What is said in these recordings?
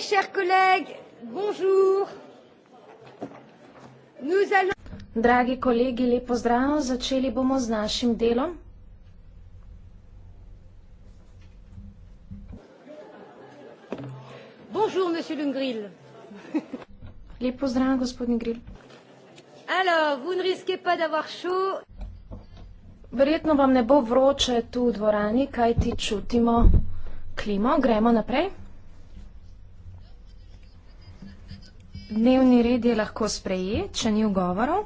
mes chers collègues, bonjour. Nous allons... Dragi kolegi, lepo zdravo, začeli bomo z našim delom. Bonjour, monsieur Lungril. lepo zdravo, gospodin Gril. Alors, vous ne risquez pas d'avoir chaud. Verjetno vam ne bo vroče tu v dvorani, kaj ti čutimo klimo. Gremo naprej. Dnevni red je lahko sprejet, če ni ugovorov.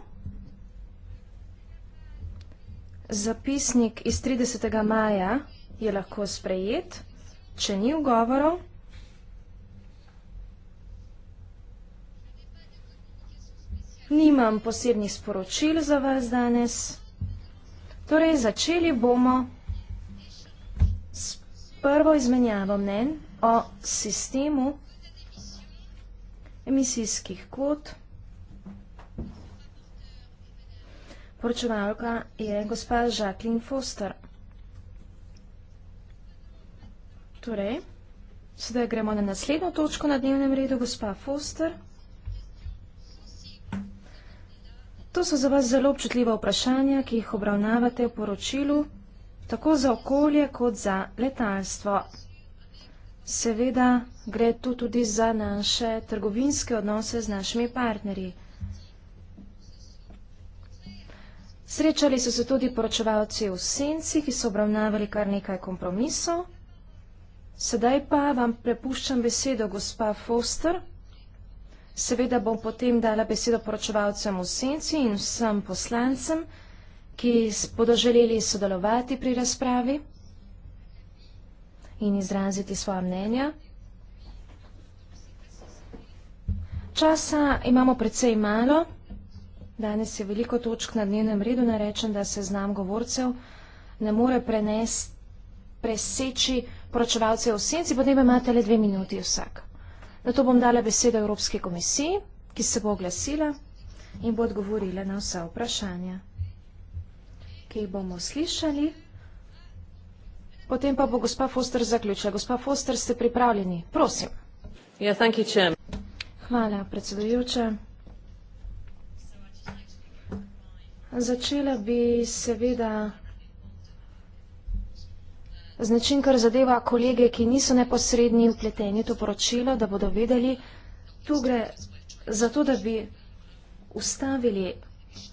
Zapisnik iz 30. maja je lahko sprejet, če ni ugovorov. Nimam posebnih sporočil za vas danes. Torej, začeli bomo s prvo izmenjavo mnen o sistemu emisijskih kvot. Poročevalka je gospa Jacqueline Foster. Torej, sedaj gremo na naslednjo točko na dnevnem redu, gospa Foster. To so za vas zelo občutljiva vprašanja, ki jih obravnavate v poročilu, tako za okolje kot za letalstvo. Seveda gre tu tudi za naše trgovinske odnose z našimi partnerji. Srečali so se tudi poročevalci v senci, ki so obravnavali kar nekaj kompromisov. Sedaj pa vam prepuščam besedo gospa Foster. Seveda bom potem dala besedo poročevalcem v senci in vsem poslancem, ki bodo želeli sodelovati pri razpravi in izraziti svoja mnenja. Časa imamo precej malo. Danes je veliko točk na dnevnem redu. Narečem, da se znam govorcev ne more prenes, preseči poročevalce v senci, potem imate le dve minuti vsak. Na to bom dala besedo Evropske komisiji, ki se bo oglasila in bo odgovorila na vsa vprašanja, ki jih bomo slišali. Potem pa bo gospa Foster zaključila. Gospa Foster, ste pripravljeni? Prosim. Ja, Hvala, predsedujoča. Začela bi seveda z način, kar zadeva kolege, ki niso neposredni vpleteni to poročilo, da bodo vedeli, tu gre za to, da bi ustavili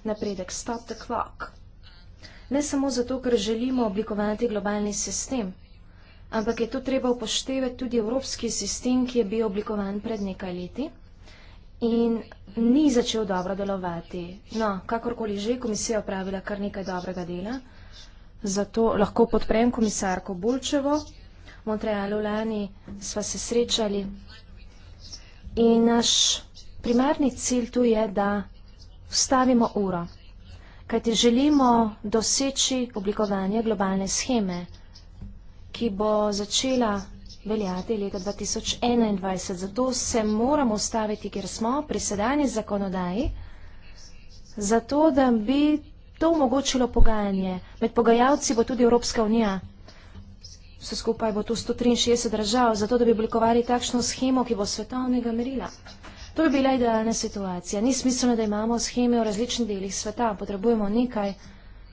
napredek. Stop the clock ne samo zato, ker želimo oblikovati globalni sistem, ampak je to treba upoštevati tudi evropski sistem, ki je bil oblikovan pred nekaj leti in ni začel dobro delovati. No, kakorkoli že, komisija je opravila kar nekaj dobrega dela, zato lahko podprem komisarko Bulčevo, v Montrealu lani sva se srečali in naš primarni cilj tu je, da vstavimo uro kajti želimo doseči oblikovanje globalne scheme, ki bo začela veljati leta 2021. Zato se moramo ustaviti, kjer smo, pri sedanji zakonodaji, zato da bi to omogočilo pogajanje. Med pogajalci bo tudi Evropska unija. Vse skupaj bo tu 163 držav, zato da bi oblikovali takšno schemo, ki bo svetovnega merila. To bi bila idealna situacija. Ni smiselno, da imamo scheme v različnih delih sveta. Potrebujemo nekaj,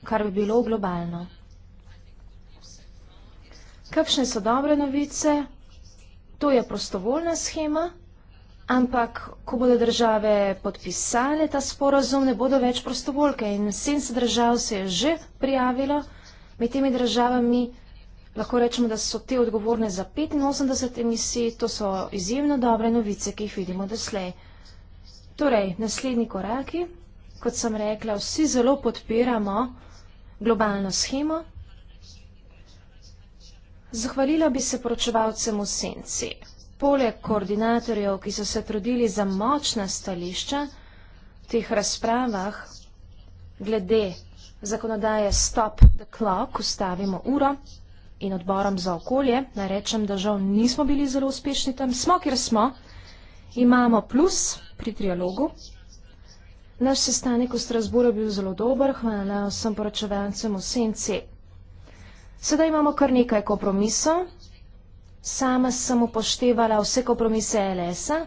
kar bi bilo globalno. Kakšne so dobre novice? To je prostovoljna schema, ampak ko bodo države podpisale ta sporozum, ne bodo več prostovoljke. In 70 držav se je že prijavilo med temi državami, Lahko rečemo, da so te odgovorne za 85 emisij, to so izjemno dobre novice, ki jih vidimo doslej. Torej, naslednji koraki, kot sem rekla, vsi zelo podpiramo globalno schemo. Zahvalila bi se poročevalcem v senci. Poleg koordinatorjev, ki so se trudili za močna stališča v teh razpravah glede zakonodaje Stop the Clock, ustavimo uro, in odborom za okolje, naj rečem, da žal nismo bili zelo uspešni tam, smo, kjer smo, imamo plus pri trialogu. Naš sestanek v Strasburu je bil zelo dober, hvala vsem poročevalcem v Senci. Sedaj imamo kar nekaj kompromisov. Sama sem upoštevala vse kompromise LS-a,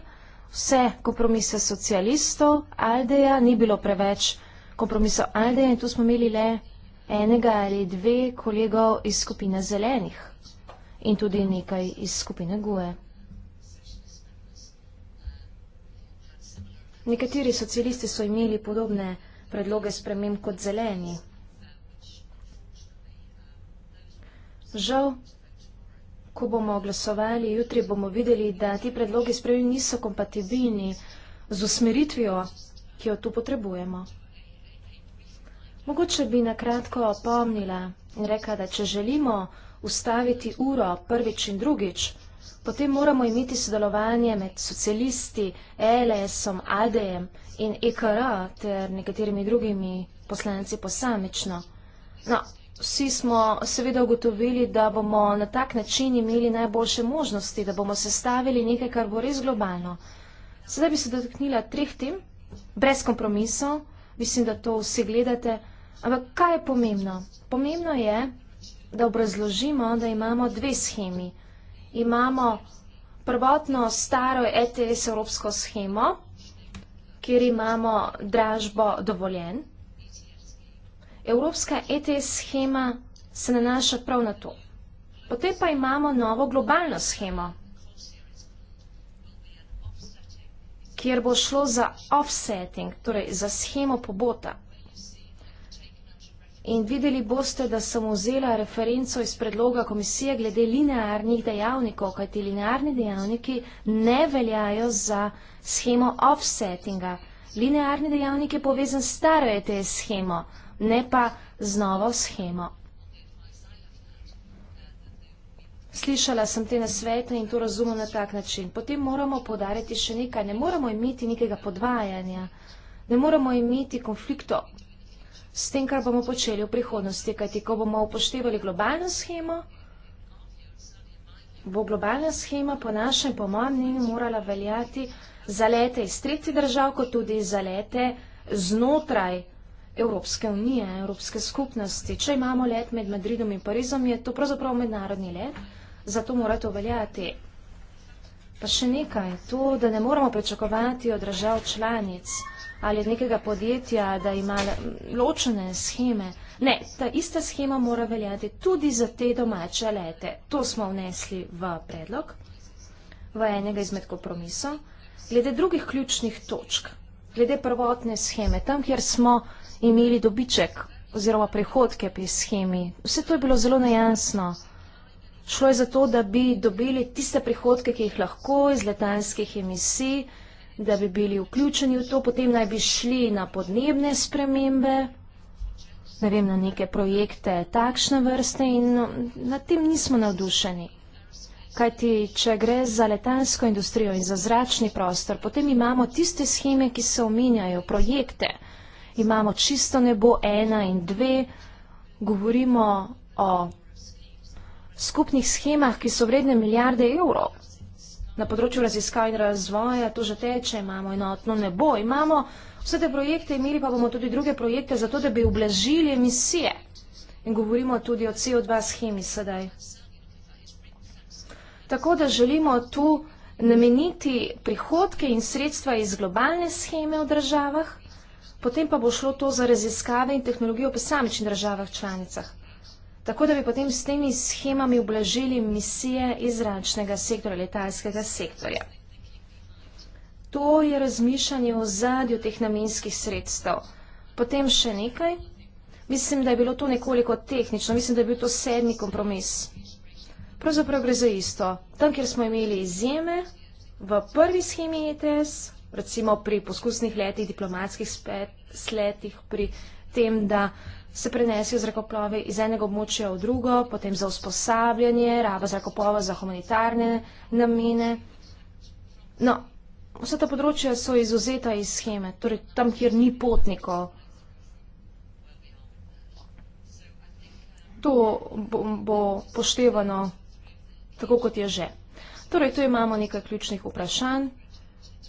vse kompromise socialistov, Aldeja, ni bilo preveč kompromisov Aldeja in tu smo imeli le enega ali dve kolegov iz skupine zelenih in tudi nekaj iz skupine guje. Nekateri socialisti so imeli podobne predloge sprememb kot zeleni. Žal, ko bomo glasovali, jutri bomo videli, da ti predlogi sprememb niso kompatibilni z usmeritvijo, ki jo tu potrebujemo. Mogoče bi nakratko opomnila in rekla, da če želimo ustaviti uro prvič in drugič, potem moramo imeti sodelovanje med socialisti, LS-om, ADM in EKR ter nekaterimi drugimi poslanci posamično. No, vsi smo seveda ugotovili, da bomo na tak način imeli najboljše možnosti, da bomo sestavili nekaj, kar bo res globalno. Sedaj bi se dotaknila treh tem, brez kompromisov, mislim, da to vsi gledate, Ampak kaj je pomembno? Pomembno je, da obrazložimo, da imamo dve schemi. Imamo prvotno staro ETS evropsko schemo, kjer imamo dražbo dovoljen. Evropska ETS schema se nanaša prav na to. Potem pa imamo novo globalno schemo, kjer bo šlo za offsetting, torej za schemo pobota. In videli boste, da sem vzela referenco iz predloga komisije glede linearnih dejavnikov, kaj ti linearni dejavniki ne veljajo za schemo offsettinga. Linearni dejavnik je povezan s staro ETS schemo, ne pa z novo schemo. Slišala sem te nasvete in to razumem na tak način. Potem moramo podariti še nekaj. Ne moramo imeti nekega podvajanja. Ne moramo imeti konflikto S tem, kar bomo počeli v prihodnosti, kajti ko bomo upoštevali globalno schemo, bo globalna schema po našem, po mojem mnenju, morala veljati za lete iz tretji držav, kot tudi za lete znotraj Evropske unije, Evropske skupnosti. Če imamo let med Madridom in Parizom, je to pravzaprav mednarodni let, zato mora to veljati. Pa še nekaj, to, da ne moramo pričakovati od držav članic ali iz nekega podjetja, da ima ločene scheme. Ne, ta ista schema mora veljati tudi za te domače lete. To smo vnesli v predlog, v enega izmed kompromisov. Glede drugih ključnih točk, glede prvotne scheme, tam, kjer smo imeli dobiček oziroma prihodke pri schemi, vse to je bilo zelo nejasno. Šlo je za to, da bi dobili tiste prihodke, ki jih lahko iz letanskih emisij, da bi bili vključeni v to, potem naj bi šli na podnebne spremembe, ne vem, na neke projekte takšne vrste in no, nad tem nismo navdušeni. Kajti, če gre za letalsko industrijo in za zračni prostor, potem imamo tiste scheme, ki se omenjajo, projekte. Imamo čisto nebo ena in dve, govorimo o skupnih schemah, ki so vredne milijarde evrov na področju raziskav in razvoja to že teče, imamo enotno nebo, imamo vse te projekte, imeli pa bomo tudi druge projekte, zato da bi oblažili emisije. In govorimo tudi o CO2 schemi sedaj. Tako da želimo tu nameniti prihodke in sredstva iz globalne scheme v državah, potem pa bo šlo to za raziskave in tehnologijo v posamičnih državah članicah tako da bi potem s temi schemami oblažili misije izračnega sektora, letalskega sektorja. To je razmišljanje o zadju teh namenskih sredstev. Potem še nekaj. Mislim, da je bilo to nekoliko tehnično. Mislim, da je bil to sedmi kompromis. Pravzaprav gre za isto. Tam, kjer smo imeli izjeme, v prvi schemi ETS, recimo pri poskusnih letih, diplomatskih spet, sletih, pri tem, da se prenesejo zrakoplovi iz enega območja v drugo, potem za usposabljanje, raba zrakoplova za humanitarne namene. No, vse ta področja so izuzeta iz scheme, torej tam, kjer ni potnikov. To bo, bo poštevano tako, kot je že. Torej, tu imamo nekaj ključnih vprašanj.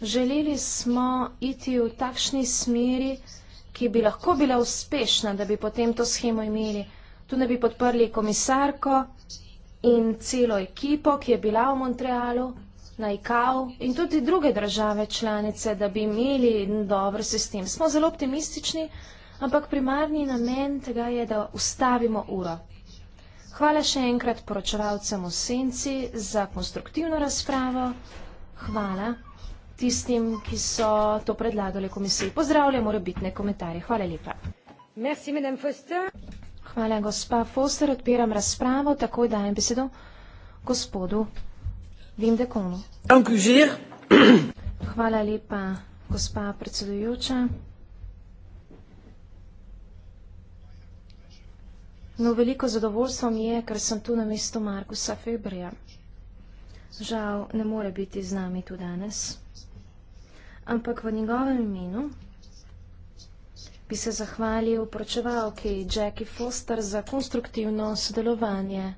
Želeli smo iti v takšni smeri, ki bi lahko bila uspešna, da bi potem to schemo imeli. Tu ne bi podprli komisarko in celo ekipo, ki je bila v Montrealu, na ICAO in tudi druge države članice, da bi imeli dober sistem. Smo zelo optimistični, ampak primarni namen tega je, da ustavimo uro. Hvala še enkrat poročevalcem v Senci za konstruktivno razpravo. Hvala tistim, ki so to predlagali komisiji. Pozdravljam, mora biti ne komentarje. Hvala lepa. Merci, Hvala, gospa Foster. Odpiram razpravo, takoj dajem besedo gospodu Vim Dekonu. Hvala lepa, gospa predsedujoča. No, veliko zadovoljstvo mi je, ker sem tu na mestu Markusa Febrija. Žal ne more biti z nami tu danes ampak v njegovem imenu bi se zahvalil poročevalki Jackie Foster za konstruktivno sodelovanje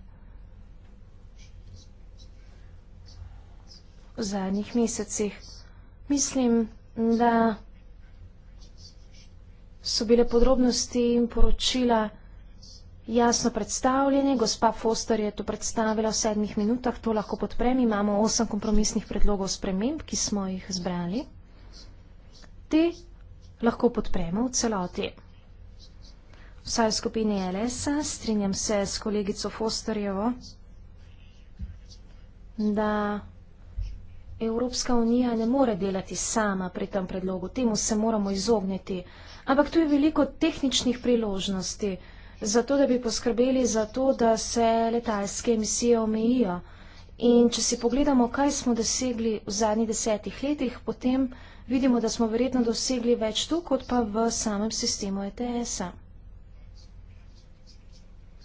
v zadnjih mesecih. Mislim, da so bile podrobnosti in poročila jasno predstavljene. Gospa Foster je to predstavila v sedmih minutah, to lahko podprem. Imamo osem kompromisnih predlogov sprememb, ki smo jih zbrali te lahko podpremo v celoti. Vsaj v skupini LS-a strinjam se s kolegico Fosterjevo, da Evropska unija ne more delati sama pri tem predlogu, temu se moramo izogniti. Ampak tu je veliko tehničnih priložnosti, zato da bi poskrbeli za to, da se letalske emisije omejijo. In če si pogledamo, kaj smo dosegli v zadnjih desetih letih, potem vidimo, da smo verjetno dosegli več tu, kot pa v samem sistemu ETS-a.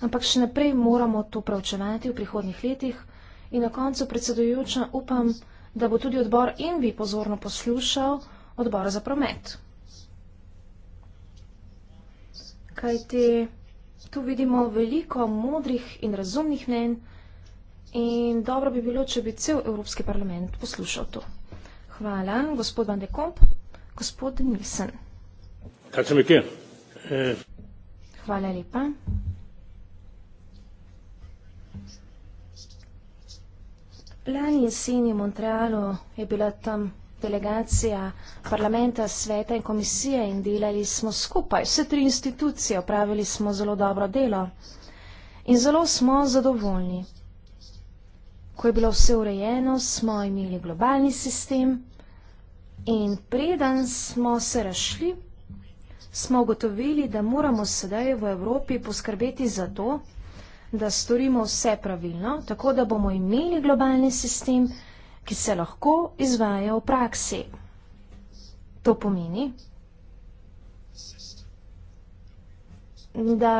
Ampak še naprej moramo to pravčevati v prihodnih letih in na koncu predsedujoča upam, da bo tudi odbor Envi pozorno poslušal odbora za promet. Kajte, tu vidimo veliko modrih in razumnih mnen in dobro bi bilo, če bi cel Evropski parlament poslušal to. Hvala. Gospod Van de Komp, gospod Nilsen. E. Hvala lepa. Lani jesen je v Montrealu je bila tam delegacija parlamenta, sveta in komisije in delali smo skupaj, vse tri institucije, opravili smo zelo dobro delo in zelo smo zadovoljni. Ko je bilo vse urejeno, smo imeli globalni sistem, In preden smo se rešli, smo ugotovili, da moramo sedaj v Evropi poskrbeti za to, da storimo vse pravilno, tako da bomo imeli globalni sistem, ki se lahko izvaja v praksi. To pomeni, da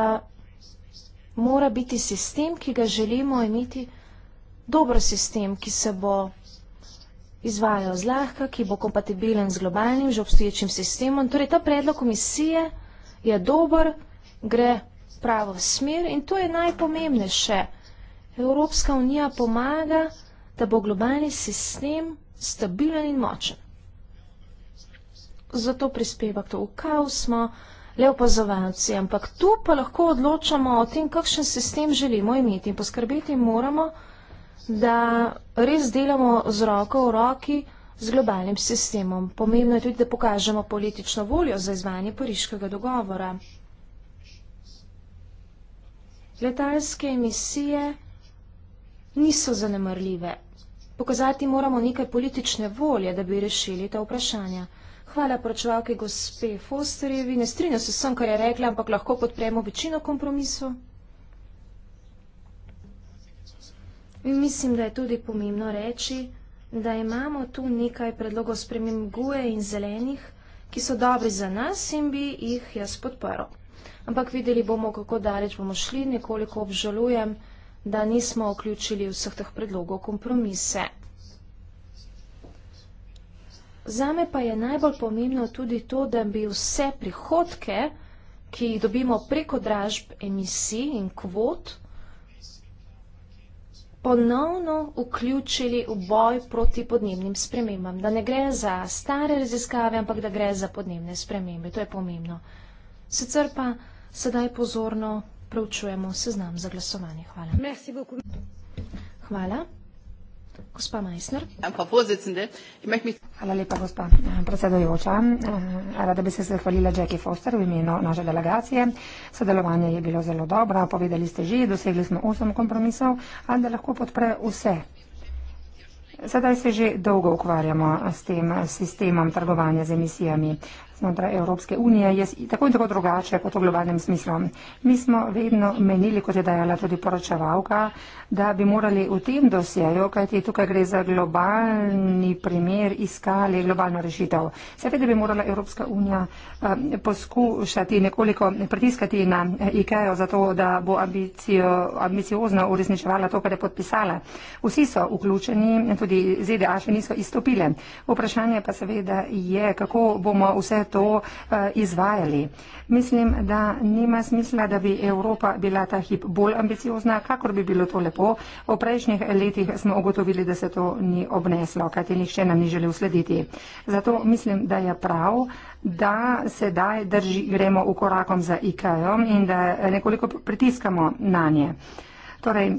mora biti sistem, ki ga želimo imeti, dober sistem, ki se bo izvajal izvajajo zlahka, ki bo kompatibilen z globalnim že obstoječim sistemom. Torej, ta predlog komisije je dober, gre pravo smer in to je najpomembnejše. Evropska unija pomaga, da bo globalni sistem stabilen in močen. Zato prispeva k to, v kaj smo le opazovalci, ampak tu pa lahko odločamo o tem, kakšen sistem želimo imeti in poskrbeti moramo, da bo globalni sistem stabilen in močen da res delamo z roko v roki z globalnim sistemom. Pomembno je tudi, da pokažemo politično voljo za izvanje pariškega dogovora. Letalske emisije niso zanemrljive. Pokazati moramo nekaj politične volje, da bi rešili ta vprašanja. Hvala pročevalki gospe Fosterjevi. Ne strinjam se s vsem, kar je rekla, ampak lahko podpremo večino kompromisov. Mislim, da je tudi pomembno reči, da imamo tu nekaj predlogov spremem guje in zelenih, ki so dobri za nas in bi jih jaz podprl. Ampak videli bomo, kako daleč bomo šli, nekoliko obžalujem, da nismo vključili vseh teh predlogov kompromise. Zame pa je najbolj pomembno tudi to, da bi vse prihodke, ki jih dobimo preko dražb emisij in kvot, ponovno vključili v boj proti podnebnim spremembam. Da ne gre za stare raziskave, ampak da gre za podnebne spremembe. To je pomembno. Sicer pa sedaj pozorno preučujemo seznam za glasovanje. Hvala. Hvala. Gospa Meissner. Ja, Hvala lepa, gospa eh, predsedojoča. Eh, rada bi se zahvalila Jackie Foster v imenu naše delegacije. Sodelovanje je bilo zelo dobro. Povedali ste že, dosegli smo osem kompromisov, ali da lahko podpre vse. Sedaj se že dolgo ukvarjamo s tem sistemom trgovanja z emisijami znotraj Evropske unije je tako in tako drugače kot v globalnem smislu. Mi smo vedno menili, kot je dajala tudi poročevalka, da bi morali v tem dosjeju, kajti tukaj gre za globalni primer, iskali globalno rešitev. Seveda bi morala Evropska unija eh, poskušati nekoliko pritiskati na eh, IKEA za to, da bo ambicijo, ambiciozno uresničevala to, kar je podpisala. Vsi so vključeni, tudi ZDA še niso izstopile. Vprašanje pa seveda je, kako bomo vse to eh, izvajali. Mislim, da nima smisla, da bi Evropa bila ta hip bolj ambiciozna, kakor bi bilo to lepo. V prejšnjih letih smo ugotovili, da se to ni obneslo, kajti nihče nam ni želel slediti. Zato mislim, da je prav, da sedaj drži, gremo v korakom za IKEA in da nekoliko pritiskamo na nje. Torej,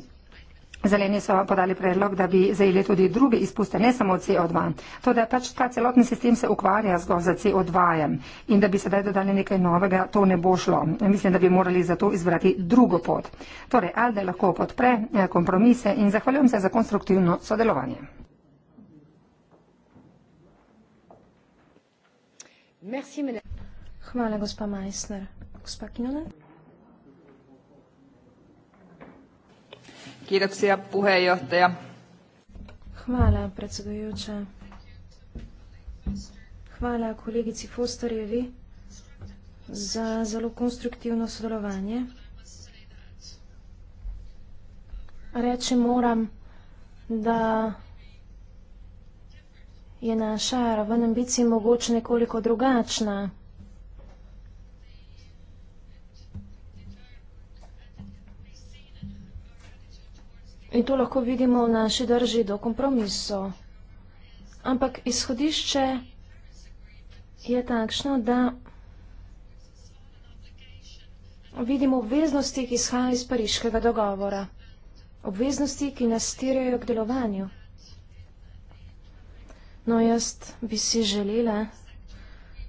Zeleni so podali predlog, da bi zajeli tudi druge izpuste, ne samo CO2. To, da pač ta celotni sistem se ukvarja zgolj za CO2 in da bi sedaj dodali nekaj novega, to ne bo šlo. Mislim, da bi morali za to izbrati drugo pot. Torej, Alde lahko podpre eh, kompromise in zahvaljujem se za konstruktivno sodelovanje. Hvala, gospa Majsner. Gospa Kinonen. Kiitoksia puheenjohtaja. Hvala predsedujoča. Hvala kolegici Fosterjevi za zelo konstruktivno sodelovanje. Reči moram, da je naša raven ambicij mogoče nekoliko drugačna, In to lahko vidimo v naši drži do kompromiso. Ampak izhodišče je takšno, da vidimo obveznosti, ki izhajajo iz pariškega dogovora. Obveznosti, ki nas tirajo k delovanju. No, jaz bi si želela,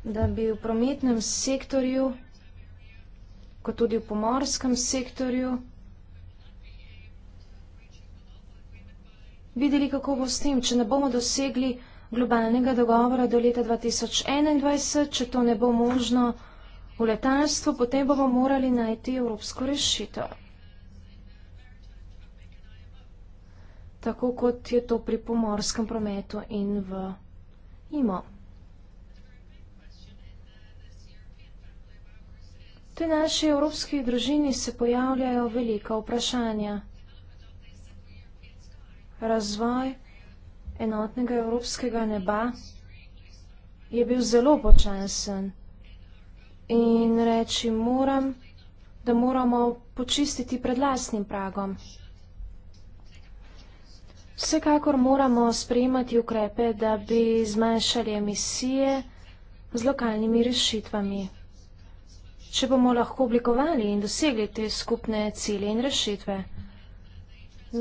da bi v prometnem sektorju, kot tudi v pomorskem sektorju, videli, kako bo s tem, če ne bomo dosegli globalnega dogovora do leta 2021, če to ne bo možno v letalstvu, potem bomo morali najti evropsko rešitev. Tako kot je to pri pomorskem prometu in v IMO. V tej naši evropski družini se pojavljajo velika vprašanja razvoj enotnega evropskega neba je bil zelo počasen in reči moram, da moramo počistiti pred lastnim pragom. Vsekakor moramo sprejemati ukrepe, da bi zmanjšali emisije z lokalnimi rešitvami. Če bomo lahko oblikovali in dosegli te skupne cilje in rešitve.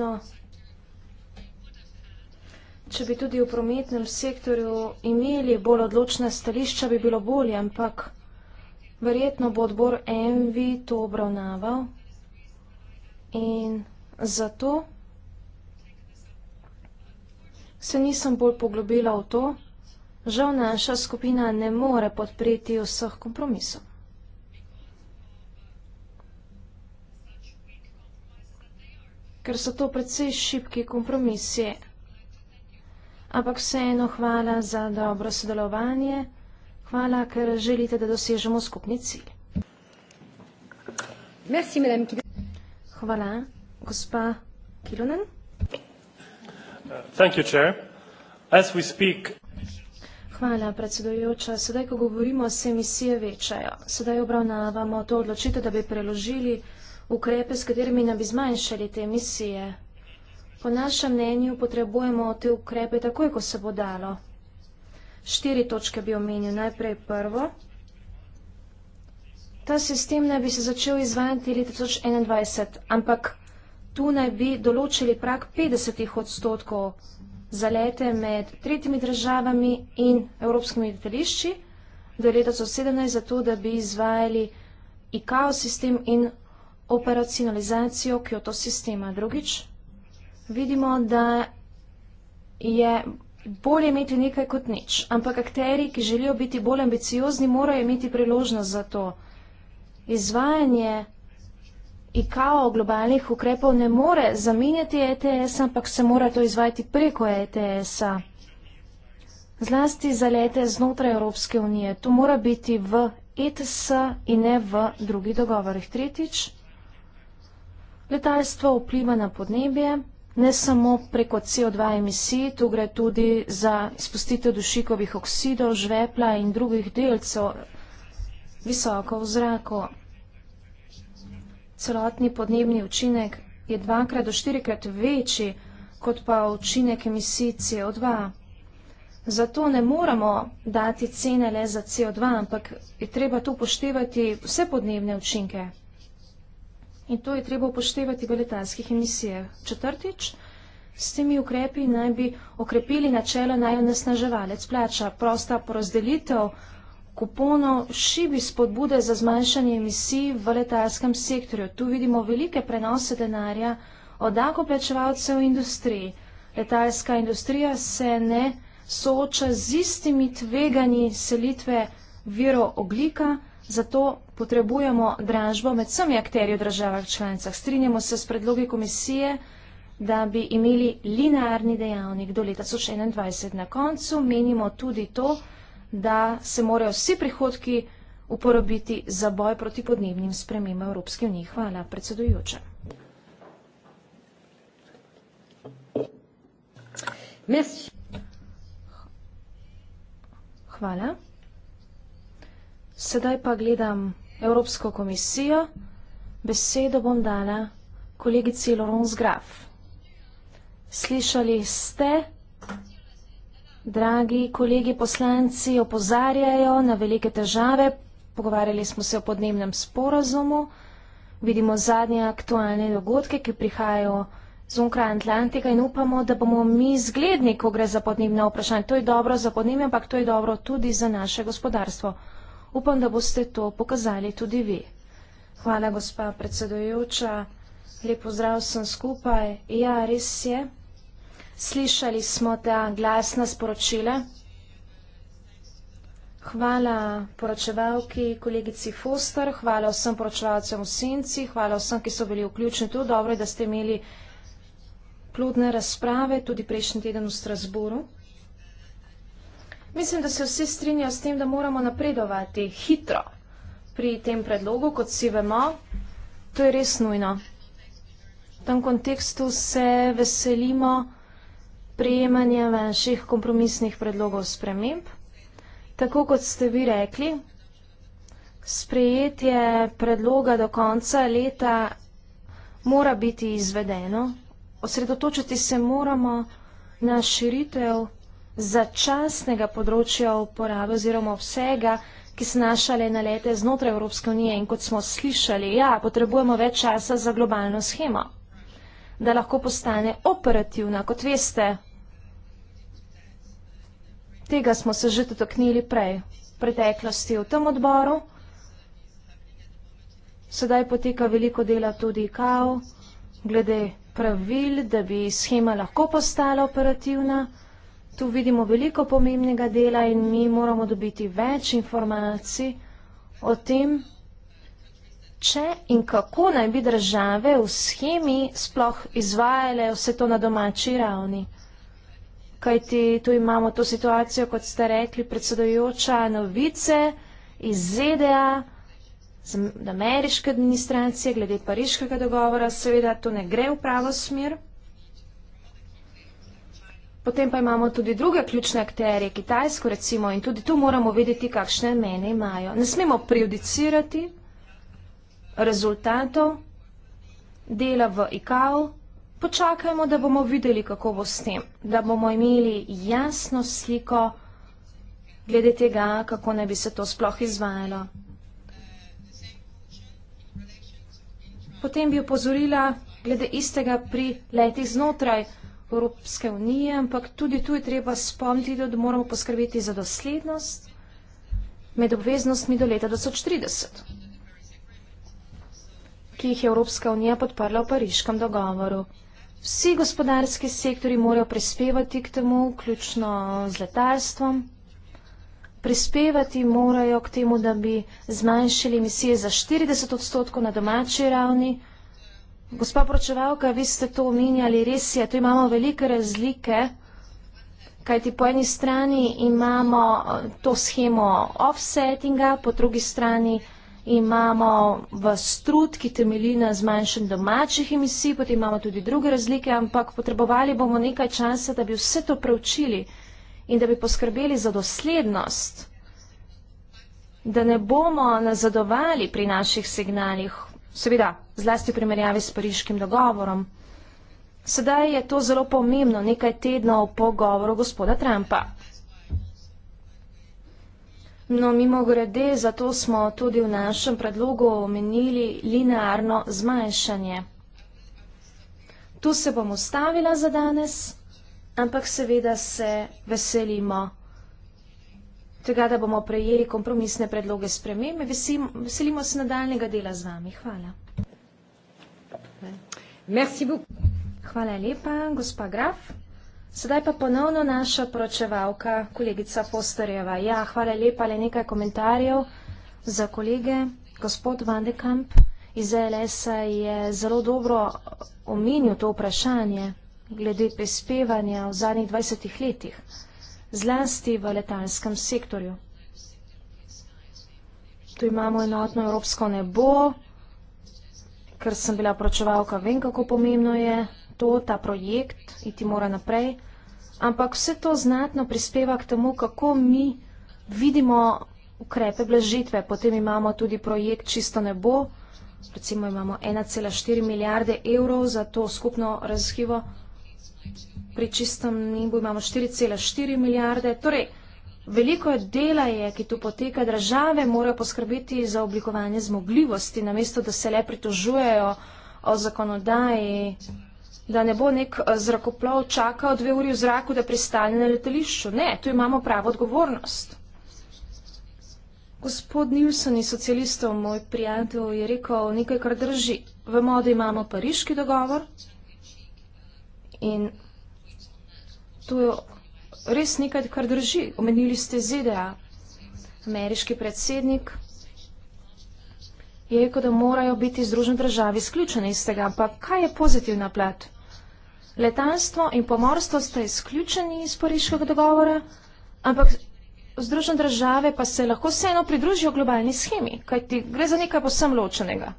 No, Če bi tudi v prometnem sektorju imeli bolj odločne stališča, bi bilo bolje, ampak verjetno bo odbor MV to obravnaval in zato se nisem bolj poglobila v to, žal naša skupina ne more podpreti vseh kompromisov. Ker so to precej šibki kompromisi, ampak vseeno hvala za dobro sodelovanje. Hvala, ker želite, da dosežemo skupni cilj. Merci, madame. Hvala, gospa Kilonen. Thank you, chair. As we speak... Hvala, predsedojoča. Sedaj, ko govorimo, se emisije večajo. Sedaj obravnavamo to odločitev, da bi preložili ukrepe, s katerimi nam bi zmanjšali te emisije. Po našem mnenju potrebujemo te ukrepe takoj, ko se bo dalo. Štiri točke bi omenil. Najprej prvo. Ta sistem naj bi se začel izvajati leta 2021, ampak tu naj bi določili prak 50 odstotkov za lete med tretjimi državami in evropskimi letališči do leta 2017, zato da bi izvajali IKAO sistem in operacionalizacijo Kyoto sistema. Drugič, vidimo, da je bolje imeti nekaj kot nič. Ampak akteri, ki želijo biti bolj ambiciozni, morajo imeti priložnost za to. Izvajanje IKAO globalnih ukrepov ne more zamenjati ETS, ampak se mora to izvajati preko ETS-a. Zlasti za lete znotraj Evropske unije. To mora biti v ETS in ne v drugih dogovorih. Tretjič, letalstvo vpliva na podnebje ne samo preko CO2 emisij, tu gre tudi za spustitev dušikovih oksidov, žvepla in drugih delcev visoko v zraku. Celotni podnebni učinek je dvakrat do štirikrat večji kot pa učinek emisij CO2. Zato ne moramo dati cene le za CO2, ampak je treba tu poštevati vse podnebne učinke in to je treba upoštevati v letalskih emisijah. Četrtič, s temi ukrepi naj bi okrepili načelo naj onesnaževalec plača. Prosta porazdelitev kuponov šibi spodbude za zmanjšanje emisij v letalskem sektorju. Tu vidimo velike prenose denarja od akoplačevalcev industriji. Letalska industrija se ne sooča z istimi tveganji selitve virov oglika, zato potrebujemo dražbo med vsemi akterji v državah članicah. Strinjamo se s predlogi komisije, da bi imeli linearni dejavnik do leta 2021. Na koncu menimo tudi to, da se morajo vsi prihodki uporabiti za boj proti podnebnim spremembam Evropske unije. Hvala, predsedujoča. Hvala. Sedaj pa gledam Evropsko komisijo, besedo bom dala kolegici Laurence Graf. Slišali ste, dragi kolegi poslanci opozarjajo na velike težave, pogovarjali smo se o podnebnem sporazumu, vidimo zadnje aktualne dogodke, ki prihajajo zunkraj Atlantika in upamo, da bomo mi zgledni, ko gre za podnebne vprašanje. To je dobro za podnebje, ampak to je dobro tudi za naše gospodarstvo. Upam, da boste to pokazali tudi vi. Hvala, gospa predsedojoča. Lepo zdrav sem skupaj. Ja, res je. Slišali smo ta glasna sporočila. Hvala poročevalki, kolegici Foster, hvala vsem poročevalcem v Senci, hvala vsem, ki so bili vključeni. To je dobro, da ste imeli plodne razprave tudi prejšnji teden v Strasburu. Mislim, da se vsi strinjajo s tem, da moramo napredovati hitro pri tem predlogu, kot si vemo. To je res nujno. V tem kontekstu se veselimo prejemanja manjših kompromisnih predlogov sprememb. Tako kot ste vi rekli, sprejetje predloga do konca leta mora biti izvedeno. Osredotočiti se moramo na širitev začasnega področja uporabe oziroma vsega, ki se našale na lete znotraj Evropske unije in kot smo slišali, ja, potrebujemo več časa za globalno schemo, da lahko postane operativna, kot veste. Tega smo se že dotaknili prej, v preteklosti v tem odboru. Sedaj poteka veliko dela tudi kao, glede pravil, da bi schema lahko postala operativna. Tu vidimo veliko pomembnega dela in mi moramo dobiti več informacij o tem, če in kako naj bi države v schemi sploh izvajale vse to na domači ravni. Kajti tu imamo to situacijo, kot ste rekli, predsedojoča novice iz ZDA, z ameriške administracije, glede pariškega dogovora, seveda to ne gre v pravo smer. Potem pa imamo tudi druge ključne akterje, Kitajsko recimo, in tudi tu moramo videti, kakšne mene imajo. Ne smemo prejudicirati rezultatov dela v ICAO, počakajmo, da bomo videli, kako bo s tem, da bomo imeli jasno sliko glede tega, kako ne bi se to sploh izvajalo. Potem bi upozorila glede istega pri letih znotraj vsega, Evropske unije, ampak tudi tu je treba spomniti, da moramo poskrbeti za doslednost med obveznostmi do leta 2030, ki jih je Evropska unija podprla v pariškem dogovoru. Vsi gospodarski sektori morajo prispevati k temu, ključno z letalstvom. Prispevati morajo k temu, da bi zmanjšali emisije za 40 odstotkov na domači ravni. Gospa poročevalka, vi ste to omenjali, res je, tu imamo velike razlike, kajti po eni strani imamo eh, to schemo offsettinga, po drugi strani imamo v strud, ki temelji na zmanjšanju domačih emisij, potem imamo tudi druge razlike, ampak potrebovali bomo nekaj časa, da bi vse to preučili in da bi poskrbeli za doslednost, da ne bomo nazadovali pri naših signalih seveda zlasti v primerjavi s pariškim dogovorom. Sedaj je to zelo pomembno nekaj tednov po govoru gospoda Trumpa. No, mimo grede, zato smo tudi v našem predlogu omenili linearno zmanjšanje. Tu se bom ustavila za danes, ampak seveda se veselimo tega, da bomo prejeli kompromisne predloge spremembe. Veselimo se nadaljnega dela z vami. Hvala. Hvala lepa, gospa Graf. Sedaj pa ponovno naša poročevalka, kolegica Posterjeva. Ja, hvala lepa, le nekaj komentarjev za kolege. Gospod Vandekamp iz ELS-a je zelo dobro omenil to vprašanje glede prispevanja v zadnjih 20 letih zlasti v letalskem sektorju. Tu imamo enotno evropsko nebo, ker sem bila pročevalka, vem, kako pomembno je to, ta projekt, iti mora naprej, ampak vse to znatno prispeva k temu, kako mi vidimo ukrepe blažitve. Potem imamo tudi projekt Čisto nebo, recimo imamo 1,4 milijarde evrov za to skupno razhivo projekt pri čistem nebu imamo 4,4 milijarde. Torej, veliko dela je, ki tu poteka. Države morajo poskrbeti za oblikovanje zmogljivosti, namesto da se le pritožujejo o zakonodaji, da ne bo nek eh, zrakoplov čakal dve uri v zraku, da pristane na letališču. Ne, tu imamo pravo odgovornost. Gospod Nilsson iz socialistov, moj prijatelj, je rekel nekaj, kar drži. Vemo, da imamo pariški dogovor, In to je res nekaj, kar drži. Omenili ste ZDA, ameriški predsednik je rekel, da morajo biti združene države izključene iz tega. Ampak kaj je pozitivna plat? Letalstvo in pomorstvo sta izključeni iz pariškega dogovora, ampak združene države pa se lahko vseeno pridružijo globalni schemi, kajti gre za nekaj posem ločenega.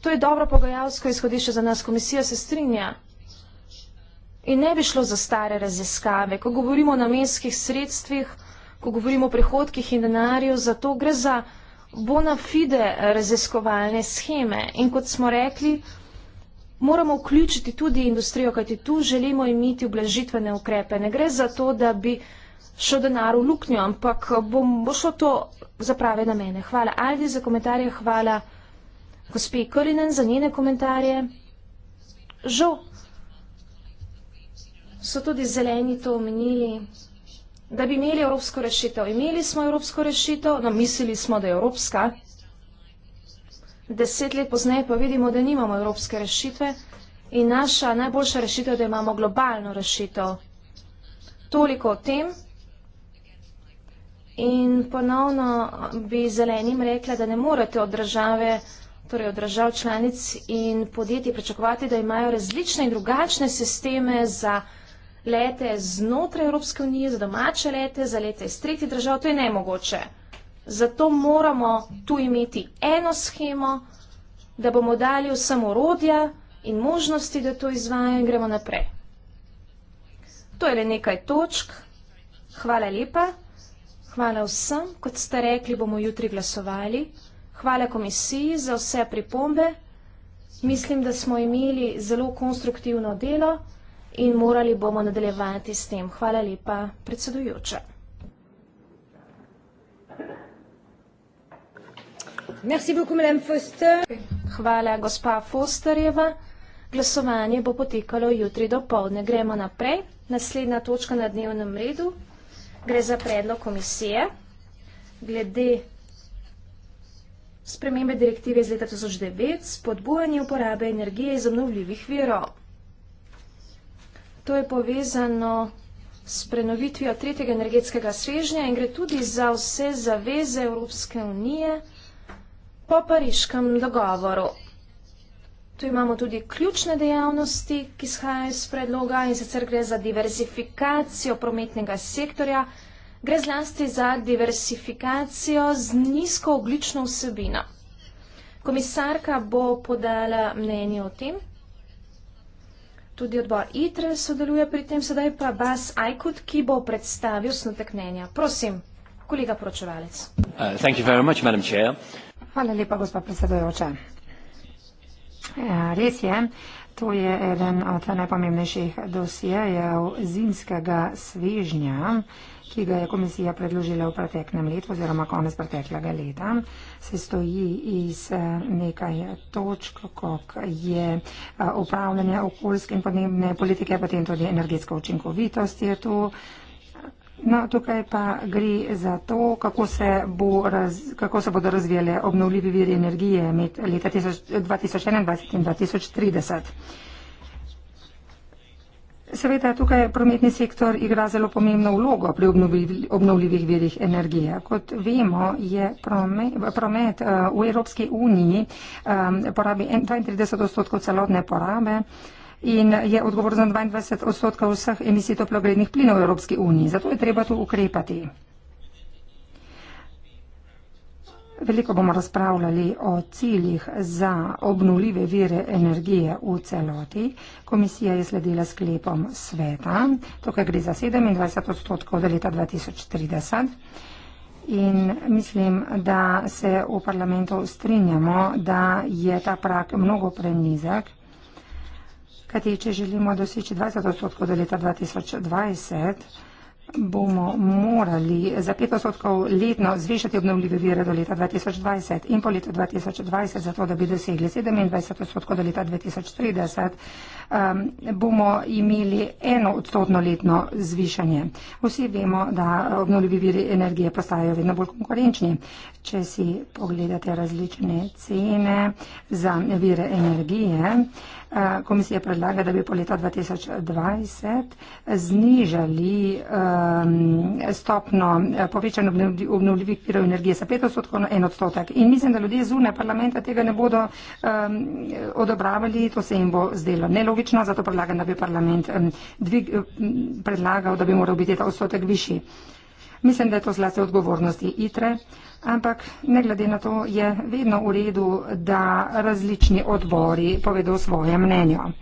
To je dobro pogajalsko izhodišče za nas. Komisija se strinja in ne bi šlo za stare raziskave. Ko govorimo o namenskih sredstvih, ko govorimo o prihodkih in denarju, za to gre za bona fide raziskovalne scheme. In kot smo rekli, moramo vključiti tudi industrijo, kajti tu želimo imeti oblažitvene ukrepe. Ne gre za to, da bi šel denar v luknjo, ampak bom, bo šlo to za prave namene. Hvala Aldi za komentarje, hvala gospe Kolinen za njene komentarje. Žal, so tudi zeleni to omenili, da bi imeli evropsko rešitev. Imeli smo evropsko rešitev, no mislili smo, da je evropska. Deset let pozneje pa vidimo, da nimamo evropske rešitve in naša najboljša rešitev, da imamo globalno rešitev. Toliko o tem. In ponovno bi zelenim rekla, da ne morete od države, torej od držav članic in podjetij pričakovati, da imajo različne in drugačne sisteme za rešitev lete znotraj Evropske unije, za domače lete, za lete iz tretjih držav, to je nemogoče. Zato moramo tu imeti eno schemo, da bomo dali vsem orodja in možnosti, da to izvajo in gremo naprej. To je le nekaj točk. Hvala lepa. Hvala vsem, kot ste rekli, bomo jutri glasovali. Hvala komisiji za vse pripombe. Mislim, da smo imeli zelo konstruktivno delo in morali bomo nadaljevati s tem. Hvala lepa, predsedujoča. Hvala, gospa Fosterjeva. Glasovanje bo potekalo jutri do povdne. Gremo naprej. Naslednja točka na dnevnem redu gre za predlog komisije glede spremembe direktive iz leta 2009, spodbujanje uporabe energije iz obnovljivih virov. To je povezano s prenovitvijo tretjega energetskega svežnja in gre tudi za vse zaveze Evropske unije po pariškem dogovoru. Tu imamo tudi ključne dejavnosti, ki izhajajo iz predloga in sicer gre za diversifikacijo prometnega sektorja, gre zlasti za diversifikacijo z nizko oglično vsebino. Komisarka bo podala mnenje o tem. Tudi odbor ITRE sodeluje pri tem, sedaj pa Bas Ajkut, ki bo predstavil snotek mnenja. Prosim, kolega poročevalec. Uh, Hvala lepa, gospod predsedujoča. Ja, res je. To je eden od najpomembnejših dosjejev zimskega svežnja, ki ga je komisija predložila v preteklem letu oziroma konec preteklega leta. Se stoji iz eh, nekaj točk, kot je eh, upravljanje okoljske in podnebne politike, potem tudi energetska učinkovitost je tu. No, tukaj pa gre za to, kako se, raz, kako se bodo razvijale obnovljivi viri energije med leta 2021 in 2030. Seveda tukaj prometni sektor igra zelo pomembno vlogo pri obnovljivih virih energije. Kot vemo, je promet, promet eh, v Evropski uniji eh, porabi 32 odstotkov celotne porabe in je odgovor za 22 odstotkov vseh emisij toplogrednih plinov v Evropski uniji. Zato je treba tu ukrepati. Veliko bomo razpravljali o ciljih za obnuljive vire energije v celoti. Komisija je sledila sklepom sveta, tukaj gre za 27 odstotkov do leta 2030. In mislim, da se v parlamentu strinjamo, da je ta prak mnogo prenizek Kajti, če želimo doseči 20 odstotkov do leta 2020, bomo morali za 5 odstotkov letno zvišati obnovljive vire do leta 2020 in po letu 2020, zato da bi dosegli 27 odstotkov do leta 2030, um, bomo imeli eno odstotno letno zvišanje. Vsi vemo, da obnovljivi viri energije postajajo vedno bolj konkurenčni. Če si pogledate različne cene za vire energije, Komisija predlaga, da bi po leta 2020 znižali um, stopno eh, povečanja obnovljivih virov energije za 5 odstotkov na 1 odstotek. In mislim, da ljudje zunaj parlamenta tega ne bodo um, odobravali, to se jim bo zdelo nelogično, zato predlagam, da bi parlament um, dvig, um, predlagal, da bi moral biti ta odstotek višji. Mislim, da je to zlasti odgovornosti ITRE. Uh, Ampak ne glede na to je vedno v redu, da različni odbori povedo svoje mnenjo.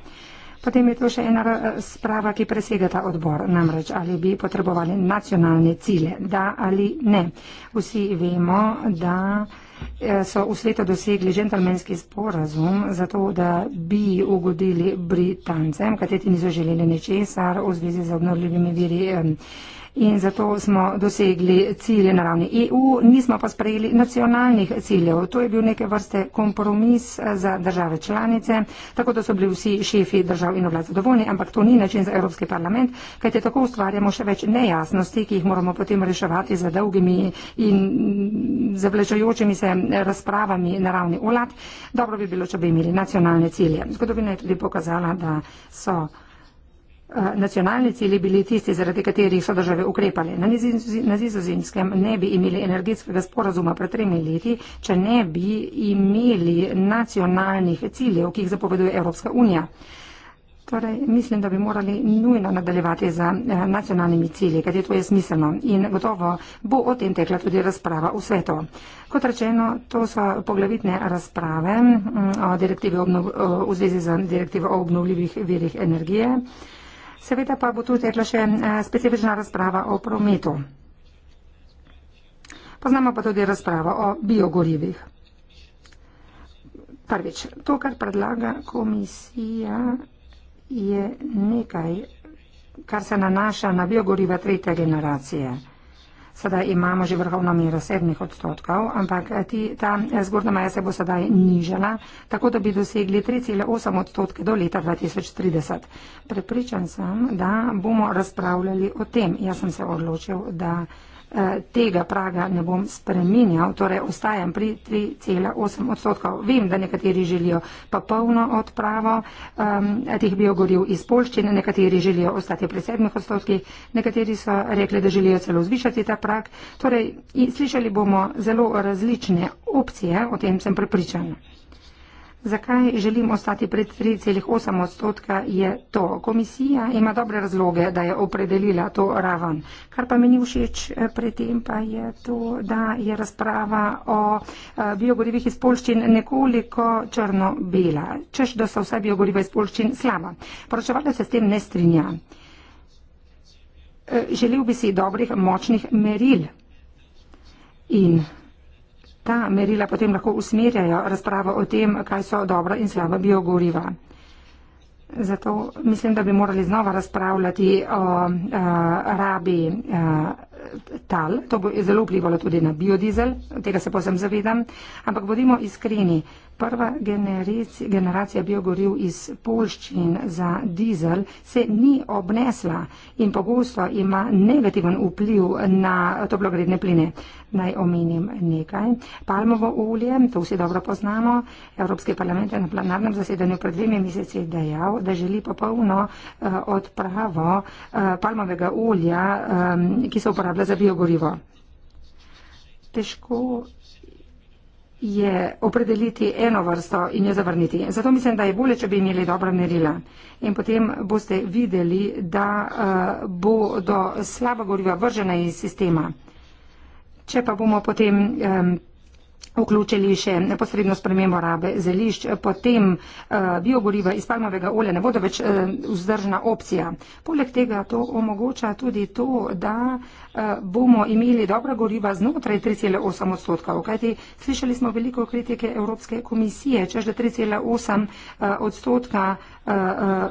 Potem je to še ena sprava, ki presega ta odbor, namreč ali bi potrebovali nacionalne cilje, da ali ne. Vsi vemo, da e, so v svetu dosegli džentlmenski sporazum za to, da bi ugodili Britancem, kateri niso želeli ničesar v zvezi z obnovljivimi viri. Eh, in zato smo dosegli cilje na ravni EU, nismo pa sprejeli nacionalnih ciljev. To je bil neke vrste kompromis eh, za države članice, tako da so bili vsi šefi držav in vlad zadovoljni, ampak to ni način za Evropski parlament, kajte tako ustvarjamo še več nejasnosti, ki jih moramo potem reševati za dolgimi in zavlečajočimi se razpravami na ravni vlad. Dobro bi bilo, če bi imeli nacionalne cilje. Zgodovina je tudi pokazala, da so. Eh, nacionalni cilji bili tisti, zaradi katerih so države ukrepale. Na, na Nizozemskem ne bi imeli energetskega sporazuma pred tremi leti, če ne bi imeli nacionalnih ciljev, ki jih zapoveduje Evropska unija. Torej, mislim, da bi morali nujno nadaljevati z eh, nacionalnimi cilji, kajti to je smiselno in gotovo bo o tem tekla tudi razprava v svetu. Kot rečeno, to so poglavitne razprave mm, o obnov, o, v zvezi z direktivo o obnovljivih virih energije. Seveda pa bo tu tekla še eh, specifična razprava o prometu. Poznamo pa tudi razpravo o biogorivih. Prvič, to, kar predlaga komisija, je nekaj, kar se nanaša na biogoriva tretje generacije sedaj imamo že vrhovno mero 7 odstotkov, ampak eh, ti, ta eh, zgornja meja se bo sedaj nižala, tako da bi dosegli 3,8 odstotke do leta 2030. Prepričan sem, da bomo razpravljali o tem. Jaz sem se odločil, da. Eh, tega praga ne bom spreminjal, torej ostajam pri 3,8 odstotkov. Vem, da nekateri želijo pa polno odpravo um, teh biogoriv iz Polščine, nekateri želijo ostati pri 7 odstotkih, nekateri so rekli, da želijo celo zvišati ta prag. Torej, slišali bomo zelo različne opcije, o tem sem prepričan. Zakaj želim ostati pri 3,8 odstotka, je to. Komisija ima dobre razloge, da je opredelila to raven. Kar pa mi ni všeč eh, pri tem, pa je to, da je razprava o eh, biogorivih iz polščin nekoliko črno-bela. Češ, da so vse biogoriva iz polščin slaba. Poročevalec se s tem ne strinja. Eh, želel bi si dobrih, močnih meril. In ta merila potem lahko usmerjajo razpravo o tem, kaj so dobra in slaba biogoriva. Zato mislim, da bi morali znova razpravljati o a, rabi a, tal. To bo zelo vplivalo tudi na biodizel, tega se posem zavedam. Ampak bodimo iskreni, Prva generacija biogoriv iz polščin za dizel se ni obnesla in pogosto ima negativen vpliv na toplogredne pline. Naj omenim nekaj. Palmovo olje, to vsi dobro poznamo, Evropski parlament je na plenarnem zasedanju pred dvemi meseci dejal, da želi popolno eh, odpravo eh, palmovega olja, eh, ki se uporablja za biogorivo. Težko je opredeliti eno vrsto in jo zavrniti. Zato mislim, da je bolje, če bi imeli dobra merila. In potem boste videli, da uh, eh, bo do slaba goriva vržena iz sistema. Če pa bomo potem um, vključili še neposredno spremembo rabe zelišč, potem uh, biogoriva iz palmovega olja ne bodo več uh, vzdržna opcija. Poleg tega to omogoča tudi to, da uh, Eh, bomo imeli dobra goriva znotraj 3,8 odstotkov. Kajti slišali smo veliko kritike Evropske komisije, čež da 3,8 eh, odstotka eh,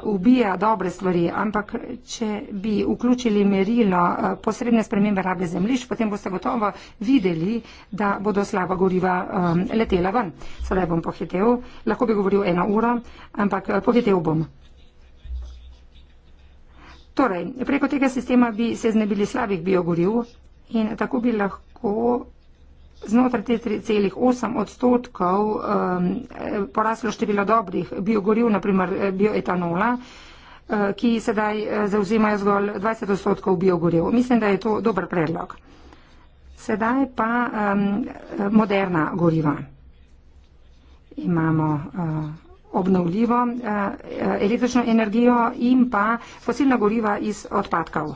ubija dobre stvari, ampak če bi vključili merilo posredne spremembe rabe zemljišč, potem boste gotovo videli, da bodo slaba goriva letela ven. Sedaj bom pohitev, lahko bi govoril eno uro, ampak pohitev bom. Torej, preko tega sistema bi se znebili slabih biogoriv in tako bi lahko znotraj te 3,8 odstotkov um, eh, poraslo število dobrih biogoriv, naprimer eh, bioetanola, eh, ki sedaj zauzimajo zgolj 20 odstotkov biogoriv. Mislim, da je to dober predlog. Sedaj pa um, moderna goriva. Imamo uh, obnovljivo eh, eh, električno energijo in pa fosilna goriva iz odpadkov.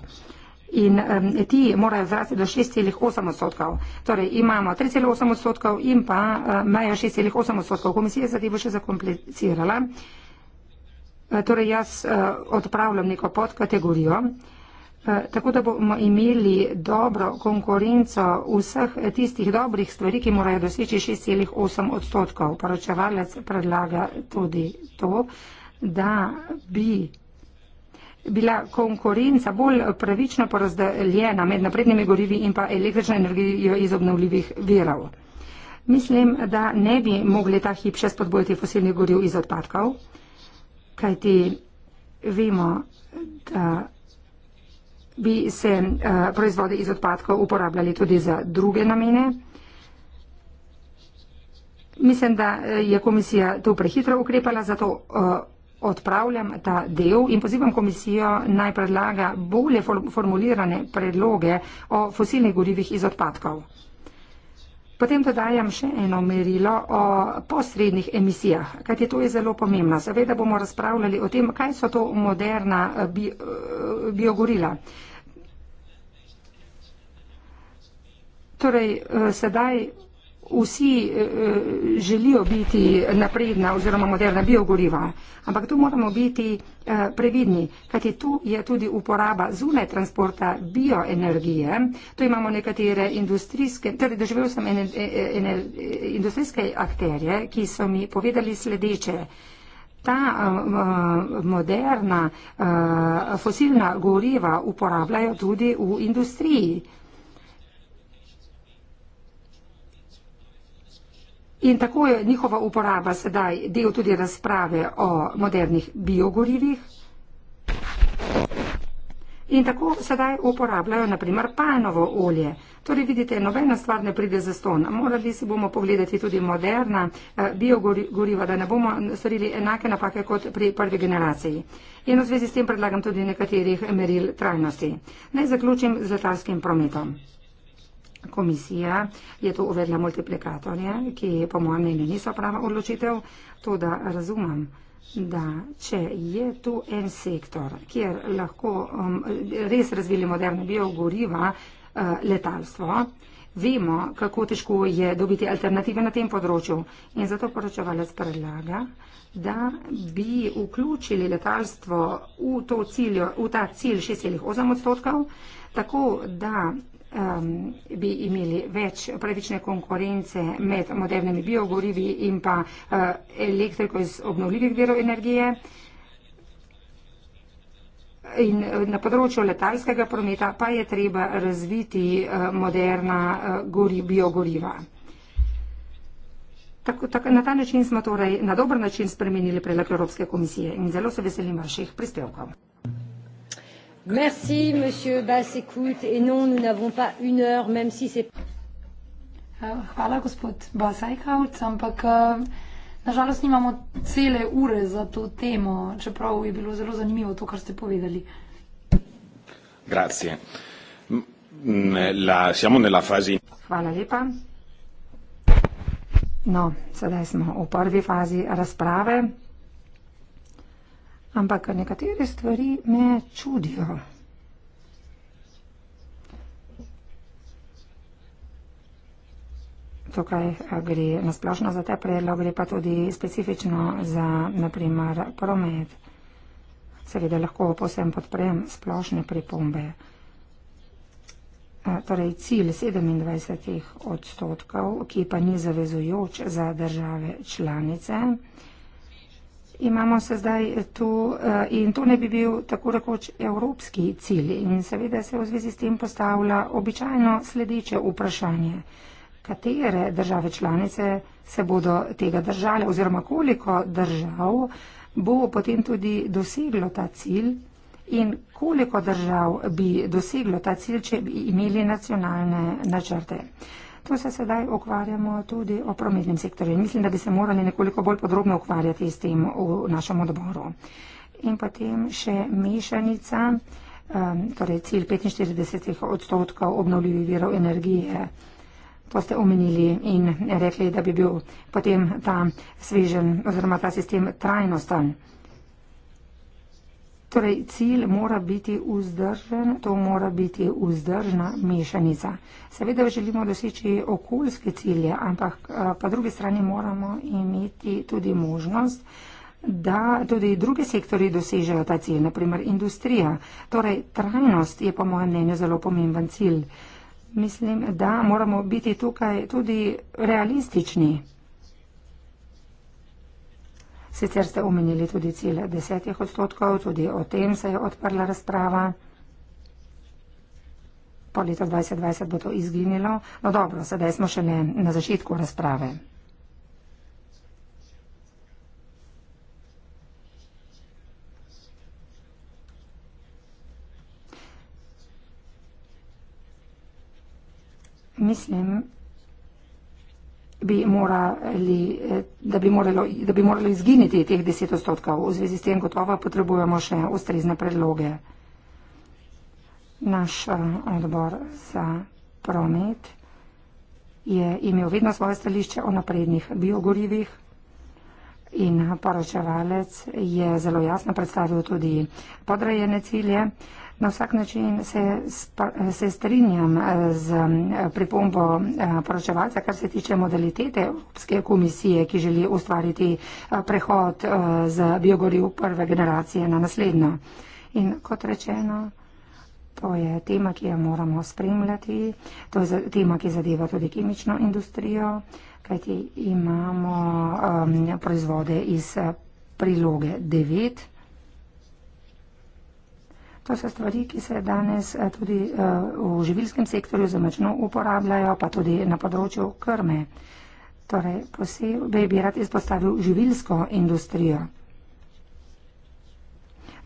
In um, ti morajo zrasti do 6,8 odstotkov. Torej imamo 3,8 odstotkov in pa uh, meja 6,8 odstotkov. Komisija se bo še zakomplicirala. Uh, torej jaz uh, odpravljam neko podkategorijo. Uh, Eh, tako da bomo imeli dobro konkurenco vseh tistih dobrih stvari, ki morajo doseči 6,8 odstotkov. Poročevalec predlaga tudi to, da bi bila konkurenca bolj pravično porazdeljena med naprednimi gorivi in pa električno energijo iz obnovljivih virov. Mislim, da ne bi mogli ta hip še spodbojiti fosilnih goriv iz odpadkov, kajti vemo, da bi se eh, proizvode iz odpadkov uporabljali tudi za druge namene. Mislim, da eh, je komisija tu prehitro ukrepala, zato eh, odpravljam ta del in pozivam komisijo naj predlaga bolje formulirane predloge o fosilnih gorivih iz odpadkov. Potem dodajam še eno merilo o posrednih emisijah, kajti to je zelo pomembno. Seveda bomo razpravljali o tem, kaj so to moderna bi, biogorila. Torej, eh, sedaj vsi eh, eh, želijo biti napredna oziroma moderna biogoriva, ampak tu moramo biti previdni, kajti tu je tudi uporaba zunaj transporta bioenergije. Tu imamo nekatere industrijske, torej doživel sem ene, e, e, ene, ene, industrijske akterje, ki so mi povedali sledeče. Ta uh, moderna uh, fosilna goriva uporabljajo tudi v industriji. Uh, In tako je njihova uporaba sedaj del tudi razprave o modernih biogorivih. In tako sedaj uporabljajo naprimer palmovo olje. Torej vidite, nobena stvar ne pride za ston. Morali si bomo pogledati tudi moderna eh, biogoriva, da ne bomo storili enake napake kot pri prvi generaciji. In v zvezi s tem predlagam tudi nekaterih meril trajnosti. Naj zaključim z letalskim prometom komisija je to uvedla multiplikatorje, ki po mojem mnenju niso prava odločitev, to da razumem da če je tu en sektor, kjer lahko um, res razvili moderne biogoriva, uh, letalstvo, vemo, kako težko je dobiti alternative na tem področju. In zato poročevalec predlaga, da bi vključili letalstvo v, cilj, v ta cilj 6,8 odstotkov, tako da um, bi imeli več pravične konkurence med modernimi biogorivi in pa uh, elektriko iz obnovljivih virov energije. In eh, na področju letalskega prometa pa je treba razviti uh, moderna uh, gori, biogoriva. Tako, tako, na ta način smo torej na dober način spremenili predlog Evropske komisije in zelo se veselim vaših prispevkov. Merci, monsieur Basse Écoute. Et non, nous n'avons pas une heure, même si c'est. Eh, hvala, gospod Basajkaut, ampak eh, nažalost nimamo cele ure za to temo, čeprav je bilo zelo zanimivo to, kar ste povedali. La, nella fazi... Hvala lepa. No, sedaj smo v prvi fazi razprave. Ampak nekatere stvari me čudijo. Tukaj gre nasplošno za ta predlog, gre pa tudi specifično za, naprimer, promet. Seveda lahko posem podprem splošne pripombe. Torej, cilj 27 odstotkov, ki pa ni zavezujoč za države članice, imamo se zdaj tu eh, in to ne bi bil tako rekoč evropski cilj. In seveda se v zvezi s tem postavlja običajno sledeče vprašanje. Katere države članice se bodo tega držale oziroma koliko držav bo potem tudi doseglo ta cilj in koliko držav bi doseglo ta cilj, če bi imeli nacionalne načrte. To no, se sedaj ukvarjamo tudi o prometnem sektorju. Mislim, da bi se morali nekoliko bolj podrobno ukvarjati s tem v našem odboru. In potem še mešanica, torej cilj 45 odstotkov obnovljivih virov energije. To ste omenili in rekli, da bi bil potem ta svežen oziroma ta sistem trajnosten. Torej, cilj mora biti vzdržen, to mora biti vzdržna mešanica. Seveda želimo doseči okoljske cilje, ampak eh, po drugi strani moramo imeti tudi možnost, da tudi druge sektori dosežejo ta cilj, naprimer industrija. Torej, trajnost je po mojem mnenju zelo pomemben cilj. Mislim, da moramo biti tukaj tudi realistični. Sicer ste omenili tudi cilj desetih odstotkov, tudi o tem se je odprla razprava. Po letu 2020 bo to izginilo. No dobro, sedaj smo šele na začetku razprave. Mislim, bi morali, eh, da bi moralo, da bi moralo izginiti teh 10 odstotkov. V zvezi s tem gotovo potrebujemo še ustrezne predloge. Naš eh, odbor za promet je imel vedno svoje stališče o naprednih biogorivih in poročevalec je zelo jasno predstavil tudi podrejene cilje. Na vsak način se, se strinjam eh, z eh, pripombo eh, poročevalca, kar se tiče modalitete Evropske komisije, ki želi ustvariti prehod z biogorju prve generacije na naslednjo. In kot rečeno, To je tema, ki jo moramo spremljati, to je tema, ki zadeva tudi kemično industrijo, kajti imamo um, proizvode iz eh, priloge 9. To so stvari, ki se danes eh, tudi uh, v živilskem sektorju zelo močno uporabljajo, pa tudi na področju krme. Torej, posebej bi rad izpostavil živilsko industrijo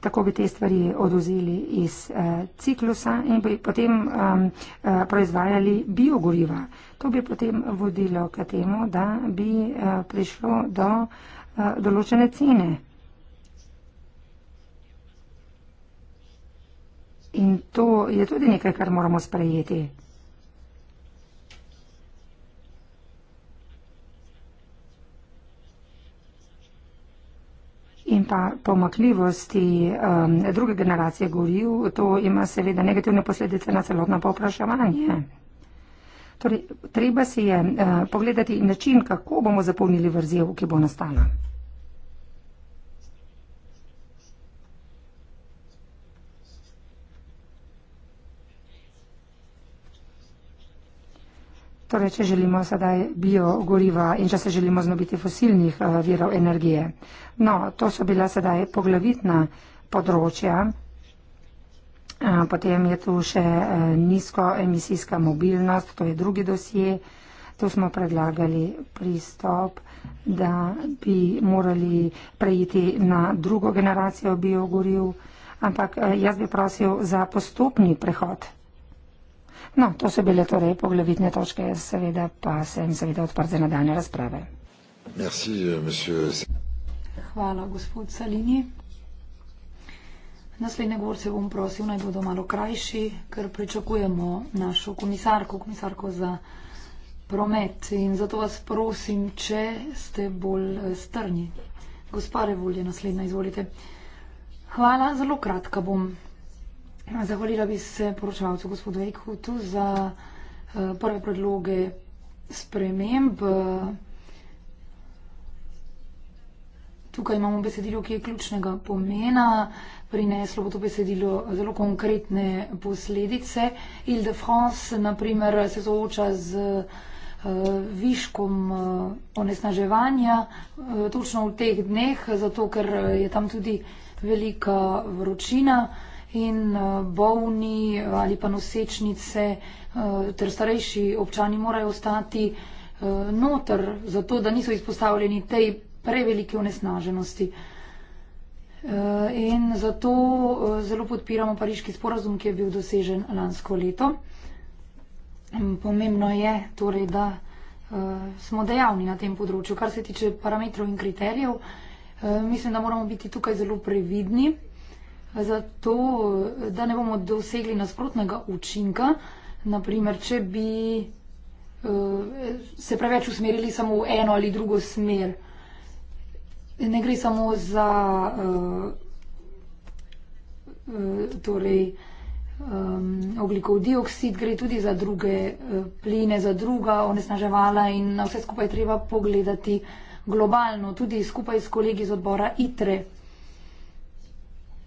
tako bi te stvari oduzeli iz eh, ciklusa in bi potem um, eh, proizvajali biogoriva. To bi potem vodilo k temu, da bi eh, prišlo do eh, določene cene. In to je tudi nekaj, kar moramo sprejeti. pa pomakljivosti um, druge generacije goril, to ima seveda negativne posledice na celotno povpraševanje. Torej, treba si je uh, pogledati način, kako bomo zapolnili vrzel, ki bo nastala. Torej, če želimo sedaj biogoriva in če se želimo znobiti fosilnih eh, virov energije. No, to so bila sedaj poglavitna področja. Eh, potem je tu še eh, nizkoemisijska mobilnost, to je drugi dosje. Tu smo predlagali pristop, da bi morali preiti na drugo generacijo biogoriv, ampak jaz bi prosil za postopni prehod No, to so bile torej poglavitne točke, seveda pa sem seveda odprt za nadaljne razprave. Merci, euh, Hvala, gospod Salini. Naslednje govorce bom prosil, naj bodo malo krajši, ker pričakujemo našo komisarko, komisarko za promet. In zato vas prosim, če ste bolj eh, strni. Gospare volje, naslednja, izvolite. Hvala, zelo kratka bom. Zahvalila bi se poročevalcu gospodu Ekhutu za eh, prve predloge sprememb. Tukaj imamo besedilo, ki je ključnega pomena. Prineslo bo to besedilo zelo konkretne posledice. Ile de France, na primer, se sooča z eh, viškom eh, onesnaževanja točno v teh dneh, zato ker je tam tudi velika vročina in eh, bolni eh, ali pa nosečnice eh, ter starejši občani morajo ostati noter, zato da niso izpostavljeni tej prevelike onesnaženosti. In zato zelo podpiramo pariški sporazum, ki je bil dosežen lansko leto. Pomembno je torej, da smo dejavni na tem področju. Kar se tiče parametrov in kriterijev, mislim, da moramo biti tukaj zelo previdni zato da ne bomo dosegli nasprotnega učinka. Naprimer, če bi eh, se preveč usmerili samo v eno ali drugo smer. Ne gre samo za eh, eh, torej, oglikov dioksid, gre tudi za druge pline, za druga onesnaževala in na vse skupaj treba pogledati globalno, tudi skupaj s kolegi iz odbora ITRE.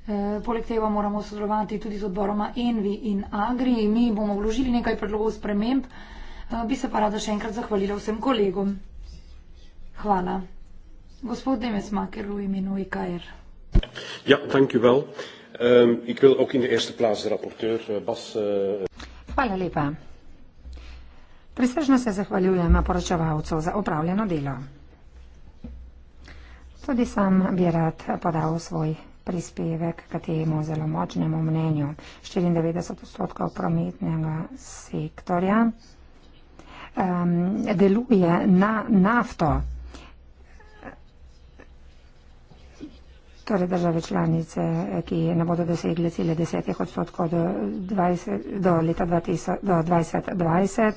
Eh, poleg tega moramo sodelovati tudi z odboroma Envi in Agri. Mi bomo vložili nekaj predlogov sprememb. Eh, bi se pa rada še enkrat zahvalila vsem kolegom. Hvala. Gospod Demes Maker v imenu IKR. E ja, thank you well. Um, ehm, ik wil ook in de eerste plaats de rapporteur eh, Bas... Uh... Hvala lepa. Prisežno se zahvaljujem poročevalcu za opravljeno delo. Tudi sam bi rad podal svoj prispevek k temu zelo močnemu mnenju. 94 odstotkov prometnega sektorja um, deluje na nafto. Torej države članice, ki ne bodo dosegle cilje 10 odstotkov do, 20, do leta 2020. Do 2020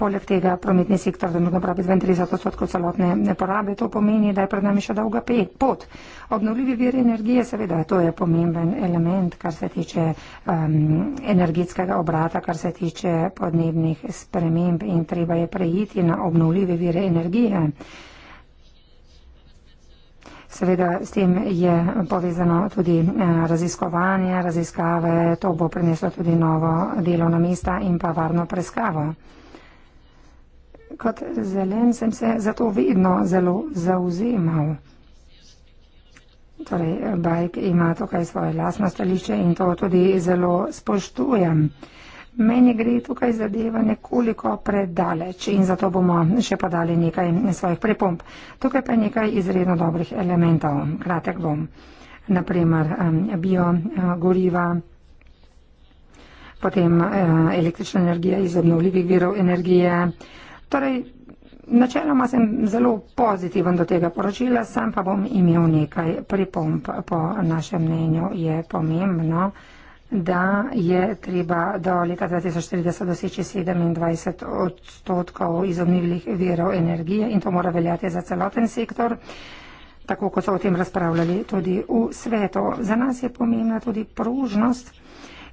Poleg tega prometni sektor trenutno porabi 32 odstotkov celotne porabe. To pomeni, da je pred nami še dolga pot. Obnovljivi viri energije, seveda, to je pomemben element, kar se tiče um, energetskega obrata, kar se tiče podnebnih sprememb in treba je preiti na obnovljive vire energije. Seveda s tem je povezano tudi eh, raziskovanje, raziskave, to bo prineslo tudi novo delovno mesta in pa varno preskavo. Kot zelen sem se zato vedno zelo zauzemal. Torej, Bajk ima tukaj svoje lasno stališče in to tudi zelo spoštujem. Meni gre tukaj zadeva nekoliko predaleč in zato bomo še podali nekaj svojih pripomp. Tukaj pa je nekaj izredno dobrih elementov. Kratek bom. Naprimer biogoriva, potem eh, električna energija iz obnovljivih virov energije. Torej, načeloma sem zelo pozitiven do tega poročila, sam pa bom imel nekaj pripomp. Po našem mnenju je pomembno. No? da je treba do leta 2040 doseči 27 odstotkov izobnivljih verov energije in to mora veljati za celoten sektor, tako kot so o tem razpravljali tudi v svetu. Za nas je pomembna tudi pružnost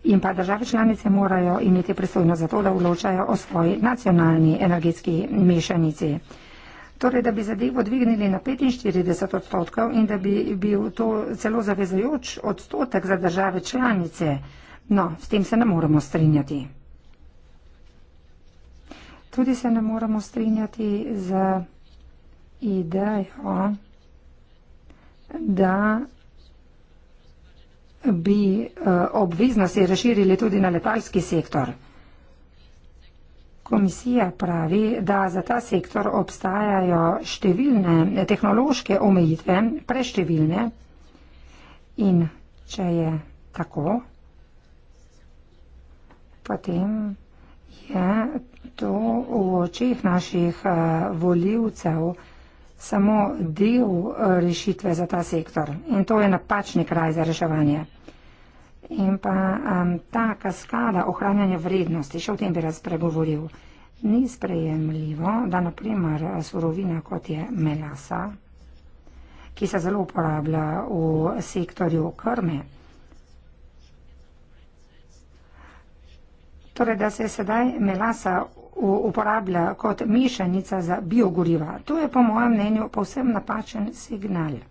in pa države članice morajo imeti pristojnost za to, da vločajo o svoji nacionalni energetski mešanici torej da bi zadevo dvignili na 45 odstotkov in da bi bil to celo zavezajoč odstotek za države članice. No, s tem se ne moremo strinjati. Tudi se ne moremo strinjati z idejo, da bi uh, obveznosti razširili tudi na letalski sektor. Komisija pravi, da za ta sektor obstajajo številne tehnološke omejitve, preštevilne. In če je tako, potem je to v očeh naših eh, voljivcev samo del eh, rešitve za ta sektor. In to je napačni kraj za reševanje. In pa um, ta kaskada ohranjanja vrednosti, še o tem bi raz pregovoril, ni sprejemljivo, da naprimer eh, surovina kot je melasa, ki se zelo uporablja v sektorju krme, torej da se sedaj melasa uporablja kot mešanica za biogoriva. To je po mojem mnenju povsem napačen signal.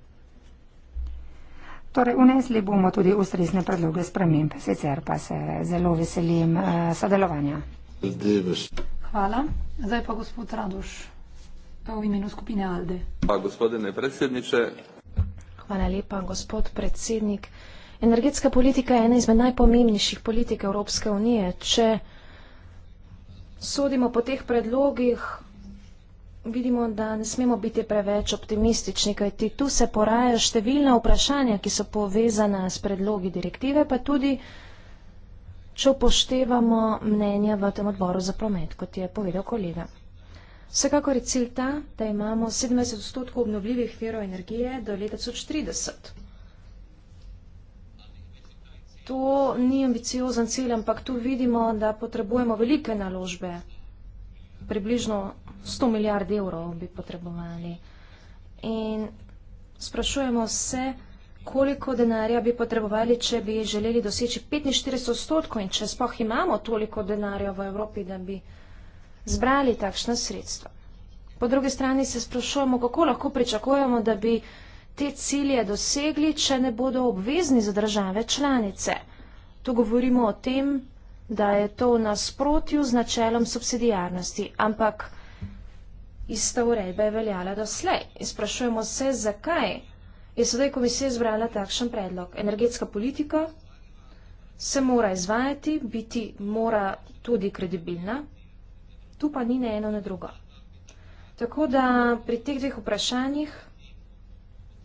Torej, unesli bomo tudi ustrezne predloge sprememb, sicer pa se zelo veselim uh, sodelovanja. Hvala. Zdaj pa gospod Raduš, v imenu skupine Alde. Pa gospodine predsedniče. Hvala lepa, gospod predsednik. Energetska politika je ena izmed najpomembnejših politik Evropske unije. Če sodimo po teh predlogih, vidimo, da ne smemo biti preveč optimistični, kajti tu se porajajo številna vprašanja, ki so povezana s predlogi direktive, pa tudi, če upoštevamo mnenja v tem odboru za promet, kot je povedal kolega. Vsekakor je cilj ta, da imamo 70 odstotkov obnovljivih virov energije do leta 2030. To ni ambiciozen cilj, ampak tu vidimo, da potrebujemo velike naložbe, približno 100 milijard evrov bi potrebovali. In sprašujemo se, koliko denarja bi potrebovali, če bi želeli doseči 45 odstotkov in če spoh imamo toliko denarja v Evropi, da bi zbrali takšna sredstva. Po drugi strani se sprašujemo, kako lahko pričakujemo, da bi te cilje dosegli, če ne bodo obvezni za države članice. Tu govorimo o tem, da je to v nasprotju z načelom subsidijarnosti, ampak ista uredba je veljala doslej. In sprašujemo se, zakaj je sedaj komisija izbrala takšen predlog. Energetska politika se mora izvajati, biti mora tudi kredibilna, tu pa ni ne eno, ne drugo. Tako da pri teh dveh vprašanjih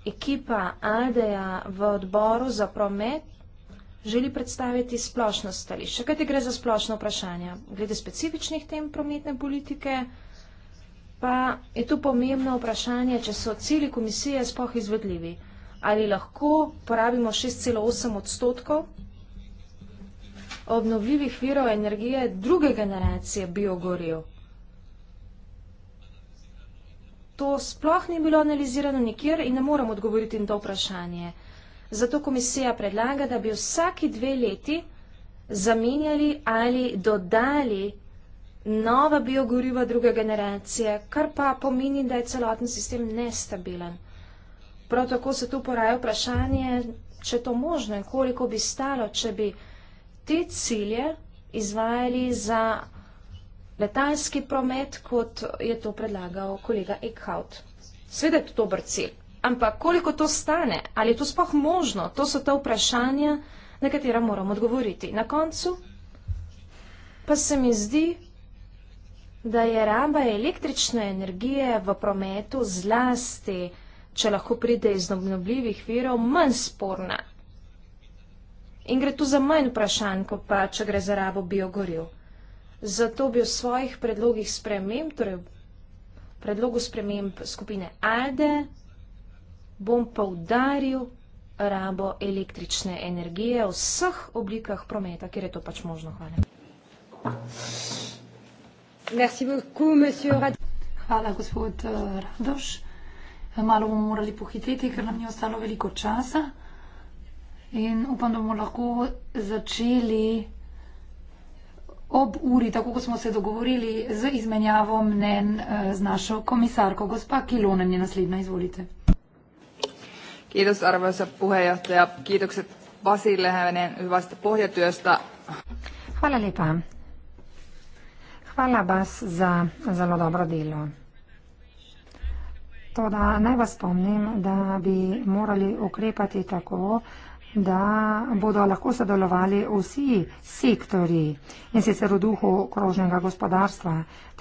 ekipa Aldeja v odboru za promet želi predstaviti splošno stališče. Kaj ti gre za splošno vprašanje? Glede specifičnih tem prometne politike? Pa je tu pomembno vprašanje, če so cilji komisije spoh izvedljivi. Ali lahko porabimo 6,8 odstotkov obnovljivih virov energije druge generacije biogorjev? To sploh ni bilo analizirano nikjer in ne moram odgovoriti na to vprašanje. Zato komisija predlaga, da bi vsaki dve leti zamenjali ali dodali nova biogoriva druge generacije, kar pa pomeni, da je celoten sistem nestabilen. Prav tako se tu poraja vprašanje, če je to možno in koliko bi stalo, če bi te cilje izvajali za letalski promet, kot je to predlagal kolega Eckhout. Sveda je to dober cilj, ampak koliko to stane, ali je to sploh možno, to so ta vprašanja, na katera moramo odgovoriti. Na koncu pa se mi zdi, da je raba električne energije v prometu zlasti, če lahko pride iz obnobljivih virov, manj sporna. In gre tu za manj vprašanj, kot pa če gre za rabo biogoril. Zato bi v svojih predlogih sprememb, torej predlogu sprememb skupine ALDE, bom poudaril rabo električne energije v vseh oblikah prometa, kjer je to pač možno. Hvala. Merci beaucoup, monsieur Hvala, gospod eh, Radoš. Malo bomo morali pohiteti, ker nam ni ostalo veliko časa. In upam, da bomo lahko začeli ob uri, tako kot smo se dogovorili, z izmenjavo mnen eh, z našo komisarko. Gospa Kilonen je naslednja, izvolite. Kiitos arvoisa puheenjohtaja. Kiitokset Vasille hänen hyvästä pohjatyöstä. Hvala lepa. Hvala vas za zelo dobro delo. Toda naj vas spomnim, da bi morali ukrepati tako, da bodo lahko sodelovali vsi sektori in sicer v duhu krožnega gospodarstva,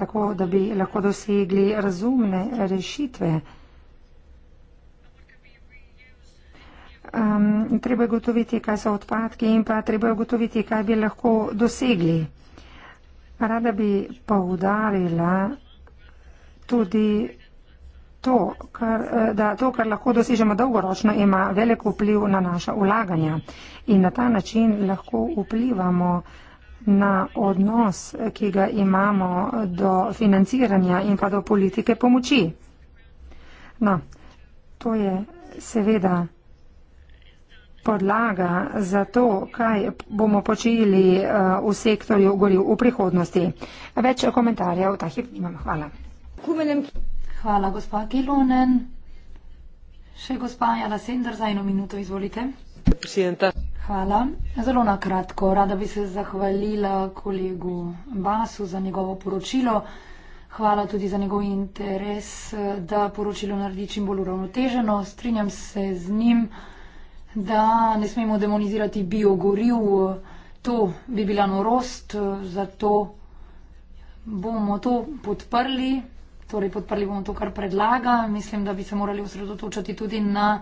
tako da bi lahko dosegli razumne rešitve. Um, treba je gotoviti, kaj so odpadki in pa treba je gotoviti, kaj bi lahko dosegli. Rada bi poudarila tudi to, kar, eh, da to, kar lahko dosežemo dolgoročno, ima veliko vpliv na naša ulaganja in na ta način lahko vplivamo na odnos, ki ga imamo do financiranja in pa do politike pomoči. No, to je seveda podlaga za to, kaj bomo počeli eh, v sektorju goril v prihodnosti. Več komentarjev ta hip nimam. Hvala. Hvala, gospa Kilonen. Še gospa Jala Sender, za eno minuto izvolite. Hvala. Zelo na kratko. Rada bi se zahvalila kolegu Basu za njegovo poročilo. Hvala tudi za njegov interes, da poročilo naredi čim bolj uravnoteženo. Strinjam se z njim da ne smemo demonizirati biogoriv. To bi bila norost, zato bomo to podprli. Torej, podprli bomo to, kar predlaga. Mislim, da bi se morali osredotočati tudi na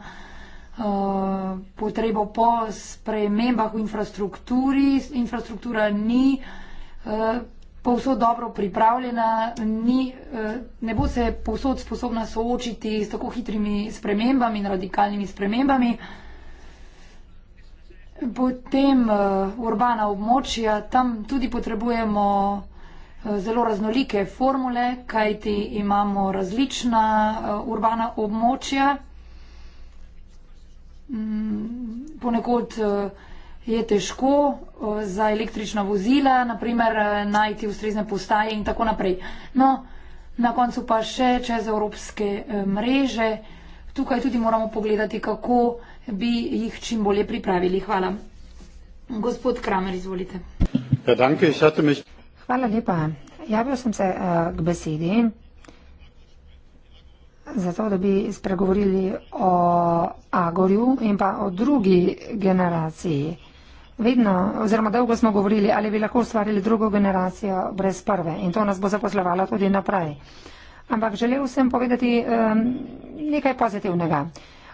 uh, potrebo po spremembah v infrastrukturi. Infrastruktura ni uh, povsod dobro pripravljena, ni, uh, ne bo se povsod sposobna soočiti s tako hitrimi spremembami in radikalnimi spremembami. Uh, Potem uh, urbana območja, tam tudi potrebujemo uh, zelo raznolike formule, kajti imamo različna uh, urbana območja. Mm, ponekod uh, je težko uh, za električna vozila, naprimer, uh, najti ustrezne postaje in tako naprej. No, na koncu pa še čez evropske uh, mreže. Tukaj tudi moramo pogledati, kako bi jih čim bolje pripravili. Hvala. Gospod Kramer, izvolite. Ja, danke, mich... Hvala lepa. Javil sem se uh, k besedi, zato da bi spregovorili o Agorju in pa o drugi generaciji. Vedno, oziroma dolgo smo govorili, ali bi lahko ustvarili drugo generacijo brez prve in to nas bo zaposlovalo tudi naprej. Ampak želel sem povedati um, nekaj pozitivnega. Uh,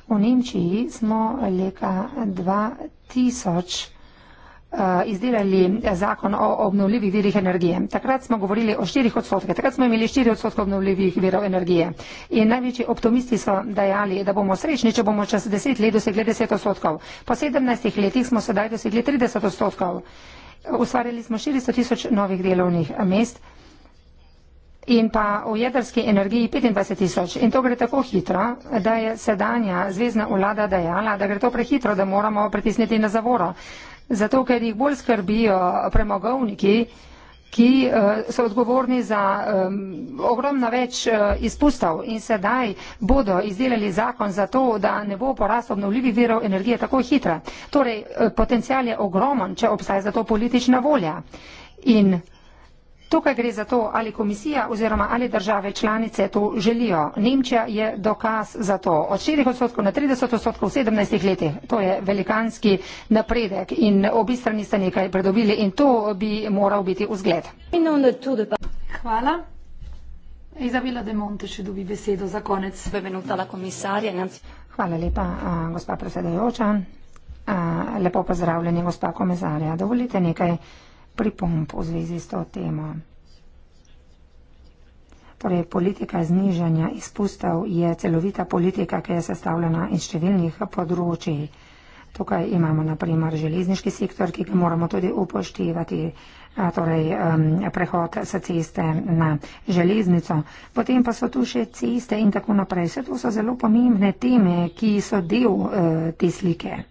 V Nemčiji smo leta 2000 eh, izdelali zakon o obnovljivih virih energije. Takrat smo govorili o 4 odstotkih, takrat smo imeli 4 odstotke obnovljivih virov energije. In največji optimisti so dajali, da bomo srečni, če bomo čez 10 let dosegli 10 odstotkov. Po 17 letih smo sedaj dosegli 30 odstotkov. Ustvarili smo 400 tisoč novih delovnih mest in pa o jedrski energiji 25 tisoč. In to gre tako hitro, da je sedanja zvezdna vlada dejala, da gre to prehitro, da moramo pritisniti na zavoro. Zato, ker jih bolj skrbijo premogovniki, ki eh, so odgovorni za um, ogromno več eh, izpustov in sedaj bodo izdelali zakon za to, da ne bo porast obnovljivih virov energije tako hitro. Torej, eh, potencial je ogromen, če obstaja za to politična volja. In Tukaj gre za to, ali komisija oziroma ali države članice to želijo. Nemčija je dokaz za to. Od 4 odstotkov na 30 odstotkov v 17 letih. To je velikanski napredek in obi strani ste nekaj predobili in to bi moral biti vzgled. Hvala. Izabela de Monte še dobi besedo za konec. Hvala lepa, gospa predsedajoča. Lepo pozdravljeni, gospa komisarja. Dovolite nekaj pripomb v zvezi s to temo. Torej, politika znižanja izpustov je celovita politika, ki je sestavljena iz številnih področji. Tukaj imamo naprimer železniški sektor, ki ga moramo tudi upoštevati, torej um, prehod s ceste na železnico. Potem pa so tu še ceste in tako naprej. Vse to so zelo pomembne teme, ki so del uh, te slike.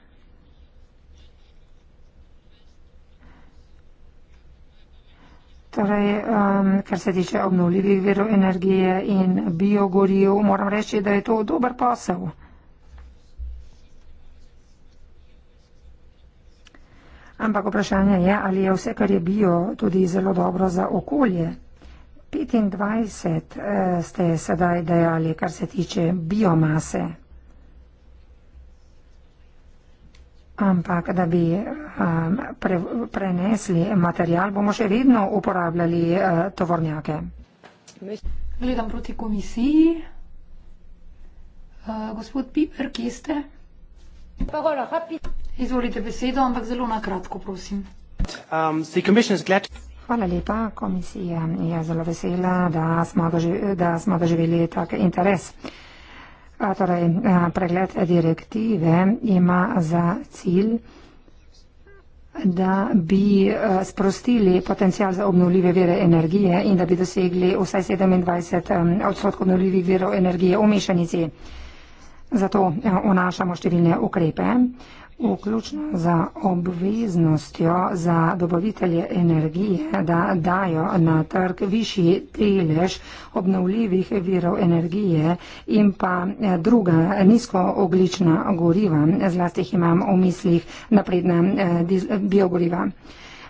Torej, um, kar se tiče obnovljivih virov energije in biogorijev, moram reči, da je to dober posel. Ampak vprašanje je, ali je vse, kar je bio, tudi zelo dobro za okolje. 25 eh, ste sedaj dejali, kar se tiče biomase. ampak da bi um, pre, prenesli material, bomo še vedno uporabljali uh, tovornjake. Gledam proti komisiji. Uh, gospod Piper, kje ste? Izvolite besedo, ampak zelo na kratko, prosim. Um, Hvala lepa, komisija je zelo vesela, da smo, dožive, da smo doživeli tak interes. Uh, A torej, pregled direktive ima za cilj, da bi sprostili potencial za obnovljive vere energije in da bi dosegli vsaj 27 odstotkov obnovljivih verov energije v mešanici. Zato vnašamo številne ukrepe vključno z obveznostjo za dobavitelje energije, da dajo na trg višji delež obnovljivih virov energije in pa eh, druga nizkooglična goriva, zlasti jih imam v mislih napredna eh, biogoriva.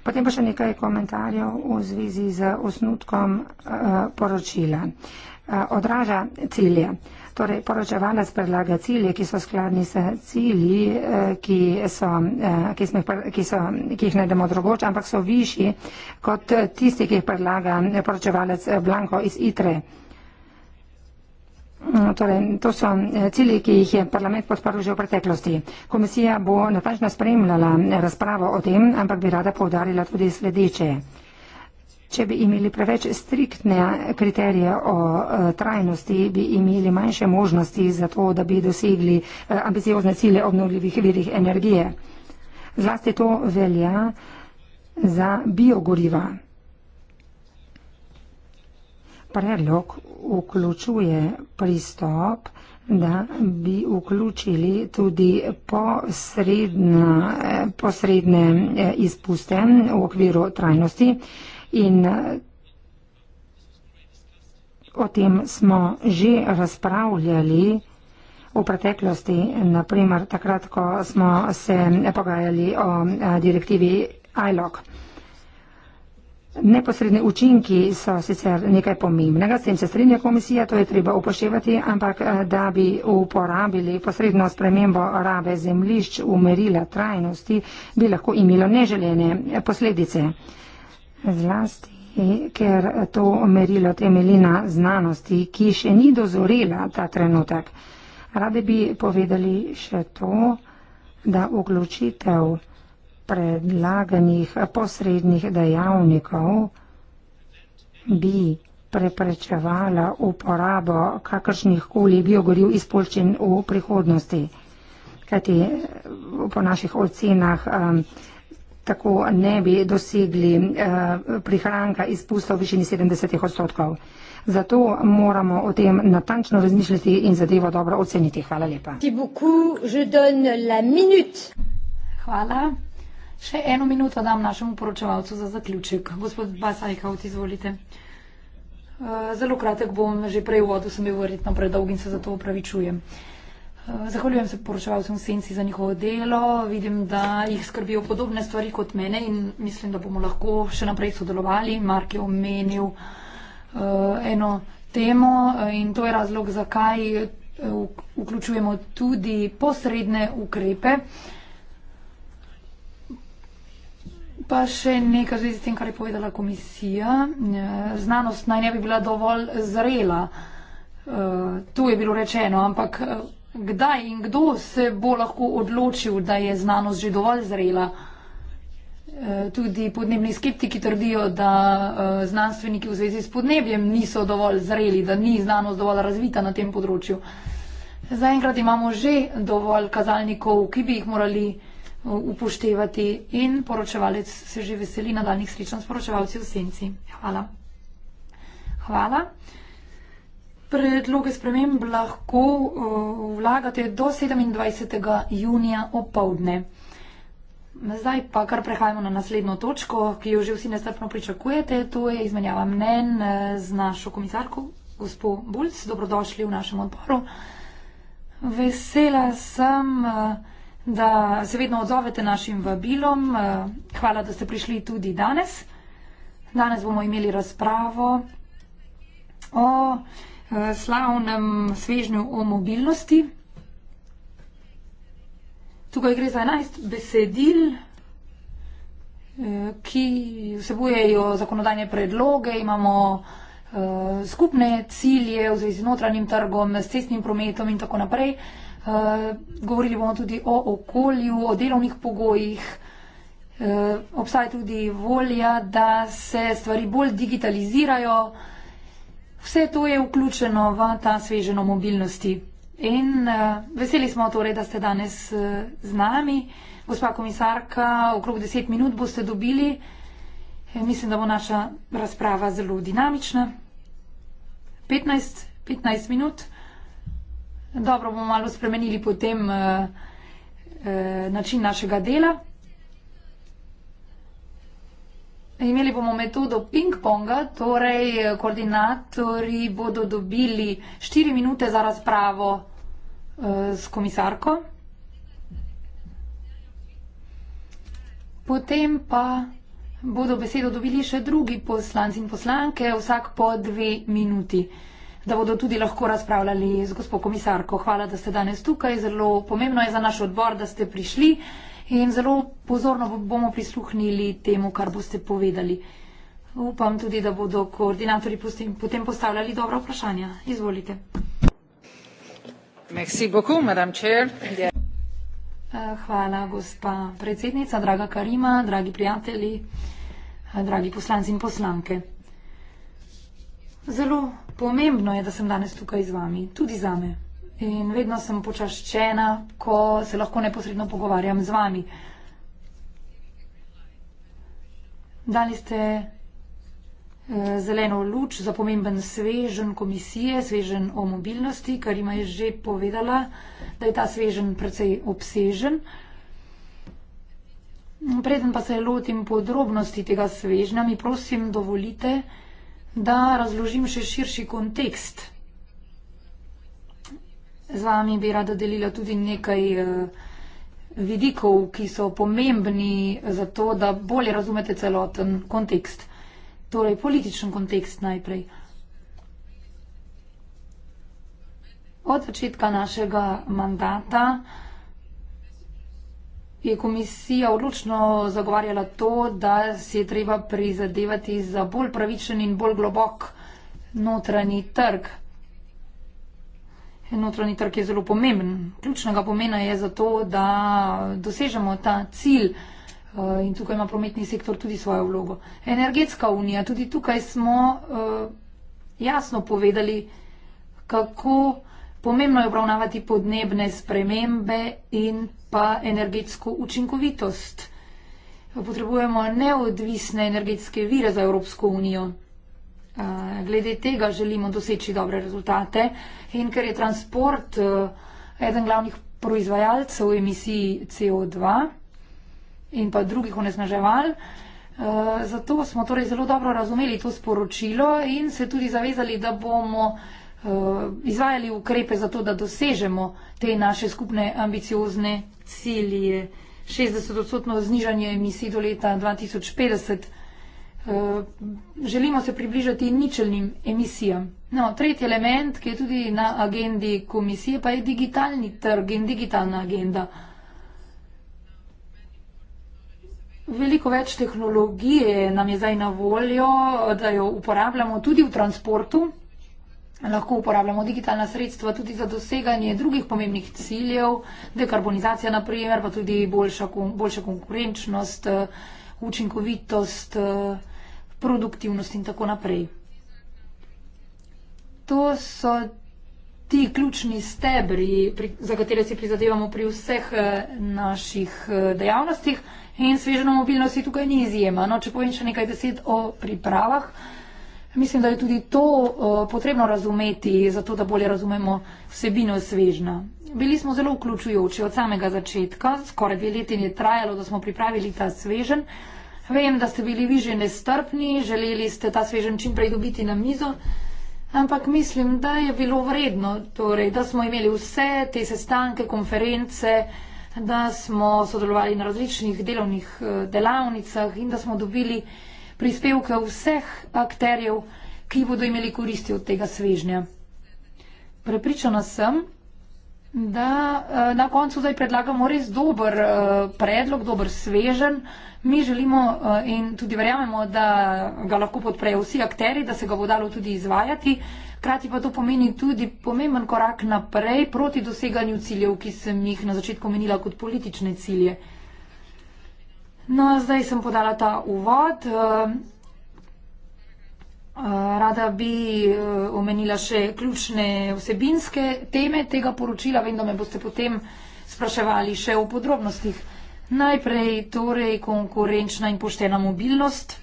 Potem pa še nekaj komentarjev v zvezi z osnutkom eh, poročila. Odraža cilje. Torej, poročevalec predlaga cilje, ki so skladni s cilji, eh, ki, so, eh, ki, smo, ki, so, ki jih najdemo drugoč, ampak so višji kot tisti, ki jih predlaga eh, poročevalec Blanko iz ITRE. Mm, torej, to so cilji, ki jih je parlament podprl že v preteklosti. Komisija bo natančno spremljala razpravo o tem, ampak bi rada povdarila tudi sledeče. Če bi imeli preveč striktne kriterije o e, trajnosti, bi imeli manjše možnosti za to, da bi dosegli e, ambiciozne cilje obnovljivih virih energije. Zlasti to velja za biogoriva. Predlog vključuje pristop, da bi vključili tudi e, posredne izpuste v okviru trajnosti. In eh, o tem smo že razpravljali v preteklosti, naprimer takrat, ko smo se pogajali o eh, direktivi ILOC. Neposredni učinki so sicer nekaj pomembnega, s tem se strinja komisija, to je treba upoštevati, ampak eh, da bi uporabili posredno spremembo rabe zemlišč v merila trajnosti, bi lahko imelo neželene posledice. Zlasti, ker to merilo temelji na znanosti, ki še ni dozorela ta trenutek. Radi bi povedali še to, da vključitev predlaganih posrednih dejavnikov bi preprečevala uporabo kakršnih koli biogoriv izpolčen v prihodnosti. Kajti po naših ocenah um, tako ne bi dosegli eh, prihranka izpustov v višini 70 odstotkov. Zato moramo o tem natančno razmišljati in zadevo dobro oceniti. Hvala lepa. Hvala. Še eno minuto dam našemu poročevalcu za zaključek. Gospod Basajkaut, izvolite. Eh, zelo kratek bom, že prej v vodu sem bil verjetno predolg in se zato opravičujem. Zahvaljujem se poročevalcem Senci za njihovo delo. Vidim, da jih skrbijo podobne stvari kot mene in mislim, da bomo lahko še naprej sodelovali. Mark je omenil uh, eno temo eh, in to je razlog, zakaj eh, vključujemo tudi posredne ukrepe. Pa še nekaj zvezi s tem, kar je povedala komisija. Znanost naj ne bi bila dovolj zrela. Uh, tu je bilo rečeno, ampak. Uh, Kdaj in kdo se bo lahko odločil, da je znanost že dovolj zrela? E, tudi podnebni skeptiki trdijo, da e, znanstveniki v zvezi s podnebjem niso dovolj zreli, da ni znanost dovolj razvita na tem področju. Zaenkrat imamo že dovolj kazalnikov, ki bi jih morali e, upoštevati in poročevalec se že veseli nadaljnih srečanj s poročevalci v senci. Hvala. Hvala. Predloge sprememb lahko eh, vlagate do 27. junija opovdne. Zdaj pa kar prehajamo na naslednjo točko, ki jo že vsi nestrpno pričakujete. To je izmenjava mnen eh, z našo komisarko, gospo Bulc. Dobrodošli v našem odboru. Vesela sem, eh, da se vedno odzovete našim vabilom. Hvala, da ste prišli tudi danes. Danes bomo imeli razpravo o slavnem svežnju o mobilnosti. Tukaj gre za 11 besedil, eh, ki vsebujejo zakonodajne predloge, imamo eh, skupne cilje v zvezi z notranjim trgom, s cestnim prometom in tako naprej. Eh, govorili bomo tudi o okolju, o delovnih pogojih. Obstaja tudi volja, da se stvari bolj digitalizirajo, Vse to je vključeno v ta sveženo mobilnosti. In uh, veseli smo torej, da ste danes uh, z nami. Gospa komisarka, okrog deset minut boste dobili. Eh, mislim, da bo naša razprava zelo dinamična. 15, 15 minut. Dobro, bomo malo spremenili potem uh, uh, način našega dela. Imeli bomo metodo ping-ponga, torej eh, koordinatori bodo dobili štiri minute za razpravo uh, s komisarko. Potem pa bodo besedo dobili še drugi poslanci in poslanke, vsak po dve minuti, da bodo tudi lahko razpravljali z gospod komisarko. Hvala, da ste danes tukaj. Zelo pomembno je za naš odbor, da ste prišli. Uh, in zelo pozorno bomo prisluhnili temu, kar boste povedali. Upam tudi, da bodo koordinatori potem postavljali dobra vprašanja. Izvolite. Eh, hvala, gospa predsednica, draga Karima, dragi prijatelji, eh, dragi poslanci in poslanke. Zelo pomembno je, da sem danes tukaj z vami, tudi zame in vedno sem počaščena, ko se lahko neposredno pogovarjam z vami. Dali ste eh, zeleno luč za pomemben svežen komisije, svežen o mobilnosti, kar ima je že povedala, da je ta svežen precej obsežen. Preden pa se lotim podrobnosti tega svežna, mi prosim dovolite, da razložim še širši kontekst Z vami bi rada delila tudi nekaj eh, vidikov, ki so pomembni za to, da bolje razumete celoten kontekst. Torej, političen kontekst najprej. Od začetka našega mandata je komisija odločno zagovarjala to, da se je treba prizadevati za bolj pravičen in bolj globok notranji trg notranji trg je zelo pomemben. Ključnega pomena je zato, da dosežemo ta cilj eh, in tukaj ima prometni sektor tudi svojo vlogo. Energetska unija, tudi tukaj smo eh, jasno povedali, kako pomembno je obravnavati podnebne spremembe in pa energetsko učinkovitost. Potrebujemo neodvisne energetske vire za Evropsko unijo. Eh, glede tega želimo doseči dobre rezultate in ker je transport eh, eden glavnih proizvajalcev emisij CO2 in pa drugih onesnaževal, eh, zato smo torej zelo dobro razumeli to sporočilo in se tudi zavezali, da bomo izvajali ukrepe za to, da dosežemo te naše skupne ambiciozne cilje. 60-odstotno znižanje emisij do leta 2050. Eh, želimo se približati ničelnim emisijam. No, tretji element, ki je tudi na agendi komisije, pa je digitalni trg in digitalna agenda. Veliko več tehnologije nam je zdaj na voljo, da jo uporabljamo tudi v transportu. Lahko uporabljamo digitalna sredstva tudi za doseganje drugih pomembnih ciljev, dekarbonizacija naprimer, pa tudi boljša, boljša konkurenčnost, eh, učinkovitost eh, produktivnost in tako naprej. To so ti ključni stebri, pri, za katere si prizadevamo pri vseh eh, naših eh, dejavnostih in sveženo mobilnosti tukaj ni izjema. No, če povem še nekaj deset o pripravah, mislim, da je tudi to uh, potrebno razumeti, zato da bolje razumemo vsebino svežna. Bili smo zelo vključujoči od samega začetka, skoraj dve leti je trajalo, da smo pripravili ta svežen. Uh, Vem, da ste bili vi že nestrpni, želeli ste ta svežen čim prej dobiti na mizo, ampak mislim, da je bilo vredno, torej, da smo imeli vse te sestanke, konference, da smo sodelovali na različnih delovnih eh, delavnicah in da smo dobili prispevke vseh akterjev, ki bodo imeli koristi od tega svežnja. Prepričana sem, Da, eh, na koncu zdaj predlagamo res dober eh, predlog, dober svežen. Mi želimo eh, in tudi verjamemo, da ga lahko podprejo vsi akteri, da se ga bo dalo tudi izvajati. Krati pa to pomeni tudi pomemben korak naprej proti doseganju ciljev, ki sem jih na začetku menila kot politične cilje. No, zdaj sem podala ta uvod. Rada bi eh, omenila še ključne vsebinske teme tega poročila, vem, da me boste potem spraševali še o podrobnostih. Najprej torej konkurenčna in poštena mobilnost.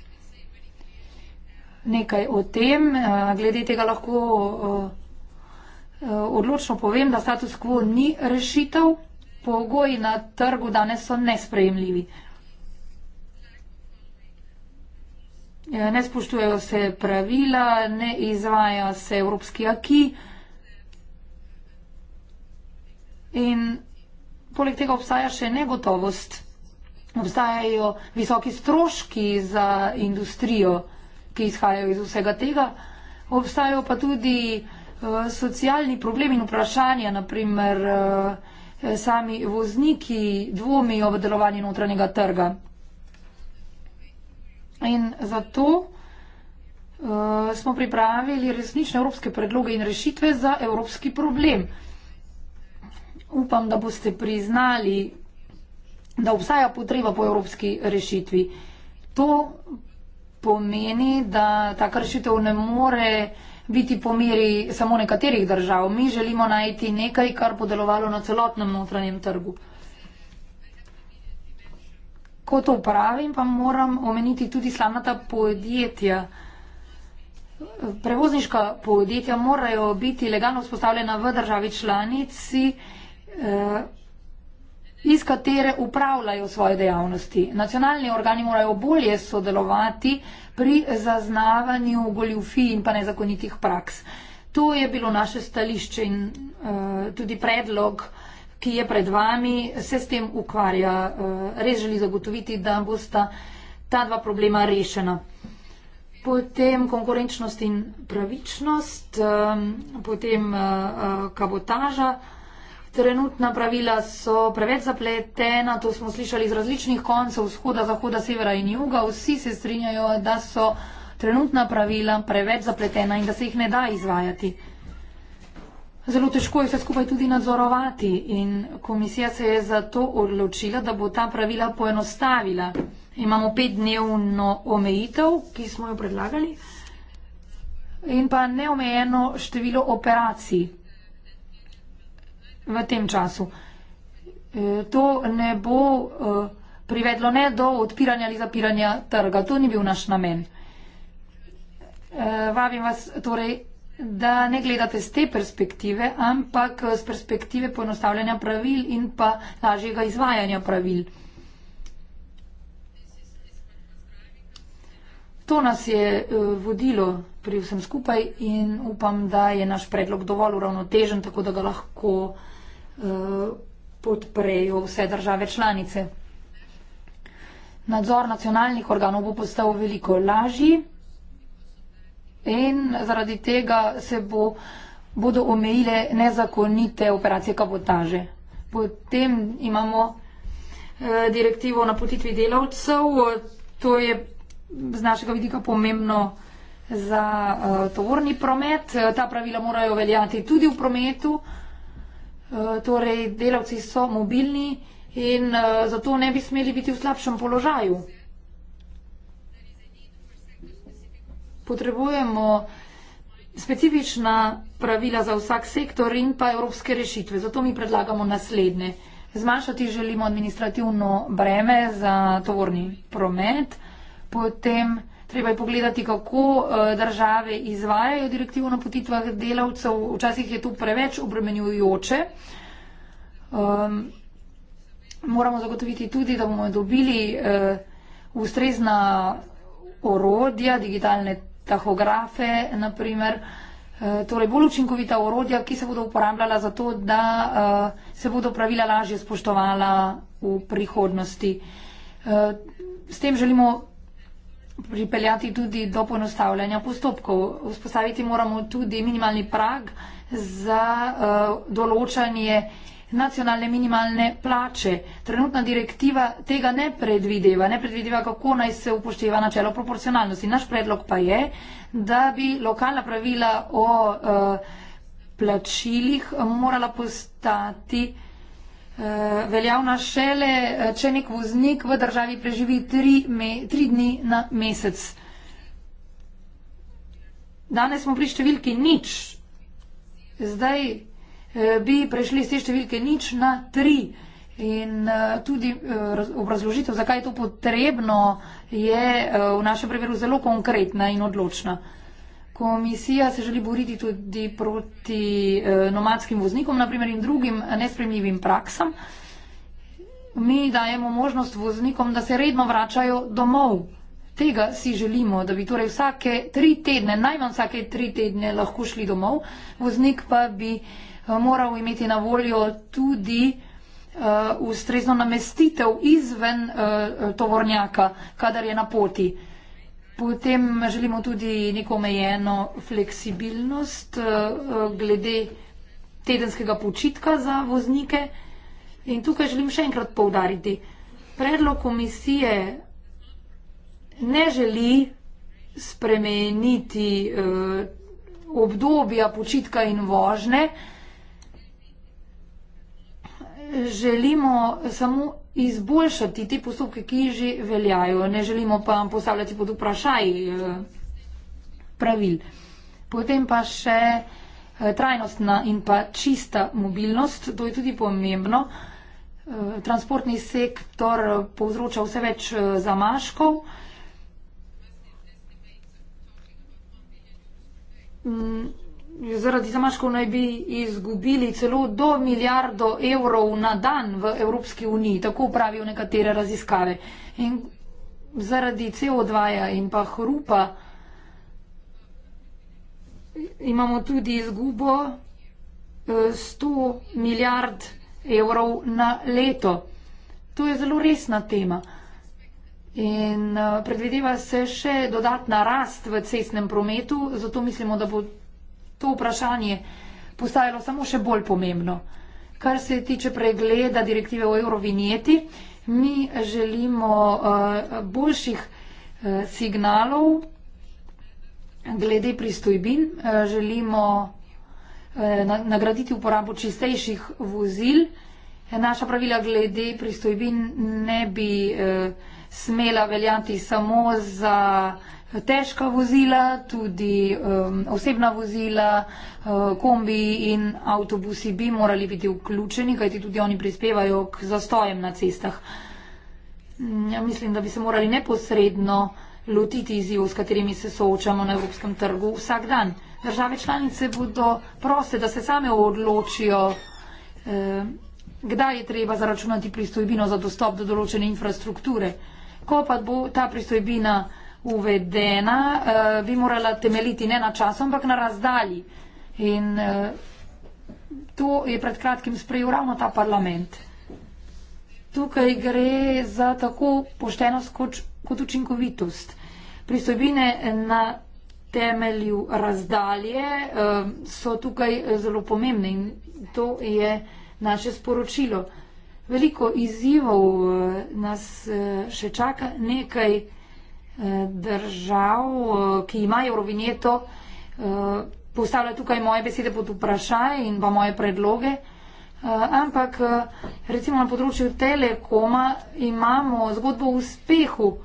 Nekaj o tem. Eh, glede tega lahko eh, odločno povem, da status quo ni rešitev. Pogoji na trgu danes so nesprejemljivi. Ja, ne spoštujejo se pravila, ne izvaja se evropski aki. In poleg tega obstaja še negotovost. Obstajajo visoki stroški za industrijo, ki izhajajo iz vsega tega. Obstajajo pa tudi uh, socialni problemi in vprašanja, naprimer uh, eh, sami vozniki dvomijo v delovanje notranjega trga. In zato uh, smo pripravili resnične evropske predloge in rešitve za evropski problem. Upam, da boste priznali, da obstaja potreba po evropski rešitvi. To pomeni, da taka rešitev ne more biti po meri samo nekaterih držav. Mi želimo najti nekaj, kar bo delovalo na celotnem notranjem trgu. Uh, ko to pravim, pa moram omeniti tudi slamnata podjetja. Prevozniška podjetja morajo biti legalno vzpostavljena v državi članici, eh, iz katere upravljajo svoje dejavnosti. Nacionalni organi morajo bolje sodelovati pri zaznavanju goljufij in pa nezakonitih praks. To je bilo naše stališče in eh, tudi predlog, ki je bilo ki je pred vami, se s tem ukvarja. Eh, res želi zagotoviti, da bosta ta dva problema rešena. Potem konkurenčnost in pravičnost, ehm, potem eh, eh, kabotaža. Trenutna pravila so preveč zapletena, to smo slišali iz različnih koncev vzhoda, zahoda, severa in juga. Vsi se strinjajo, da so trenutna pravila preveč zapletena in da se jih ne da izvajati. Zelo težko je vse skupaj tudi nadzorovati in komisija se je zato odločila, da bo ta pravila poenostavila. Imamo petdnevno omejitev, ki smo jo predlagali, in pa neomejeno število operacij v tem času. E, to ne bo e, privedlo ne do odpiranja ali zapiranja trga. To ni bil naš namen. E, vabim vas torej da ne gledate z te perspektive, ampak z eh, perspektive poenostavljanja pravil in pa lažjega izvajanja pravil. To nas je eh, vodilo pri vsem skupaj in upam, da je naš predlog dovolj uravnotežen, tako da ga lahko eh, podprejo vse države članice. Nadzor nacionalnih organov bo postal veliko lažji in zaradi tega se bo, bodo omejile nezakonite operacije kabotaže. Potem imamo eh, direktivo o napotitvi delavcev, to je z našega vidika pomembno za eh, tovorni promet. Eh, ta pravila morajo veljati tudi v prometu, torej delavci so mobilni in zato ne bi smeli biti v slabšem položaju. potrebujemo specifična pravila za vsak sektor in pa evropske rešitve. Zato mi predlagamo naslednje. Zmanjšati želimo administrativno breme za tovorni promet, potem treba je pogledati, kako eh, države izvajajo direktivo na potitvah delavcev. Včasih je to preveč obremenjujoče. Um, moramo zagotoviti tudi, da bomo dobili uh, ustrezna orodja, digitalne tahografe, naprimer, eh, torej bolj učinkovita orodja, ki se bodo uporabljala za to, da eh, se bodo pravila lažje spoštovala v prihodnosti. Eh, s tem želimo pripeljati tudi do ponostavljanja postopkov. Vzpostaviti moramo tudi minimalni prag za določanje nacionalne minimalne plače. Trenutna direktiva tega ne predvideva, ne predvideva, kako naj se upošteva načelo proporcionalnosti. Naš predlog pa je, da bi lokalna pravila o uh, plačilih morala postati eh, veljavna šele, eh, če nek voznik v državi preživi tri, me, tri dni na mesec. Danes smo pri številki nič. Zdaj Eh, bi prešli z te številke nič na tri. In eh, tudi eh, obrazložitev, zakaj je to potrebno, je v našem primeru zelo konkretna in odločna. Komisija se želi boriti tudi proti nomadskim voznikom naprimer, in drugim nespremljivim praksam. Mi dajemo možnost voznikom, da se redno vračajo domov. Tega si želimo, da bi torej vsake tri tedne, najmanj vsake tri tedne lahko šli domov, voznik pa bi moral imeti na voljo tudi eh, ustrezno namestitev izven eh, tovornjaka, kadar je na poti. Potem želimo tudi neko omejeno fleksibilnost eh, glede tedenskega počitka za voznike. In tukaj želim še enkrat povdariti, predlog komisije ne želi spremeniti obdobja počitka in vožne, želimo samo izboljšati te postopke, ki že veljajo, ne želimo pa postavljati pod vprašaj eh, pravil. Potem pa še eh, trajnostna in pa čista mobilnost, to je tudi pomembno. Eh, transportni sektor povzroča vse več zamaškov. Mm zaradi zamaškov naj bi izgubili celo do milijardo evrov na dan v Evropski uniji, tako pravijo nekatere raziskave. In zaradi CO2 -ja in pa hrupa imamo tudi izgubo 100 eh, milijard evrov na leto. To je zelo resna tema. In eh, predvideva se še dodatna rast v cestnem prometu, zato mislimo, da bo to vprašanje postajalo samo še bolj pomembno. Kar se tiče pregleda direktive o eurovinjeti, mi želimo eh, boljših eh, signalov glede pristojbin, eh, želimo nagraditi uporabo čistejših vozil. Naša pravila glede pristojbin ne bi smela veljati samo za težka vozila, tudi um, osebna vozila, uh, kombi in avtobusi bi morali biti vključeni, kajti tudi oni prispevajo k zastojem na cestah. Ja, mislim, da bi se morali neposredno lotiti izzivov, s katerimi se soočamo na evropskem trgu vsak dan. Države članice bodo proste, da se same odločijo, eh, kdaj je treba zaračunati pristojbino za dostop do določene infrastrukture. Ko pa bo ta pristojbina uvedena, uh, bi morala temeljiti ne na času, ampak na razdalji. In uh, to je pred kratkim sprejel ravno ta parlament. Tukaj gre za tako poštenost kot, kot učinkovitost. Pristojbine na temelju razdalje uh, so tukaj zelo pomembne in to je naše sporočilo. Veliko izzivov uh, nas uh, še čaka, nekaj držav, eh, ki ima Eurovinjeto, eh, postavlja tukaj moje besede pod vprašanje in pa moje predloge. Eh, ampak recimo na področju telekoma imamo zgodbo o uspehu.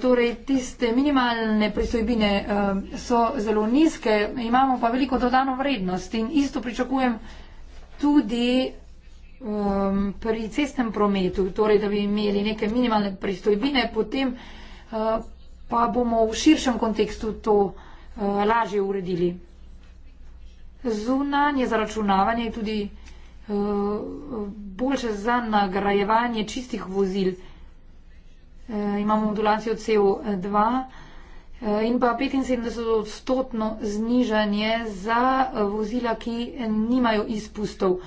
Torej, tiste minimalne pristojbine so zelo nizke, imamo pa veliko dodano vrednost in isto pričakujem tudi pri cestnem prometu, torej, da bi imeli neke minimalne pristojbine, potem Eh, pa bomo v širšem kontekstu to eh, lažje uredili. Zunanje zaračunavanje je tudi eh, boljše za nagrajevanje čistih vozil. Imamo modulacijo CO2 in pa 75 odstotno znižanje za vozila, ki nimajo izpustov.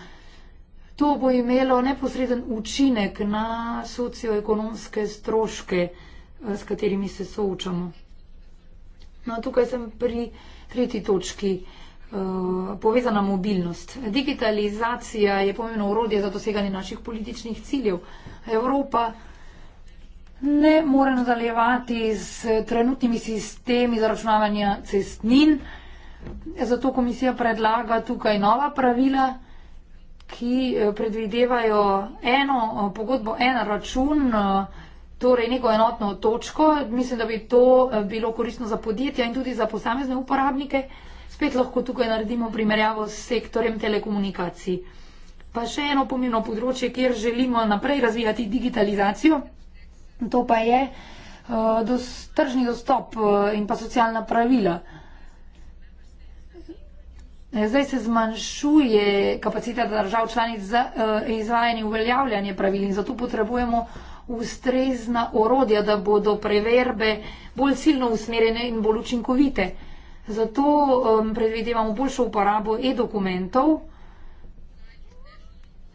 To bo imelo neposreden učinek na socioekonomske stroške s katerimi se soočamo. No, tukaj sem pri tretji točki. Uh, povezana mobilnost. Digitalizacija je pomembno urodje za doseganje naših političnih ciljev. Evropa ne more nadaljevati s trenutnimi sistemi zaračunavanja cestnin, zato komisija predlaga tukaj nova pravila, ki eh, predvidevajo eno eh, pogodbo, en račun, uh, torej neko enotno točko. Mislim, da bi to eh, bilo koristno za podjetja in tudi za posamezne uporabnike. Spet lahko tukaj naredimo primerjavo s sektorjem telekomunikacij. Pa še eno pomembno področje, kjer želimo naprej razvijati digitalizacijo, to pa je eh, dost, tržni dostop eh, in pa socialna pravila. Zdaj se zmanjšuje kapaciteta držav članic za uh, izvajanje uveljavljanja pravil in zato potrebujemo uh, ustrezna orodja, da bodo preverbe bolj silno usmerjene in bolj učinkovite. Zato um, predvidevamo boljšo uporabo e-dokumentov.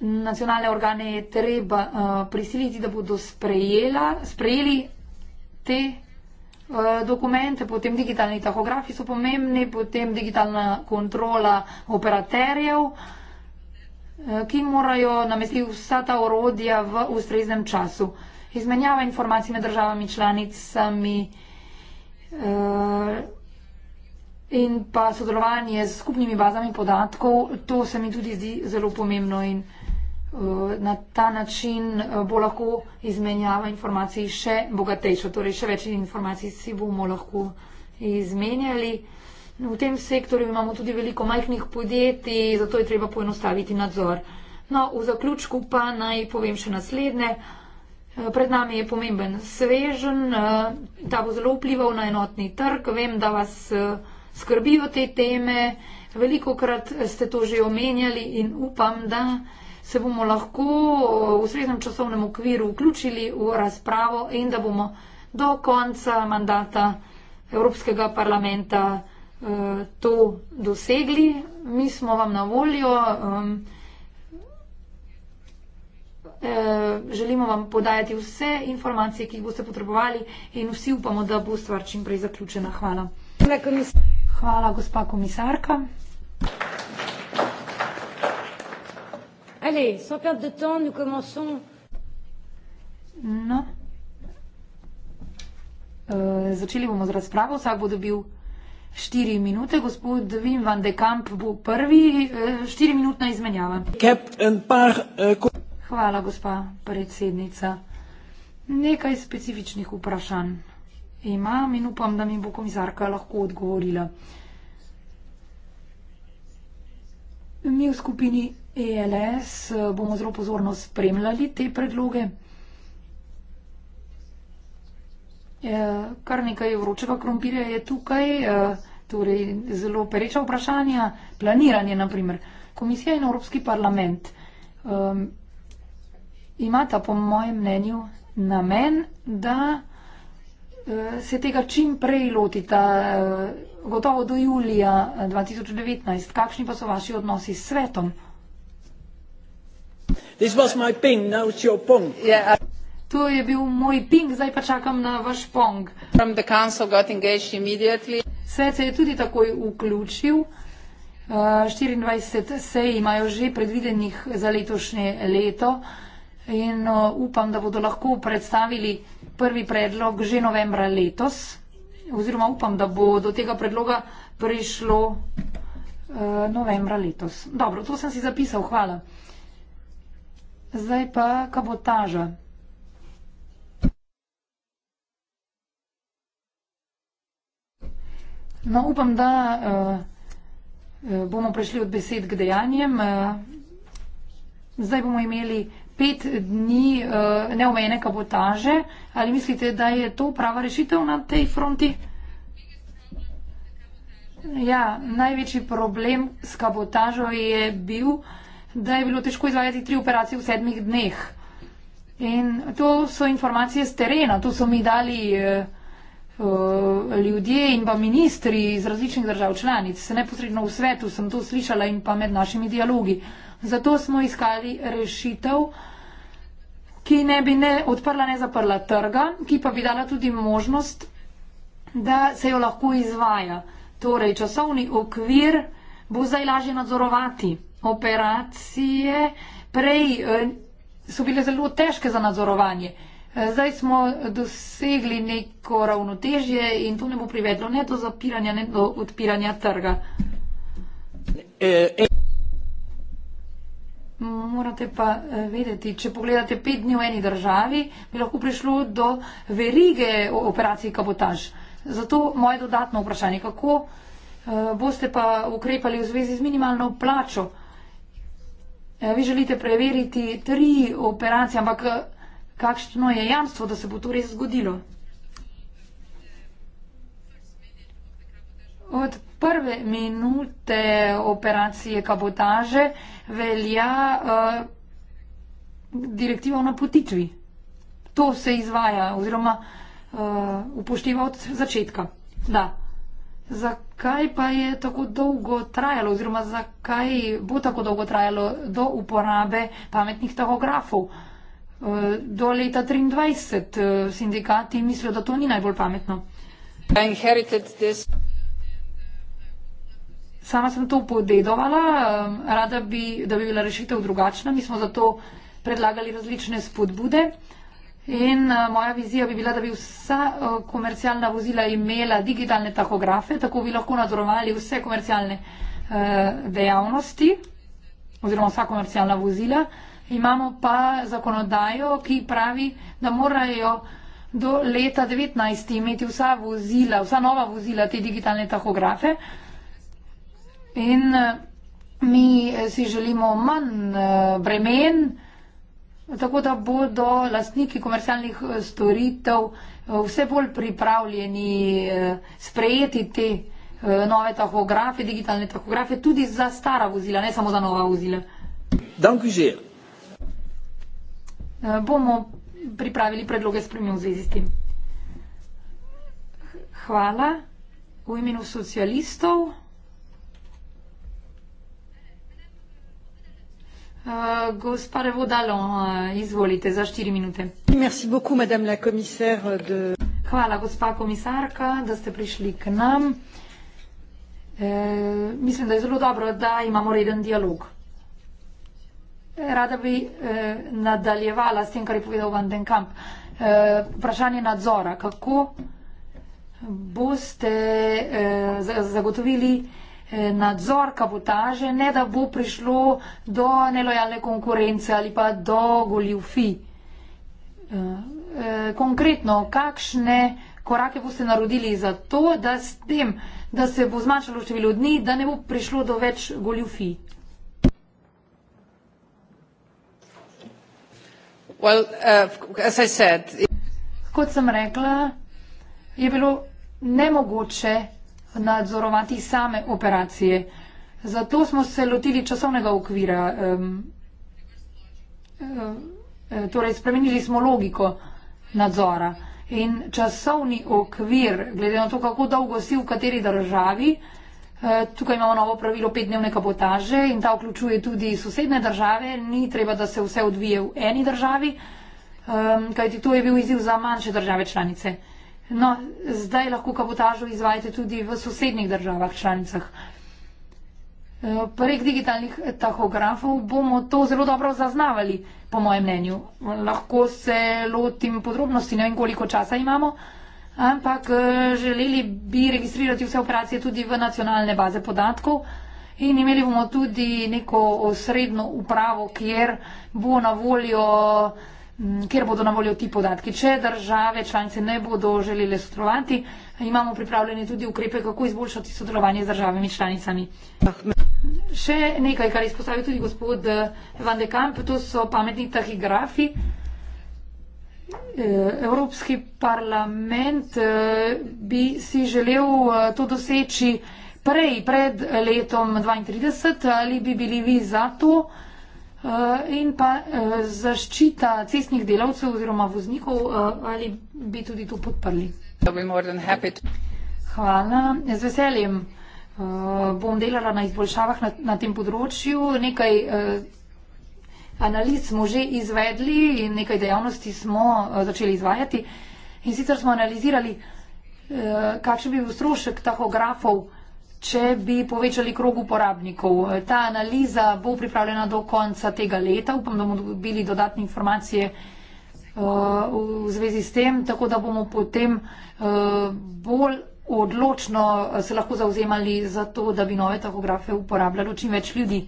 Nacionalne organe je treba uh, prisiliti, da bodo sprejela, sprejeli te uh, dokumente, potem digitalni tahografi so pomembni, potem digitalna kontrola operaterjev. Uh, Eh, ki morajo nameti vsa ta orodja v ustreznem času. Izmenjava informacij med državami članicami eh, in pa sodelovanje s skupnimi bazami podatkov, to se mi tudi zdi zelo pomembno in eh, na ta način bo lahko izmenjava informacij še bogatejša, torej še več informacij si bomo lahko izmenjali. V tem sektorju imamo tudi veliko majhnih podjetij, zato je treba poenostaviti nadzor. No, v zaključku pa naj povem še naslednje. Eh, pred nami je pomemben svežen, eh, ta bo zelo vplival na enotni trg. Vem, da vas eh, skrbijo te teme, veliko krat ste to že omenjali in upam, da se bomo lahko v srednjem časovnem okviru vključili v razpravo in da bomo do konca mandata Evropskega parlamenta Eh, to dosegli. Mi smo vam na voljo. Eh, želimo vam podajati vse informacije, ki jih boste potrebovali in vsi upamo, da bo stvar čimprej zaključena. Hvala. Hvala, gospa komisarka. Allez, sans perdre de temps, nous commençons. Non. Euh, začeli bomo z razpravo, vsak bo dobil štiri minute, gospod Vim van de Kamp bo prvi, eh, štiri minutna izmenjava. Eh, Hvala, gospa predsednica. Nekaj specifičnih vprašanj imam in upam, da mi bo komisarka lahko odgovorila. Mi v skupini ELS eh, bomo zelo pozorno spremljali te predloge. Eh, kar nekaj vročega krompirja je tukaj, eh, torej zelo pereča vprašanja, planiranje naprimer. Komisija in Evropski parlament um, imata po mojem mnenju namen, da uh, se tega čim prej lotita, uh, gotovo do julija 2019. Kakšni pa so vaši odnosi s svetom? This was my ping, now it's your ping. Yeah, I... To je bil moj ping, zdaj pa čakam na vaš pong. Svet se je tudi takoj vključil. Uh, eh, 24 sej imajo že predvidenih za letošnje leto in uh, upam, da bodo lahko predstavili prvi predlog že novembra letos. Oziroma upam, da bo do tega predloga prišlo uh, novembra letos. Dobro, to sem si zapisal, hvala. Zdaj pa kabotaža. No, upam, da uh, bomo prišli od besed k dejanjem. Uh, zdaj bomo imeli pet dni uh, neomejene kabotaže. Ali mislite, da je to prava rešitev na tej fronti? Ja, največji problem s kabotažo je bil, da je bilo težko izvajati tri operacije v sedmih dneh. In to so informacije z terena, to so mi dali. Uh, Eh, ljudje in pa ministri iz različnih držav članic, neposredno v svetu sem to slišala in pa med našimi dialogi. Zato smo iskali rešitev, ki ne bi ne odprla, ne zaprla trga, ki pa bi dala tudi možnost, da se jo lahko izvaja. Torej, časovni okvir bo zdaj lažje nadzorovati. Operacije prej eh, so bile zelo težke za nadzorovanje. Eh, zdaj smo dosegli neko ravnotežje in to ne bo privedlo ne do zapiranja, ne do odpiranja trga. Eh, eh. Morate pa vedeti, če pogledate pet dni v eni državi, bi lahko prišlo do verige operacij kabotaž. Zato moje dodatno vprašanje, kako boste pa ukrepali v zvezi z minimalno plačo? Vi želite preveriti tri operacije, ampak kakšno je jamstvo, da se bo to res zgodilo. Od prve minute operacije kabotaže velja uh, direktiva o napotitvi. To se izvaja oziroma uh, upošteva od začetka. Da. Zakaj pa je tako dolgo trajalo oziroma zakaj bo tako dolgo trajalo do uporabe pametnih tahografov? Uh, Eh, do leta 2023 eh, sindikati mislijo, da to ni najbolj pametno. Sama sem to podedovala, eh, rada bi, da bi bila rešitev drugačna. Mi smo zato predlagali različne spodbude in moja vizija bi bila, da bi vsa komercialna vozila imela digitalne tahografe, tako bi lahko nadzorovali vse komercialne dejavnosti oziroma vsa komercialna vozila. Imamo pa zakonodajo, ki pravi, da morajo do leta 2019 imeti vsa vozila, vsa nova vozila, te digitalne tahografe. In eh, mi eh, si želimo manj eh, bremen, tako da bodo lastniki komercialnih storitev vse bolj pripravljeni sprejeti te nove tahografe, digitalne tahografe, tudi za stara vozila, ne samo za nova vozila. Dankuži. Eh, bomo pripravili predloge sprememb v zvezi s tem. Hvala. V imenu socialistov. Uh, gospa Revodalo, uh, izvolite za štiri minute. Merci beaucoup, madame la commissaire de... Hvala, gospa komisarka, da ste prišli k nam. E, mislim, da je zelo dobro, da imamo reden dialog. Rada bi eh, nadaljevala s tem, kar je povedal Van den Kamp. Eh, vprašanje nadzora. Kako boste eh, zagotovili eh, nadzor kabotaže, ne da bo prišlo do nelojalne konkurence ali pa do goljufi? Eh, eh, konkretno, kakšne korake boste narodili za to, da, s tem, da se bo zmanjšalo število dni, da ne bo prišlo do več goljufi? Well, uh, as I said, Kot sem rekla, je bilo nemogoče nadzorovati same operacije. Zato smo se lotili časovnega okvira. Um, uh, uh, torej, spremenili smo logiko nadzora. In časovni okvir, glede na to, kako dolgo si v kateri državi, Eh, tukaj imamo novo pravilo petdnevne kabotaže in ta vključuje tudi sosedne države. Ni treba, da se vse odvije v eni državi, ehm, kajti to je bil izziv za manjše države članice. No, zdaj lahko kabotažo izvajate tudi v sosednjih državah članicah. Eh, prek digitalnih tahografov bomo to zelo dobro zaznavali, po mojem mnenju. Lahko se lotim podrobnosti, ne vem koliko časa imamo ampak eh, želeli bi registrirati vse operacije tudi v nacionalne baze podatkov in imeli bomo tudi neko osrednjo upravo, kjer, bo na voljo, kjer bodo na voljo ti podatki. Če države članice ne bodo želeli sodelovati, imamo pripravljene tudi ukrepe, kako izboljšati sodelovanje z državami članicami. Še nekaj, kar je izpostavil tudi gospod eh, Van de Kamp, to so pametni tahigrafi. Eh, Evropski parlament eh, bi si želel eh, to doseči prej, pred letom 32, ali bi bili vi za to in pa zaščita cestnih delavcev oziroma voznikov, ali bi tudi to podprli. Hvala, z veseljem bom delala na izboljšavah na, na tem področju. Nekaj analiz smo že izvedli in nekaj dejavnosti smo eh, začeli izvajati. In sicer smo analizirali, eh, kakšen bi bil strošek tahografov, če bi povečali krog uporabnikov. Ta analiza bo pripravljena do konca tega leta. Upam, da bomo dobili dodatne informacije eh, v zvezi s tem, tako da bomo potem bolj odločno se lahko zauzemali za to, da bi nove tahografe uporabljalo čim več ljudi.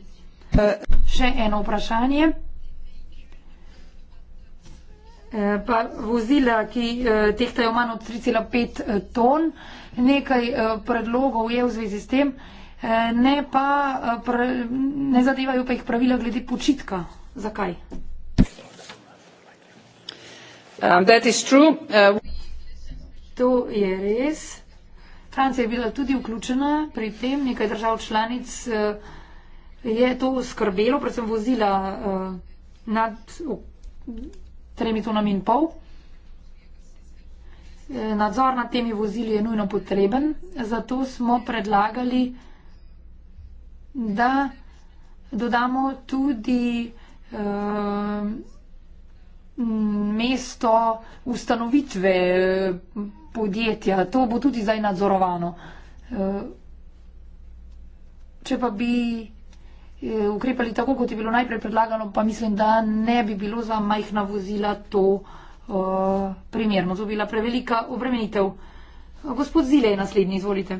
Še eno vprašanje. E, pa vozila, ki e, tehtajo manj od 3,5 e, ton, nekaj predlogov je v zvezi s tem, ne pa ne zadevajo pa jih pravila glede počitka. Zakaj? Um, uh, to je res. Francija je bila tudi vključena pri tem, nekaj držav članic. Uh, je to skrbelo, predvsem vozila uh, nad tremi tonami in pol. Eh, nadzor nad temi vozili je nujno potreben, zato smo predlagali, da dodamo tudi uh, mesto ustanovitve podjetja. To bo tudi zdaj nadzorovano. Uh, če pa bi Eh, ukrepali tako, kot je bilo najprej predlagano, pa mislim, da ne bi bilo za majhna vozila to uh, primerno. To bi bila prevelika obremenitev. Gospod Zile je naslednji, izvolite.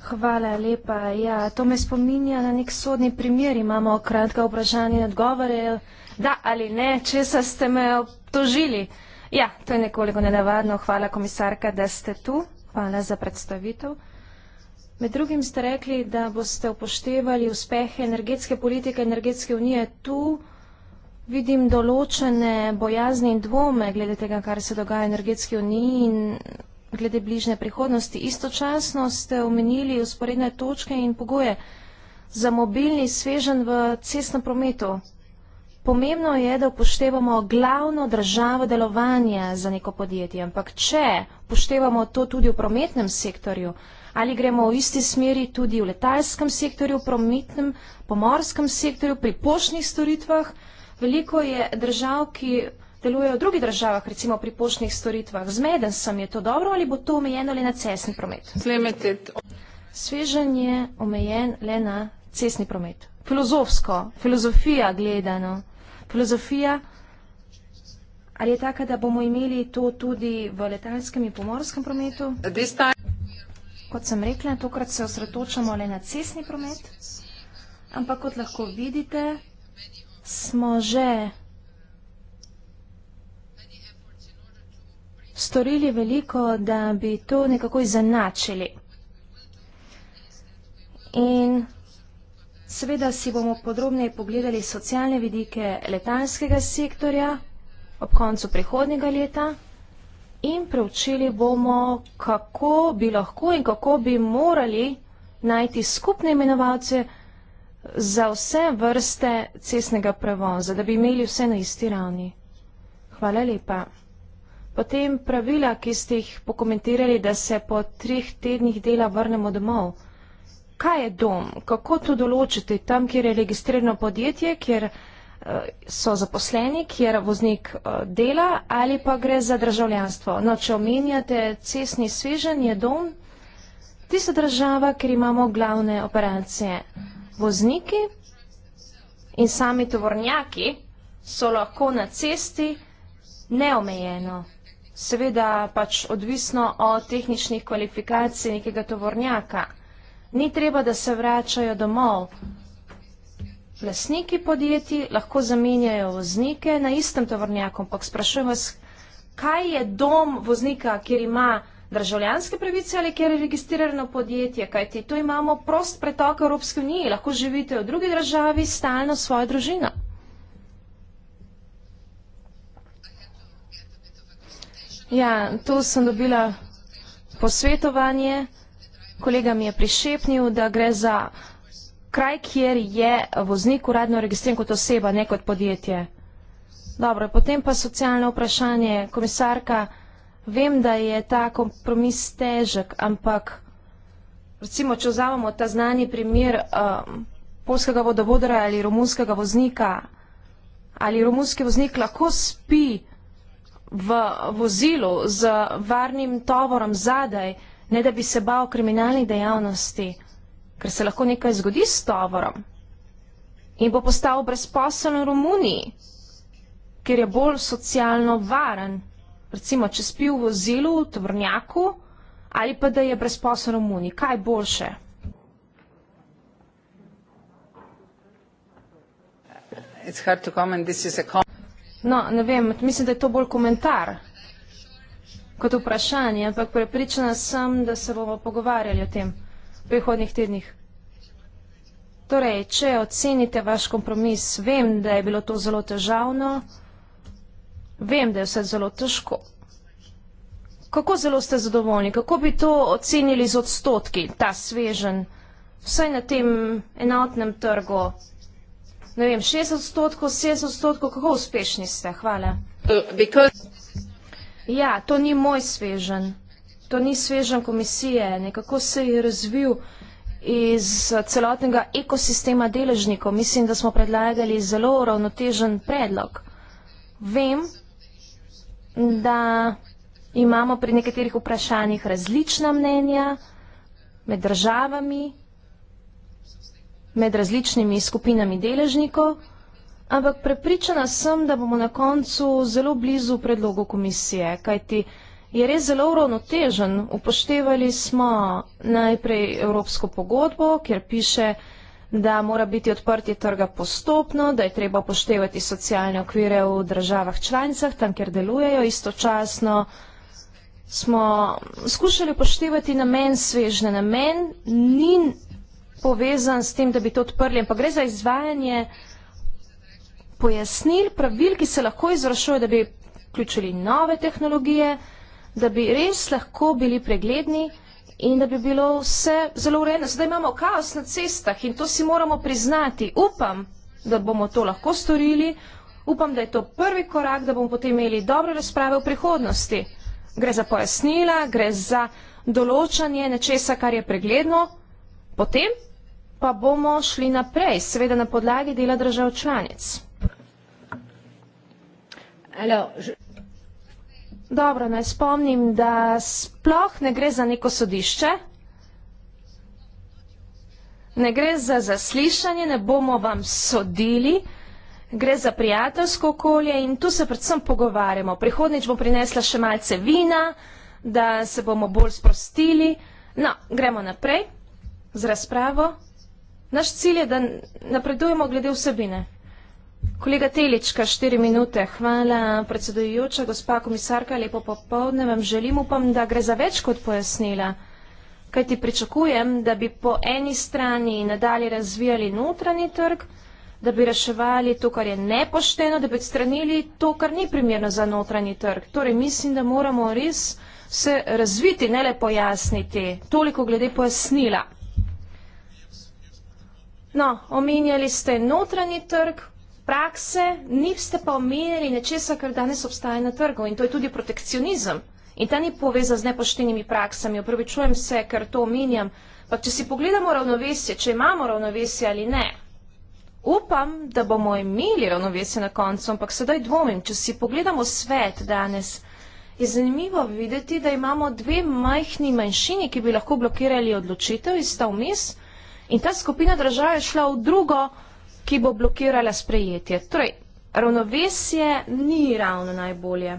Hvala lepa. Ja, to me spominja na nek sodni primer. Imamo kratka vprašanja in odgovore. Da ali ne, česa ste me obtožili? Ja, to je nekoliko nenavadno. Hvala komisarka, da ste tu. Hvala za predstavitev. Med drugim ste rekli, da boste upoštevali uspehe energetske politike Energetske unije. Tu vidim določene bojazni in dvome glede tega, kar se dogaja v Energetski uniji in glede bližnje prihodnosti. Istočasno ste omenili usporedne točke in pogoje za mobilni svežen v cestnem prometu. Pomembno je, da upoštevamo glavno državo delovanja za neko podjetje, ampak če upoštevamo to tudi v prometnem sektorju, ali gremo v isti smeri tudi v letalskem sektorju, prometnem, pomorskem sektorju, pri poštnih storitvah. Veliko je držav, ki delujejo v drugih državah, recimo pri poštnih storitvah. Zmeden sem, je to dobro ali bo to omejeno le na cestni promet? Svežen je omejen le na cestni promet. Filozofsko, filozofija gledano. Filozofija, ali je taka, da bomo imeli to tudi v letalskem in pomorskem prometu? Kot sem rekla, tokrat se osredotočamo le na cestni promet, ampak kot lahko vidite, smo že storili veliko, da bi to nekako izenačili. In seveda si bomo podrobneje pogledali socialne vidike letalskega sektorja ob koncu prihodnega leta in preučili bomo, kako bi lahko in kako bi morali najti skupne imenovalce za vse vrste cesnega prevoza, da bi imeli vse na isti ravni. Hvala lepa. Potem pravila, ki ste jih pokomentirali, da se po trih tednih dela vrnemo domov. Kaj je dom? Kako to določiti tam, kjer je registrirano podjetje, kjer Eh, so zaposleni, kjer voznik eh, dela ali pa gre za državljanstvo. No, če omenjate cesni svežen, je dom tista država, kjer imamo glavne operacije. Vozniki in sami tovornjaki so lahko na cesti neomejeno. Seveda pač odvisno od tehničnih kvalifikacij nekega tovornjaka. Ni treba, da se vračajo domov lastniki podjetij lahko zamenjajo voznike na istem tovornjaku, ampak sprašujem vas, kaj je dom voznika, kjer ima državljanske pravice ali kjer je registrirano podjetje, kajti tu imamo prost pretok Evropske unije, lahko živite v drugi državi stalno svojo družino. Ja, tu sem dobila posvetovanje, kolega mi je prišepnil, da gre za kraj, kjer je voznik uradno registriran kot oseba, ne kot podjetje. Dobro, potem pa socialno vprašanje, komisarka, vem, da je ta kompromis težek, ampak recimo, če vzamemo ta znani primer um, polskega vodovodra ali romunskega voznika, ali romunski voznik lahko spi v vozilu z varnim tovorom zadaj, ne da bi se bal kriminalnih dejavnosti ker se lahko nekaj zgodi s tovorom in bo postal brezposeln v Romuniji, ker je bolj socialno varen, recimo, če spi v vozilu, v tovrnjaku ali pa da je brezposeln v Romuniji. Kaj boljše? No, ne vem, mislim, da je to bolj komentar kot vprašanje, ampak prepričana sem, da se bomo pogovarjali o tem prihodnih tednih. Torej, če ocenite vaš kompromis, vem, da je bilo to zelo težavno, vem, da je vse zelo težko. Kako zelo ste zadovoljni, kako bi to ocenili z odstotki, ta svežen, vsaj na tem enotnem trgu? Ne vem, 60 odstotkov, 70 odstotkov, kako uspešni ste, hvala. Uh, ja, to ni moj svežen to ni svežen komisije, nekako se je razvil iz celotnega ekosistema deležnikov. Mislim, da smo predlagali zelo ravnotežen predlog. Vem, da imamo pri nekaterih vprašanjih različna mnenja med državami, med različnimi skupinami deležnikov, ampak prepričana sem, da bomo na koncu zelo blizu predlogu komisije, kajti vsega, je res zelo uravnotežen. Upoštevali smo najprej Evropsko pogodbo, kjer piše, da mora biti odprti trga postopno, da je treba upoštevati socialne okvire v državah članicah, tam, kjer delujejo istočasno. Smo skušali upoštevati namen svežne. Namen ni povezan s tem, da bi to odprli, ampak gre za izvajanje pojasnil, pravil, ki se lahko izvršuje, da bi vključili nove tehnologije, da bi res lahko bili pregledni in da bi bilo vse zelo urejeno. Zdaj imamo kaos na cestah in to si moramo priznati. Upam, da bomo to lahko storili. Upam, da je to prvi korak, da bomo potem imeli dobre razprave v prihodnosti. Gre za pojasnila, gre za določanje nečesa, kar je pregledno. Potem pa bomo šli naprej, seveda na podlagi dela držav članic. Alors, je... Dobro, naj spomnim, da sploh ne gre za neko sodišče. Ne gre za zaslišanje, ne bomo vam sodili, gre za prijateljsko okolje in tu se predvsem pogovarjamo. Prihodnič bom prinesla še malce vina, da se bomo bolj sprostili. No, gremo naprej z razpravo. Naš cilj je, da napredujemo glede vsebine. Kolega Telička, štiri minute. Hvala, predsedujoča, gospa komisarka, lepo popovdne vam želim. Upam, da gre za več kot pojasnila. Kaj ti pričakujem, da bi po eni strani nadalje razvijali notranji trg, da bi reševali to, kar je nepošteno, da bi odstranili to, kar ni primerno za notranji trg. Torej mislim, da moramo res se razviti, ne le pojasniti. Toliko glede pojasnila. No, omenjali ste notranji trg, prakse, niste pa omenili nečesa, kar danes obstaja na trgu in to je tudi protekcionizem. In ta ni poveza z nepoštenimi praksami, opravičujem se, ker to omenjam. Pa če si pogledamo ravnovesje, če imamo ravnovesje ali ne, upam, da bomo imeli ravnovesje na koncu, ampak sedaj dvomim, če si pogledamo svet danes, je zanimivo videti, da imamo dve majhni manjšini, ki bi lahko blokirali odločitev in sta vmes in ta skupina države šla v drugo, ki bo blokirala sprejetje. Torej, ravnovesje ni ravno najbolje.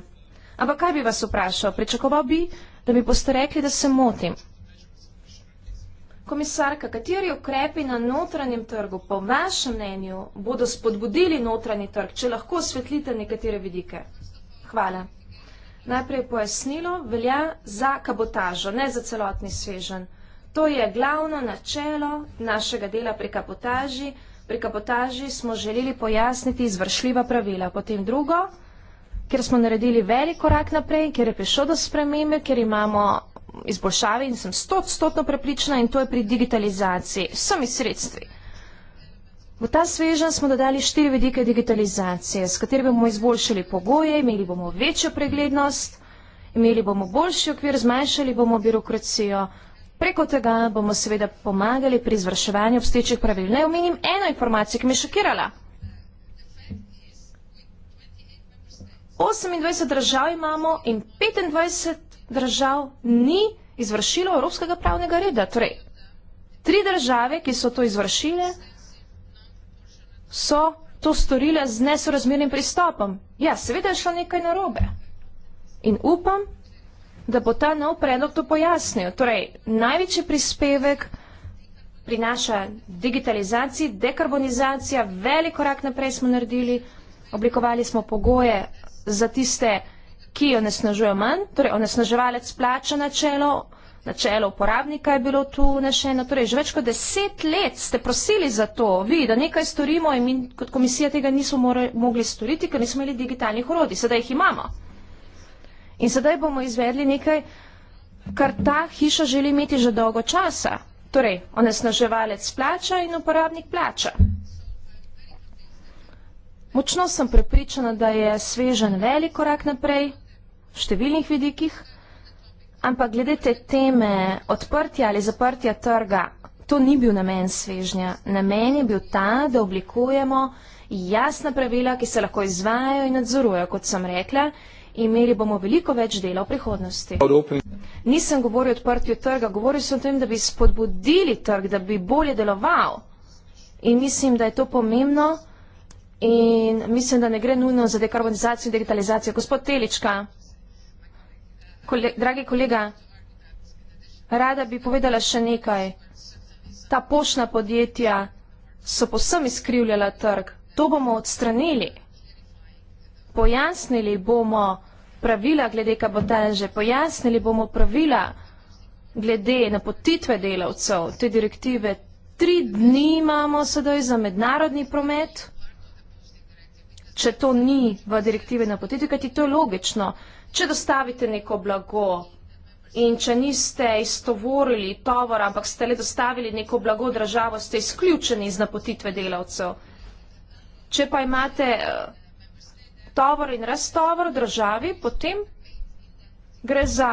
Ampak kaj bi vas vprašal? Pričakoval bi, da mi boste rekli, da se motim. Komisarka, kateri ukrepi na notranjem trgu, po vašem mnenju, bodo spodbudili notranji trg, če lahko osvetlite nekatere vidike? Hvala. Najprej pojasnilo velja za kabotažo, ne za celotni svežen. To je glavno načelo našega dela pri kabotaži. Pri kapotaži smo želeli pojasniti izvršljiva pravila. Potem drugo, ker smo naredili velik korak naprej, ker je prišlo do spremembe, ker imamo izboljšave in sem stotstotno prepričana in to je pri digitalizaciji. Vsemi sredstvi. V ta svežen smo dodali štiri vedike digitalizacije, s katerimi bomo izboljšali pogoje, imeli bomo večjo preglednost, imeli bomo boljši okvir, zmanjšali bomo birokracijo. Preko tega bomo seveda pomagali pri izvrševanju obstečih pravil. Ne omenim eno informacijo, ki me je šokirala. 28 držav imamo in 25 držav ni izvršilo evropskega pravnega reda. Torej, tri države, ki so to izvršile, so to storile z nesorazmernim pristopom. Ja, seveda je šlo nekaj narobe. In upam, da bo ta nov predlog to pojasnil. Torej, največji prispevek prinaša digitalizaciji, dekarbonizacija, velik korak naprej smo naredili, oblikovali smo pogoje za tiste, ki onesnažujo manj, torej onesnaževalec plača načelo, načelo uporabnika je bilo tu vnešeno, torej že več kot deset let ste prosili za to, vi, da nekaj storimo in mi kot komisija tega nismo mogli storiti, ker nismo imeli digitalnih urodij, sedaj jih imamo. In sedaj bomo izvedli nekaj, kar ta hiša želi imeti že dolgo časa. Torej, onesnaževalec plača in uporabnik plača. Močno sem prepričana, da je svežen velik korak naprej v številnih vidikih, ampak glede te teme odprtja ali zaprtja trga, to ni bil namen svežnja. Namen je bil ta, da oblikujemo jasna pravila, ki se lahko izvajajo in nadzorujo, kot sem rekla, imeli bomo veliko več dela v prihodnosti. Nisem govoril o odprtju trga, govoril sem o tem, da bi spodbudili trg, da bi bolje deloval. In mislim, da je to pomembno in mislim, da ne gre nujno za dekarbonizacijo in digitalizacijo. Gospod Telička, kole, dragi kolega, rada bi povedala še nekaj. Ta pošna podjetja so posem izkrivljala trg. To bomo odstranili pojasnili bomo pravila glede kabotaže, pojasnili bomo pravila glede napotitve delavcev, te direktive. Tri dni imamo sedaj za mednarodni promet, če to ni v direktive napotitve, kajti to je logično. Če dostavite neko blago in če niste istovorili tovor, ampak ste le dostavili neko blago državo, ste izključeni iz napotitve delavcev. Če pa imate uh, tovor in raztovor v državi, potem gre za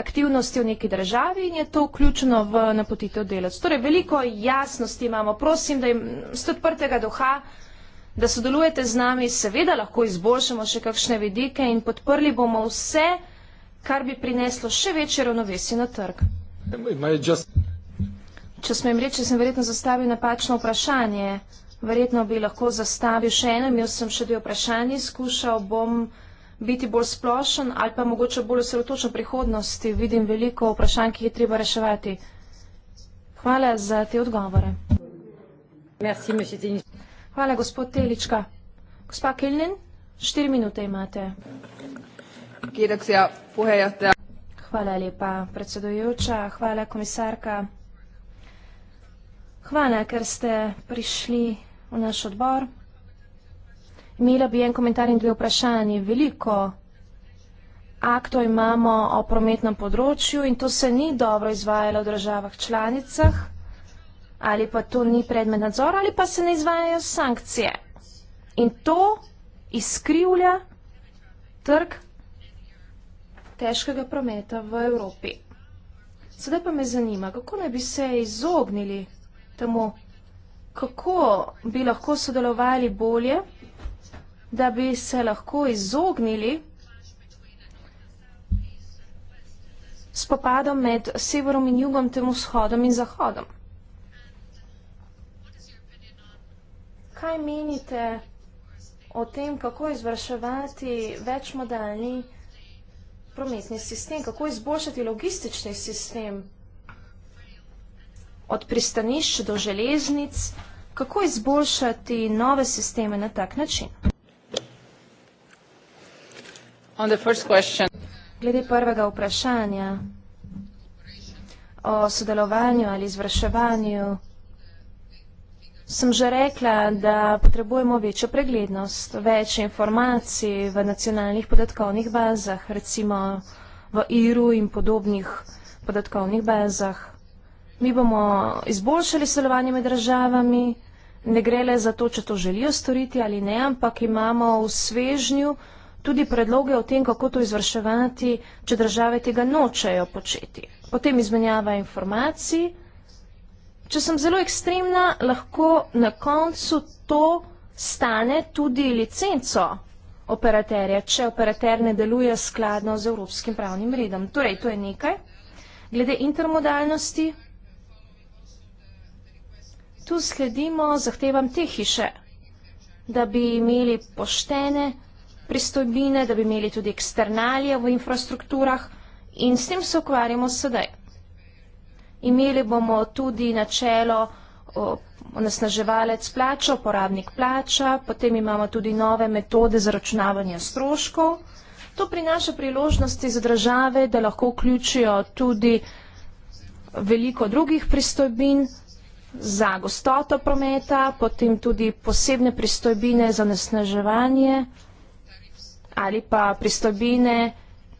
aktivnosti v neki državi in je to vključeno v napotitev delac. Torej, veliko jasnosti imamo. Prosim, da jim z odprtega duha, da sodelujete z nami, seveda lahko izboljšamo še kakšne vidike in podprli bomo vse, kar bi prineslo še večje ravnovesje na trg. Just... Če smem reči, sem verjetno zastavil napačno vprašanje. Verjetno bi lahko zastavil še eno, imel sem še dve vprašanje, skušal bom biti bolj splošen ali pa mogoče bolj osredotočen prihodnosti. Vidim veliko vprašanj, ki jih treba reševati. Hvala za te odgovore. Merci, Hvala, gospod Telička. Gospa Kilnin, štiri minute imate. Hvala lepa, predsedujoča. Hvala, komisarka. Hvala, ker ste prišli v naš odbor. Imela bi en komentar in dve vprašanje. Veliko aktov imamo o prometnem področju in to se ni dobro izvajalo v državah članicah, ali pa to ni predmet nadzora, ali pa se ne izvajajo sankcije. In to izkrivlja trg težkega prometa v Evropi. Sedaj pa me zanima, kako naj bi se izognili temu kako bi lahko sodelovali bolje, da bi se lahko izognili spopadom med severom in jugom, tem vzhodom in zahodom. Kaj menite o tem, kako izvrševati večmodalni prometni sistem, kako izboljšati logistični sistem od pristanišč do železnic, kako izboljšati nove sisteme na tak način? Glede prvega vprašanja o sodelovanju ali izvrševanju, sem že rekla, da potrebujemo večjo preglednost, več informacij v nacionalnih podatkovnih bazah, recimo v IRU in podobnih podatkovnih bazah. Mi bomo izboljšali sodelovanje med državami, ne gre le za to, če to želijo storiti ali ne, ampak imamo v svežnju tudi predloge o tem, kako to izvrševati, če države tega nočejo početi. Potem izmenjava informacij. Če sem zelo ekstremna, lahko na koncu to stane tudi licenco operaterja, če operater ne deluje skladno z evropskim pravnim redom. Torej, to je nekaj. Glede intermodalnosti, tu sledimo zahtevam te hiše, da bi imeli poštene pristojbine, da bi imeli tudi eksternalije v infrastrukturah in s tem se ukvarjamo sedaj. Imeli bomo tudi načelo onesnaževalec plača, uporabnik plača, potem imamo tudi nove metode zaračunavanja stroškov. To prinaša priložnosti za države, da lahko vključijo tudi veliko drugih pristojbin, za gostoto prometa, potem tudi posebne pristojbine za nasneževanje ali pa pristojbine,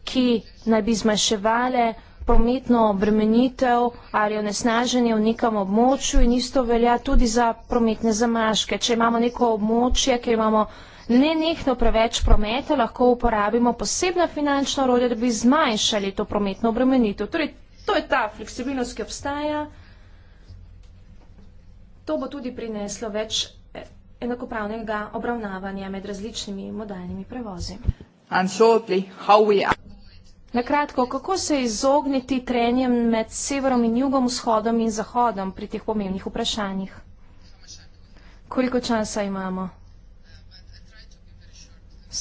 ki naj bi zmanjševale prometno obremenitev ali onesnaženje v nekem območju in isto velja tudi za prometne zamaške. Če imamo neko območje, ki imamo nenehno preveč prometa, lahko uporabimo posebna finančna orodja, da bi zmanjšali to prometno obremenitev. Torej, to je ta fleksibilnost, ki obstaja. To bo tudi prineslo več eh, enakopravnega obravnavanja med različnimi modalnimi prevozi. Na kratko, kako se izogniti trenjem med severom in jugom, vzhodom in zahodom pri teh pomembnih vprašanjih? Koliko časa imamo?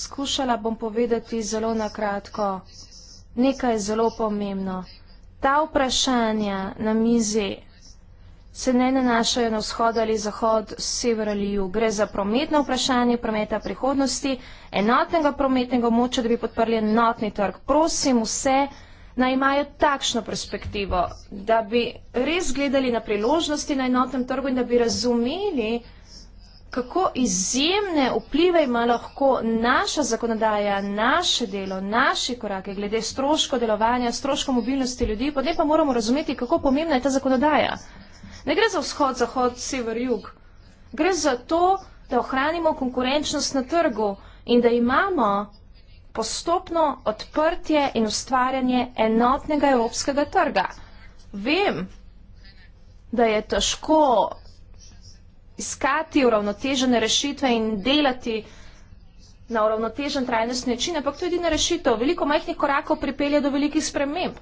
Skušala bom povedati zelo na kratko. Nekaj je zelo pomembno. Ta vprašanja na mizi se ne nanašajo na vzhod ali zahod, sever ali jug. Gre za prometno vprašanje prometa prihodnosti, enotnega prometnega moča, da bi podprli enotni trg. Prosim vse, naj imajo takšno perspektivo, da bi res gledali na priložnosti na enotnem trgu in da bi razumeli, kako izjemne vplive ima lahko naša zakonodaja, naše delo, naši korake glede stroško delovanja, stroško mobilnosti ljudi, potem pa moramo razumeti, kako pomembna je ta zakonodaja. Ne gre za vzhod, zahod, sever, jug. Gre za to, da ohranimo konkurenčnost na trgu in da imamo postopno odprtje in ustvarjanje enotnega evropskega trga. Vem, da je težko iskati uravnotežene rešitve in delati na uravnotežen trajnost način, ampak to je edina rešitev. Veliko majhnih korakov pripelje do velikih sprememb.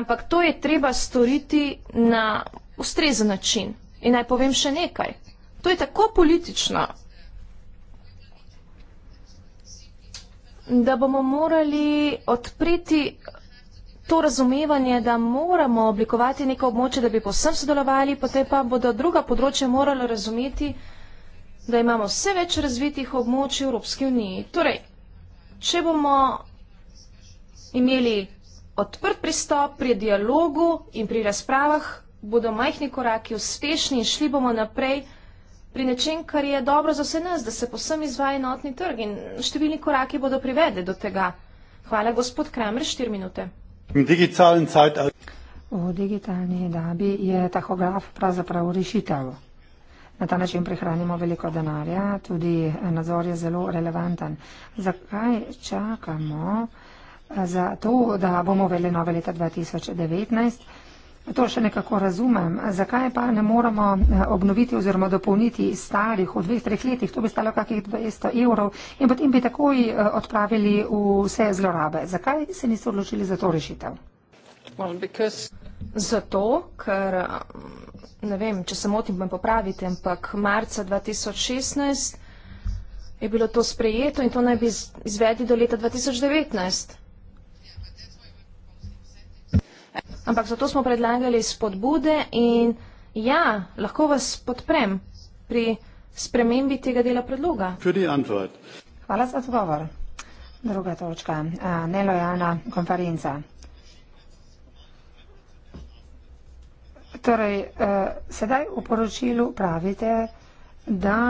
Ampak to je treba storiti na ustrezen način. In naj povem še nekaj. To je tako politično, da bomo morali odpreti to razumevanje, da moramo oblikovati neko območje, da bi posem sodelovali, potem pa bodo druga področja morala razumeti, da imamo vse več razvitih območij v Evropski uniji. Torej, če bomo imeli odprt pristop pri dialogu in pri razpravah bodo majhni koraki uspešni in šli bomo naprej pri nečem, kar je dobro za vse nas, da se posem izvaja enotni trg in številni koraki bodo privede do tega. Hvala, gospod Kramer, štiri minute. V digitalni dabi je tahograf pravzaprav rešitev. Na ta način prihranimo veliko denarja, tudi nadzor je zelo relevanten. Zakaj čakamo eh, za to, da bomo veli nove leta 2019? To še nekako razumem. Zakaj pa ne moramo eh, obnoviti oziroma dopolniti starih v dveh, treh letih? To bi stalo kakih 200 evrov in potem bi takoj eh, odpravili vse zlorabe. Zakaj se niste odločili za to rešitev? Well, because... Zato, ker eh, ne vem, če se motim, me popravite, ampak marca 2016 je bilo to sprejeto in to naj bi izvedli do leta 2019. Ampak zato smo predlagali spodbude in ja, lahko vas podprem pri spremembi tega dela predloga. Hvala za odgovor. Druga točka. Nelojalna konferenca. Torej, eh, sedaj v poročilu pravite, da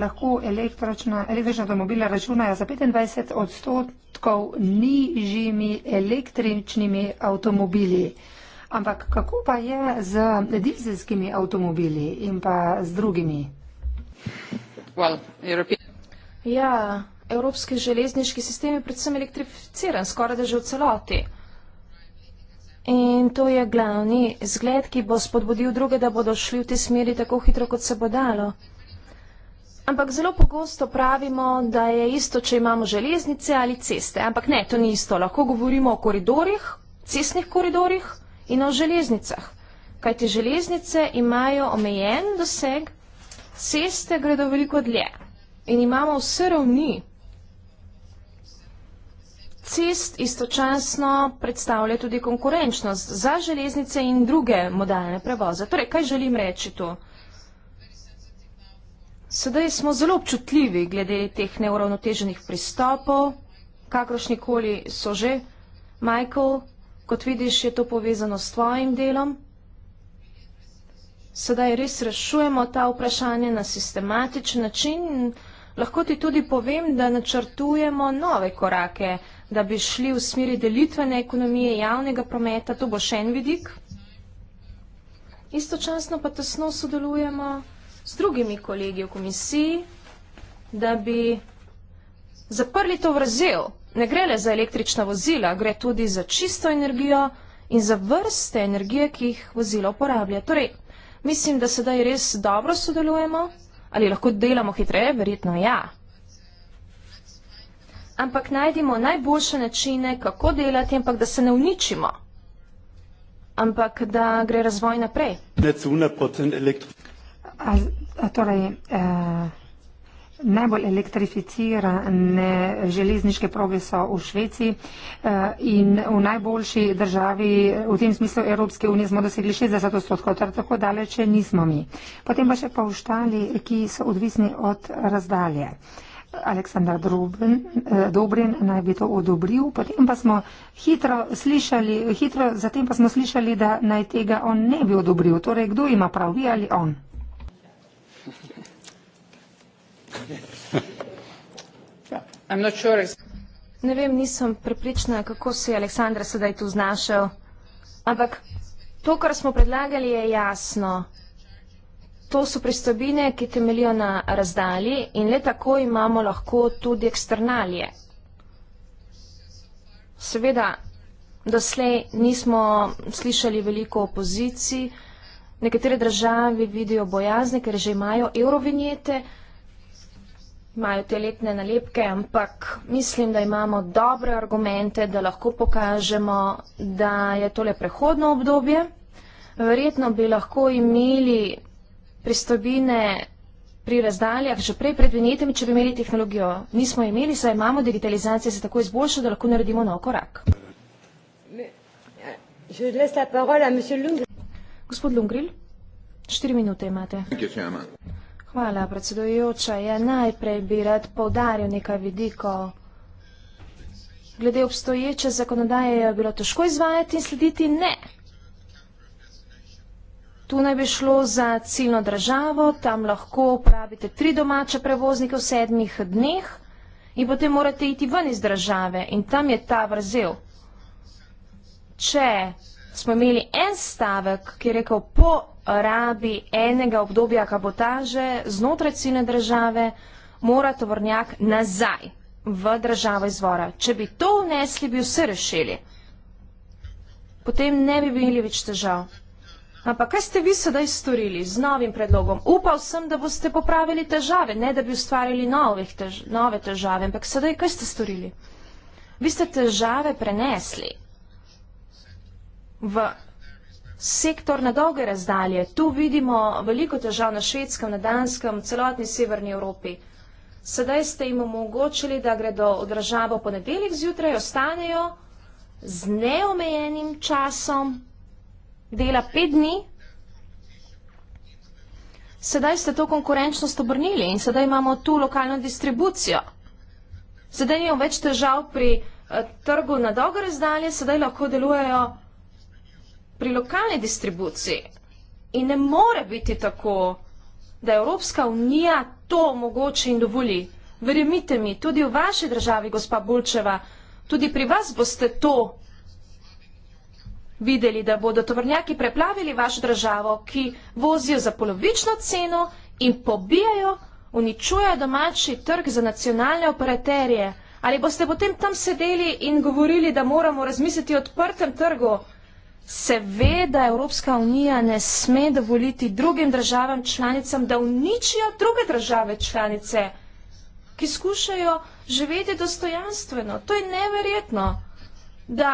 lahko električna avtomobila računajo za 25 odstotkov nižjimi električnimi avtomobili. Ampak kako pa je z dizelskimi avtomobili in pa z drugimi? Well, ja, evropski železniški sistem je predvsem elektrificiran, skoraj da že v celoti. In to je glavni zgled, ki bo spodbudil druge, da bodo šli v te smeri tako hitro, kot se bo dalo. Ampak zelo pogosto pravimo, da je isto, če imamo železnice ali ceste. Ampak ne, to ni isto. Lahko govorimo o koridorjih, cestnih koridorjih in o železnicah. Kaj ti železnice imajo omejen doseg, ceste gredo veliko dlje. In imamo vse ravni. Cest istočasno predstavlja tudi konkurenčnost za železnice in druge modalne prevoze. Torej, kaj želim reči tu? To? Sedaj smo zelo občutljivi glede teh neuravnoteženih pristopov, kakršnikoli so že. Michael, kot vidiš, je to povezano s tvojim delom. Sedaj res rešujemo ta vprašanje na sistematičen način in lahko ti tudi povem, da načrtujemo nove korake, da bi šli v smeri delitvene ekonomije javnega prometa. To bo še en vidik. Istočasno pa tesno sodelujemo z drugimi kolegi v komisiji, da bi zaprli to vrzel. Ne gre le za električna vozila, gre tudi za čisto energijo in za vrste energije, ki jih vozila uporablja. Torej, mislim, da sedaj res dobro sodelujemo. Ali lahko delamo hitreje? Verjetno ja. Ampak najdimo najboljše načine, kako delati, ampak da se ne uničimo. Ampak da gre razvoj naprej. Ne 100% elektro torej, eh, najbolj elektrificirane železniške proge so v Švici eh, in v najboljši državi, v tem smislu Evropske unije, smo dosegli 60 odstotkov, torej tako daleč nismo mi. Potem pa še pauštali, ki so odvisni od razdalje. Aleksandar eh, Dobrin naj bi to odobril, potem pa smo hitro slišali, hitro zatem pa smo slišali, da naj tega on ne bi odobril. Torej, kdo ima prav, vi ali on? Ja. Ne vem, nisem prepričana, kako se je Aleksandr sedaj tu znašel, ampak to, kar smo predlagali, je jasno. To so pristobine, ki temelijo na razdalji in le tako imamo lahko tudi eksternalje. Seveda, doslej nismo slišali veliko opoziciji, nekatere države vidijo bojazne, ker že imajo eurovinjete, ampak imajo te letne nalepke, ampak mislim, da imamo dobre argumente, da lahko pokažemo, da je tole prehodno obdobje. Verjetno bi lahko imeli pristobine pri razdaljah že prej pred venetem, če bi imeli tehnologijo. Nismo imeli, saj imamo digitalizacijo, se tako izboljša, da lahko naredimo nov korak. Gospod Lungril, štiri minute imate. Thank you, Hvala, predsedujoča. Ja, najprej bi rad povdaril nekaj vidikov. Glede obstoječe zakonodaje je bilo težko izvajati in slediti ne. Tu naj bi šlo za ciljno državo, tam lahko upravite tri domače prevoznike v sedmih dneh in potem morate iti ven iz države in tam je ta vrzel. Če smo imeli en stavek, ki je rekel po rabi enega obdobja kabotaže znotraj ciljne države, mora tovornjak nazaj v državo izvora. Če bi to vnesli, bi vse rešili. Potem ne bi bili več težav. Ampak kaj ste vi sedaj storili z novim predlogom? Upal sem, da boste popravili težave, ne da bi ustvarili novih tež nove težave. Ampak sedaj kaj ste storili? Vi ste težave prenesli v sektor na dolge razdalje. Tu vidimo veliko težav na švedskem, na danskem, celotni severni Evropi. Sedaj ste jim omogočili, da gredo v državo ponedeljek zjutraj, ostanejo z neomejenim časom dela pet dni. Sedaj ste to konkurenčnost obrnili in sedaj imamo tu lokalno distribucijo. Sedaj nimamo več težav pri eh, trgu na dolge razdalje, sedaj lahko delujejo pri lokalni distribuciji. In ne more biti tako, da Evropska unija to omogoči in dovoli. Verjemite mi, tudi v vaši državi, gospa Bulčeva, tudi pri vas boste to videli, da bodo tovrnjaki preplavili vašo državo, ki vozijo za polovično ceno in pobijajo, uničujejo domači trg za nacionalne operaterje. Ali boste potem tam sedeli in govorili, da moramo razmisliti o odprtem trgu? Seveda Evropska unija ne sme dovoliti drugim državam članicam, da uničijo druge države članice, ki skušajo živeti dostojanstveno. To je neverjetno, da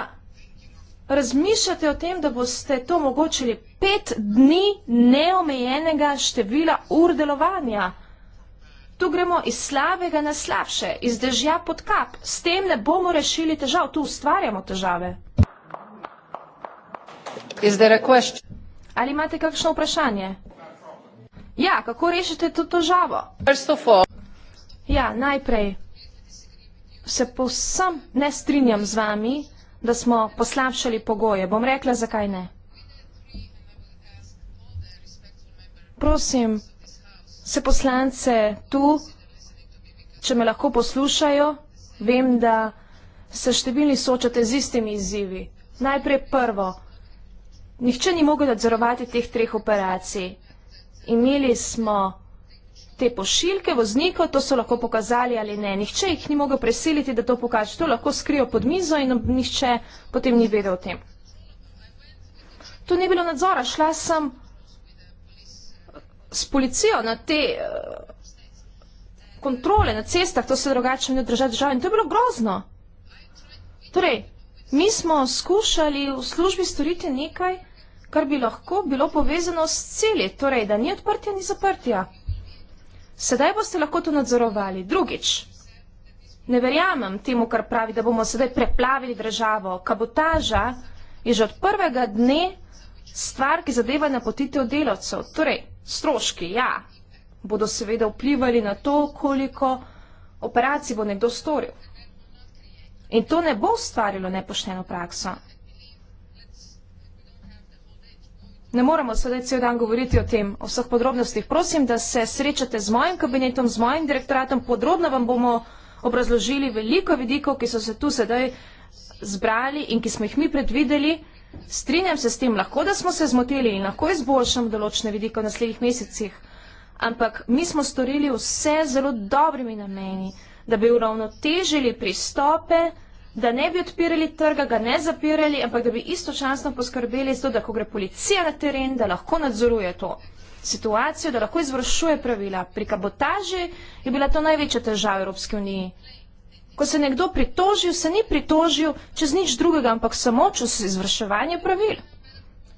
razmišljate o tem, da boste to omogočili pet dni neomejenega števila ur delovanja. Tu gremo iz slabega na slabše, iz dežja pod kap. S tem ne bomo rešili težav, tu ustvarjamo težave. Is there a question? Ali imate kakšno vprašanje? Ja, kako rešite to težavo? First of all. Ja, najprej se povsem ne strinjam z vami, da smo poslabšali pogoje. Bom rekla, zakaj ne. Prosim, se poslance tu, če me lahko poslušajo, vem, da se številni sočate z istimi izzivi. Najprej prvo. Nihče ni mogel nadzorovati teh treh operacij. Imeli smo te pošiljke voznikov, to so lahko pokazali ali ne. Nihče jih ni mogel presiliti, da to pokaže. To lahko skrijo pod mizo in nihče potem ni vedel o tem. To ni bilo nadzora. Šla sem s policijo na te uh, kontrole, na cestah, to se drugače ne drža država in to je bilo grozno. Torej, mi smo skušali v službi storiti nekaj, kar bi lahko bilo povezano s celi, torej, da ni odprtja, ni zaprtja. Sedaj boste lahko to nadzorovali. Drugič, ne verjamem temu, kar pravi, da bomo sedaj preplavili državo. Kabotaža je že od prvega dne stvar, ki zadeva napotitev delavcev. Torej, stroški, ja, bodo seveda vplivali na to, koliko operacij bo nekdo storil. In to ne bo ustvarilo nepošteno prakso. Ne moramo sedaj cel dan govoriti o tem, o vseh podrobnostih. Prosim, da se srečate z mojim kabinetom, z mojim direktoratom. Podrobno vam bomo obrazložili veliko vidikov, ki so se tu sedaj zbrali in ki smo jih mi predvideli. Strinjam se s tem, lahko da smo se zmotili in lahko izboljšamo določene vidike v naslednjih mesecih, ampak mi smo storili vse zelo dobrimi nameni, da bi uravnotežili pristope da ne bi odpirali trga, ga ne zapirali, ampak da bi istočasno poskrbeli za to, da ko gre policija na teren, da lahko nadzoruje to situacijo, da lahko izvršuje pravila. Pri kabotaži je bila to največja težava Evropske unije. Ko se nekdo pritožil, se ni pritožil čez nič drugega, ampak samo čez izvrševanje pravil.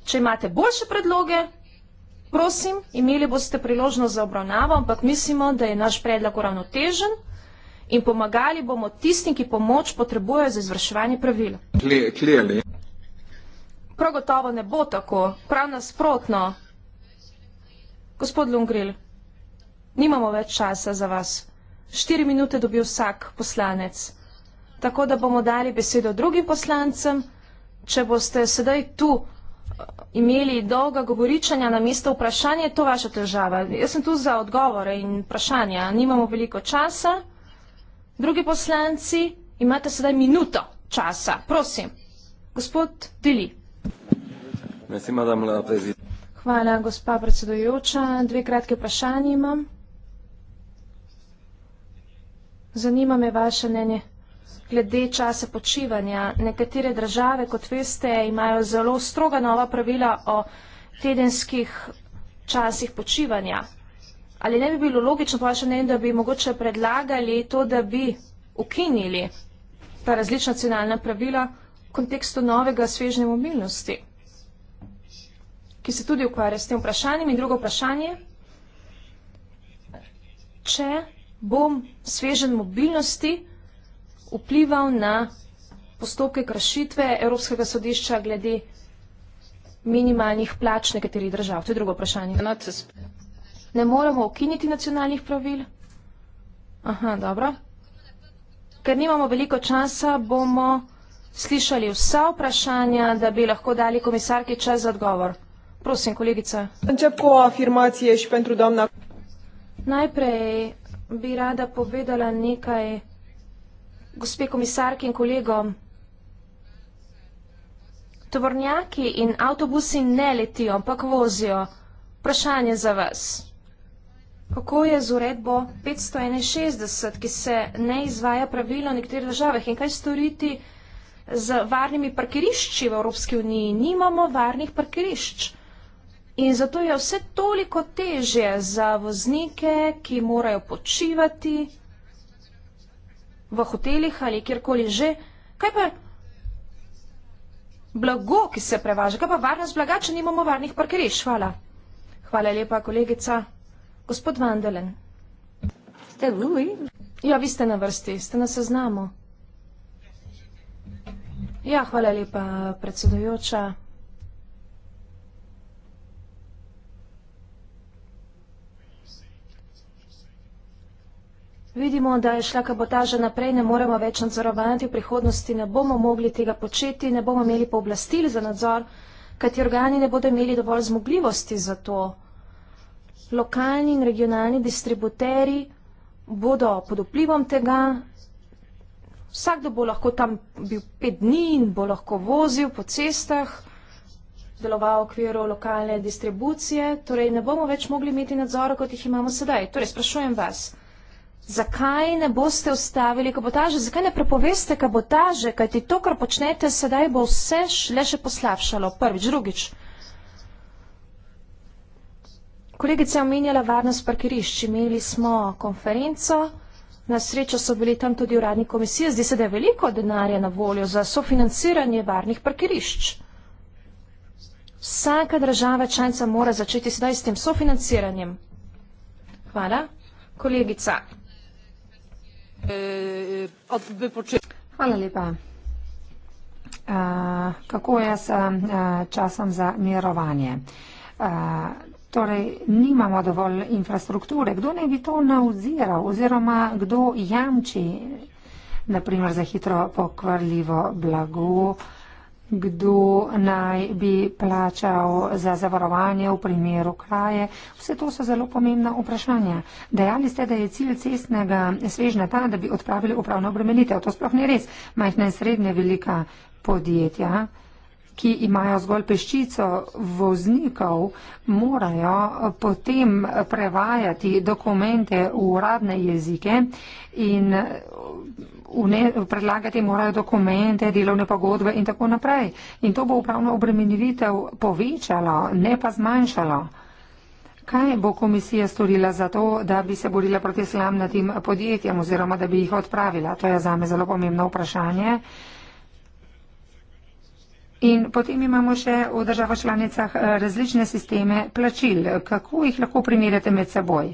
Če imate boljše predloge, prosim, imeli boste priložnost za obravnavo, ampak mislimo, da je naš predlog uravnotežen in pomagali bomo tistim, ki pomoč potrebujejo za izvrševanje pravil. Klijeli. Prav gotovo ne bo tako, prav nasprotno. Gospod Lungril, nimamo več časa za vas. Štiri minute dobi vsak poslanec. Tako da bomo dali besedo drugim poslancem, če boste sedaj tu eh, imeli dolga govoričanja na mesto vprašanja, je to vaša težava. Jaz sem tu za odgovore in vprašanja. Nimamo veliko časa. Drugi poslanci imate sedaj minuto časa. Prosim. Gospod Dili. Hvala, gospa predsedujoča. Dve kratke vprašanje imam. Zanima me vaše mnenje glede časa počivanja. Nekatere države, kot veste, imajo zelo stroga nova pravila o tedenskih časih počivanja ali ne bi bilo logično, pa še ne vem, da bi mogoče predlagali to, da bi ukinili ta različna cenalna pravila v kontekstu novega svežne mobilnosti, ki se tudi ukvarja s tem vprašanjem. In drugo vprašanje, če bom svežen mobilnosti vplival na postopke kršitve Evropskega sodišča glede minimalnih plač nekaterih držav. To je drugo vprašanje ne moremo ukiniti nacionalnih pravil. Aha, dobro. Ker nimamo veliko časa, bomo slišali vsa vprašanja, da bi lahko dali komisarki čas za odgovor. Prosim, kolegica. Najprej bi rada povedala nekaj gospe komisarki in kolegom. Tovornjaki in avtobusi ne letijo, ampak vozijo. Vprašanje za vas. Kako je z uredbo 561, ki se ne izvaja pravilno v nekaterih državah in kaj storiti z varnimi parkirišči v Evropski uniji? Nimamo varnih parkirišč. In zato je vse toliko težje za voznike, ki morajo počivati v hotelih ali kjerkoli že. Kaj pa blago, ki se prevaža? Kaj pa varnost blaga, če nimamo varnih parkirišč? Hvala. Hvala lepa, kolegica. Gospod Vandelen. Ste vi? Ja, vi ste na vrsti, ste na seznamu. Ja, hvala lepa, predsedujoča. Vidimo, da je šla kabotaža naprej, ne moremo več nadzorovati v prihodnosti, ne bomo mogli tega početi, ne bomo imeli pooblastili za nadzor, kajti organi ne bodo imeli dovolj zmogljivosti za to lokalni in regionalni distributeri bodo pod vplivom tega, vsakdo bo lahko tam bil pet dni in bo lahko vozil po cestah, deloval v okviru lokalne distribucije, torej ne bomo več mogli imeti nadzora, kot jih imamo sedaj. Torej, sprašujem vas, zakaj ne boste ustavili kabotaže, zakaj ne prepoveste kabotaže, kajti to, kar počnete sedaj, bo vse le še poslavšalo. Prvič, drugič. Kolegica je omenjala varnost parkirišč. Imeli smo konferenco, na srečo so bili tam tudi uradni komisije. Zdi se, da je veliko denarja na voljo za sofinanciranje varnih parkirišč. Vsaka država članica mora začeti sedaj s tem sofinanciranjem. Hvala. Kolegica. Hvala lepa. Kako je s časom za mirovanje? Torej, nimamo dovolj infrastrukture. Kdo naj bi to nauziral oziroma kdo jamči, naprimer, za hitro pokvarljivo blago, kdo naj bi plačal za zavarovanje v primeru kraje. Vse to so zelo pomembna vprašanja. Dejali ste, da je cilj cestnega svežna ta, da bi odpravili upravno obremenitev. To sploh ni res. Majhna in srednja velika podjetja ki imajo zgolj peščico voznikov, morajo potem prevajati dokumente v uradne jezike in ne, predlagati morajo dokumente, delovne pogodbe in tako naprej. In to bo upravno obremenitev povečalo, ne pa zmanjšalo. Kaj bo komisija storila za to, da bi se borila proti slamnatim podjetjem oziroma da bi jih odpravila? To je zame zelo pomembno vprašanje. Uh, In potem imamo še v državah članicah eh, različne sisteme plačil. Kako jih lahko primerjate med seboj?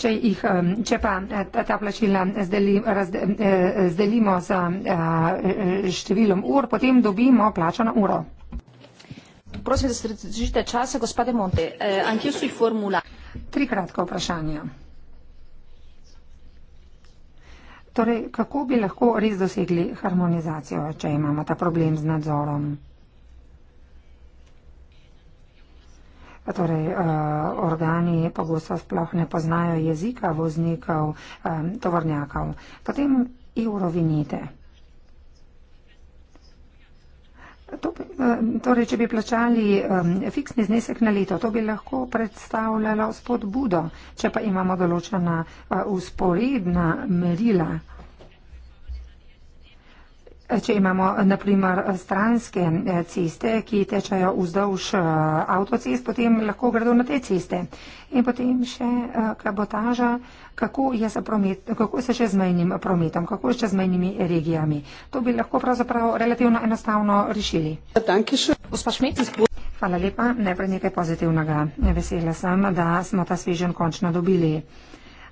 Če, jih, eh, če pa eh, ta plačila razdelimo z številom ur, potem dobimo plačano uro. Prosim, da se držite časa, gospode Monte. Eh, Trikratko vprašanje. Torej, kako bi lahko res dosegli harmonizacijo, če imamo ta problem z nadzorom? Torej, uh, organi pogosto sploh ne poznajo jezika voznikov, um, tovornjakov. Potem evrovinite. To, eh, torej, če bi plačali um, fiksni znesek na leto, to bi lahko predstavljalo spodbudo, če pa imamo določena uh, eh, usporedna merila. Če imamo naprimer stranske eh, ceste, ki tečajo vzdolž eh, avtocest, potem lahko gredo na te ceste. In potem še eh, kabotaža, kako, promet, kako se še z menjim prometom, kako še z menjimi regijami. To bi lahko pravzaprav relativno enostavno rešili. Hvala lepa, najprej nekaj pozitivnega. Vesela sem, da smo ta svežen končno dobili.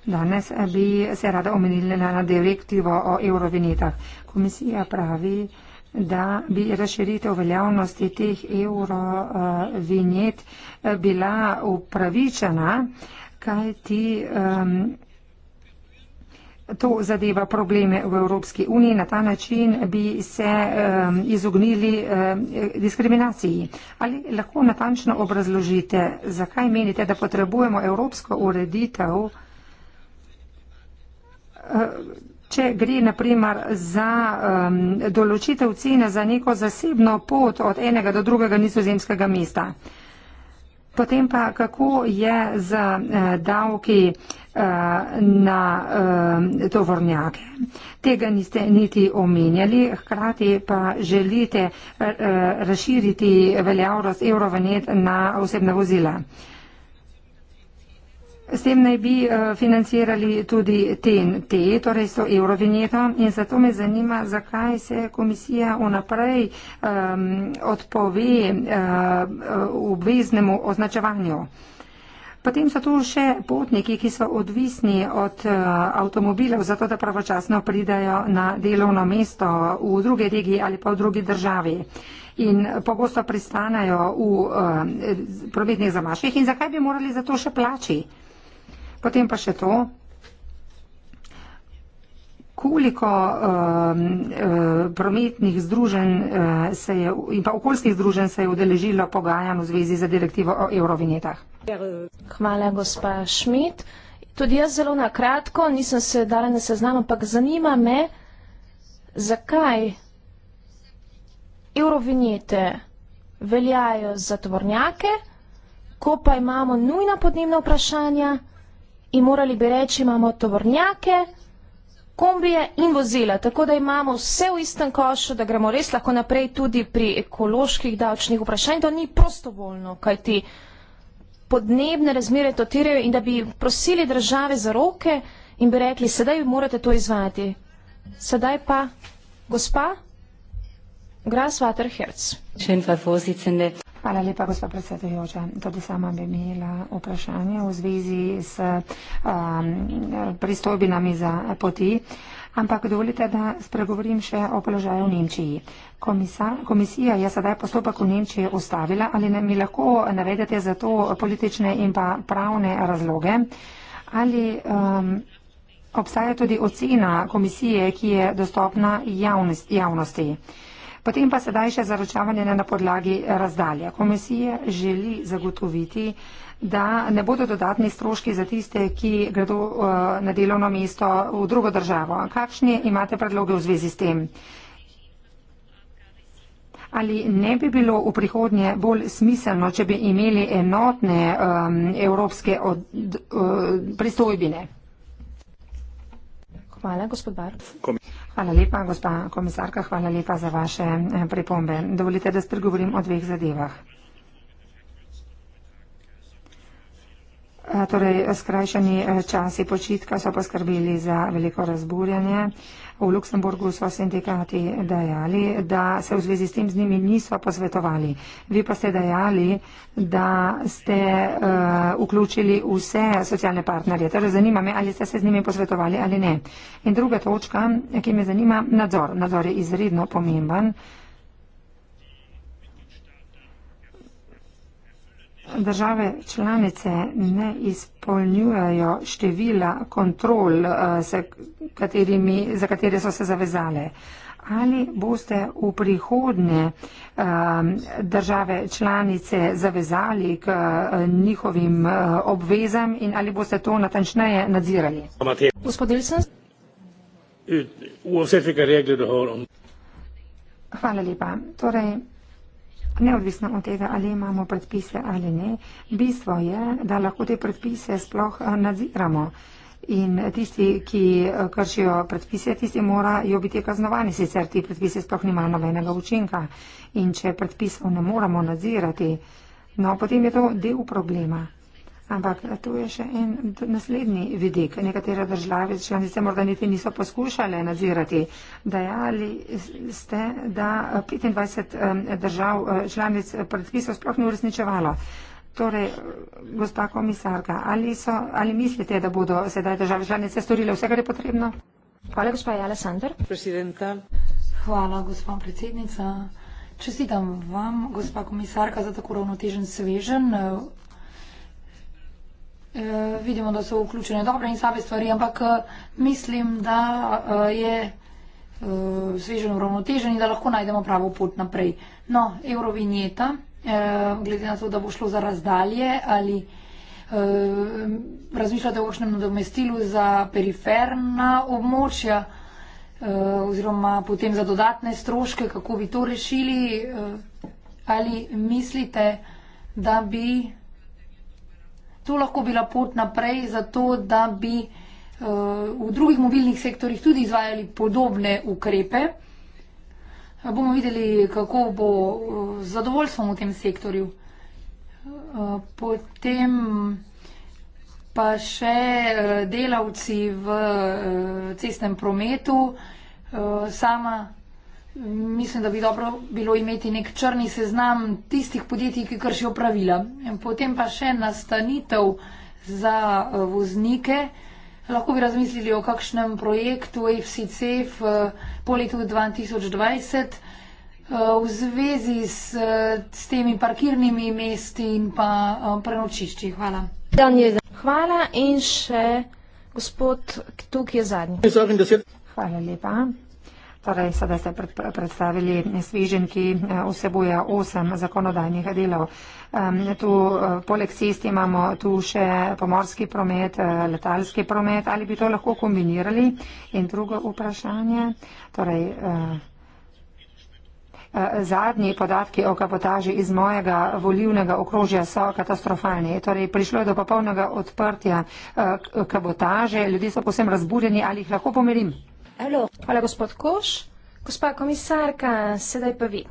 Danes bi se rada omenila na direktivo o eurovinetah. Komisija pravi, da bi razširitev veljavnosti teh eurovinet eh, bila upravičena, kaj ti. Um, To zadeva probleme v Evropski uniji. Na ta način bi se um, izognili um, diskriminaciji. Ali lahko natančno obrazložite, zakaj menite, da potrebujemo evropsko ureditev? Če gre naprimer za um, določitev cene za neko zasebno pot od enega do drugega nizozemskega mesta. Potem pa kako je z uh, davki uh, na uh, tovornjake. Tega niste niti omenjali, hkrati pa želite uh, razširiti veljavnost eurovanet na osebna vozila. Uh, S tem naj bi eh, financirali tudi TNT, torej so eurovinjeto in zato me zanima, zakaj se komisija vnaprej um, odpove uh, obveznemu označevanju. Potem so tu še potniki, ki so odvisni od eh, avtomobilov, zato da pravočasno pridajo na delovno mesto v druge regije ali pa v drugi državi in pogosto pristanajo v uh, prometnih zamaških. In zakaj bi morali za to še plačati? Potem pa še to, koliko um, uh, prometnih združenj uh, se je in pa okoljskih združenj se je udeležilo pogajanj v zvezi za direktivo o eurovinjetah. Hvala, gospa Šmit. Tudi jaz zelo na kratko, nisem se dala na seznam, ampak zanima me, zakaj eurovinjete veljajo za tvornjake, ko pa imamo nujna podnebna vprašanja in morali bi reči, imamo tovornjake, kombije in vozila, tako da imamo vse v istem košu, da gremo res lahko naprej tudi pri ekoloških davčnih vprašanj. To ni prostovoljno, kajti podnebne razmere to tirajo in da bi prosili države za roke in bi rekli, sedaj morate to izvajati. Sedaj pa, gospa, Graswater Herz. Hvala lepa, gospod predsedujoča. Tudi sama bi imela vprašanje v zvezi s um, pristojbinami za poti, ampak dovolite, da spregovorim še o položaju v Nemčiji. Komisa, komisija je sedaj postopek v Nemčiji ustavila, ali ne mi lahko navedete za to politične in pa pravne razloge? Ali um, obstaja tudi ocena komisije, ki je dostopna javnosti? javnosti? Potem pa sedaj še zaročavanje na podlagi razdalje. Komisija želi zagotoviti, da ne bodo dodatni stroški za tiste, ki gredo eh, na delovno mesto v drugo državo. Kakšni imate predloge v zvezi s tem? Ali ne bi bilo v prihodnje bolj smiselno, če bi imeli enotne um, evropske od, uh, pristojbine? Hvala, gospod Barb. Hvala lepa, gospa komisarka, hvala lepa za vaše eh, pripombe. Dovolite, da spregovorim o dveh zadevah. Eh, torej, skrajšani eh, časi počitka so poskrbeli za veliko razburjanje. V Luksemburgu so sindikati dejali, da se v zvezi s tem z njimi niso posvetovali. Vi pa ste dejali, da ste uh, vključili vse socialne partnerje. Torej zanima me, ali ste se z njimi posvetovali ali ne. In druga točka, ki me zanima, nadzor. Nadzor je izredno pomemben. države članice ne izpolnjujejo števila kontrol, eh, se, katerimi, za katere so se zavezale. Ali boste v prihodnje ehm, države članice zavezali k eh, njihovim eh, obvezam in ali boste to natančneje nadzirali? Hvala lepa. Torej, neodvisno od tega, ali imamo predpise ali ne, bistvo je, da lahko te predpise sploh eh, nadziramo. In tisti, ki eh, kršijo predpise, tisti morajo biti kaznovani, sicer ti predpise sploh nima nobenega učinka. In če predpisov ne moramo nadzirati, no, potem je to del problema. Ampak tu je še en naslednji vidik. Nekatere države članice morda niti niso poskušale nadzirati. Dajali ste, da 25 držav eh, članic predpisov sploh ni uresničevalo. Torej, gospa komisarka, ali, so, ali mislite, da bodo sedaj države članice storile vse, kar je potrebno? Hvala, gospa Jalesander. Hvala, gospa predsednica. Čestitam vam, gospa komisarka, za tako ravnotežen svežen Eh, vidimo, da so vključene dobre in slabe stvari, ampak eh, mislim, da eh, je svežen uravnotežen in da lahko najdemo pravo pot naprej. No, eurovinjeta, glede na to, da bo šlo za razdalje ali razmišljate o kakšnem nadomestilu za periferna območja oziroma potem za dodatne stroške, kako bi to rešili. Ali mislite, da bi to lahko bila pot naprej za to, da bi eh, v drugih mobilnih sektorjih tudi izvajali podobne ukrepe. Eh, bomo videli, kako bo eh, z zadovoljstvom v tem sektorju. Potem pa še delavci v cestnem prometu. Sama mislim, da bi dobro bilo imeti nek črni seznam tistih podjetij, ki kršijo pravila. Potem pa še nastanitev za eh, voznike. Lahko bi razmislili o kakšnem projektu FCCF eh, po letu 2020 eh, v zvezi s, s temi parkirnimi mesti in pa prenočišči. Hvala. Hvala in še gospod, tukaj je zadnji. Hvala lepa. Torej, sedaj ste predstavili svižen, ki eh, vsebuje osem zakonodajnih delov. Tu, eh, poleg cest imamo tu še pomorski promet, eh, letalski promet. Ali bi to lahko kombinirali? In drugo vprašanje. Torej, Zadnji podatki o kapotaži iz mojega volivnega okrožja so katastrofalni. Torej, prišlo je do popolnega odprtja kapotaže, ljudje so posem razburjeni, ali jih lahko pomerim? Alors, hvala, gospod Koš. Gospa komisarka, sedaj pa vi.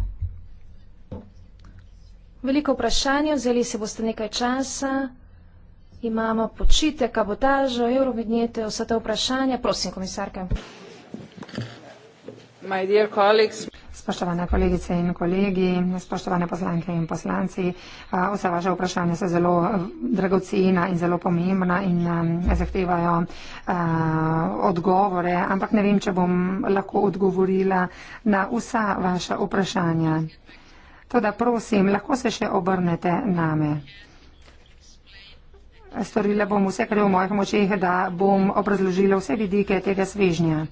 Veliko vprašanje, vzeli se boste nekaj časa. Imamo počitek, kabotažo, eurovidnjete, vsa ta vprašanja. Prosim, komisarka. My dear colleagues, Spoštovane kolegice in kolegi, spoštovane poslanke in poslanci, eh, vsa vaša vprašanja so zelo eh, dragocena in zelo pomembna in eh, zahtevajo odgovore, ampak ne vem, če bom lahko odgovorila na vsa vaša vprašanja. Toda prosim, lahko se še obrnete name. Storila bom vse, kar je v mojih močeh, da bom obrazložila vse vidike tega svežnja.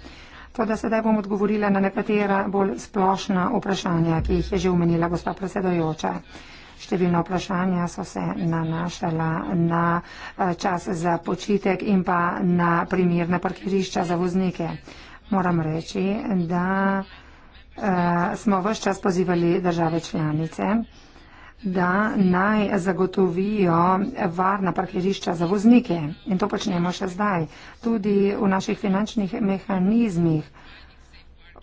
Toda sedaj bom odgovorila na nekatera bolj splošna vprašanja, ki jih je že omenila gospa predsedojoča. Številna vprašanja so se nanašala na eh, čas za počitek in pa na primirna parkirišča za voznike. Moram reči, da uh, smo vse čas pozivali države članice, da naj zagotovijo varna parkirišča za voznike. In to počnemo še zdaj. Tudi v naših finančnih mehanizmih,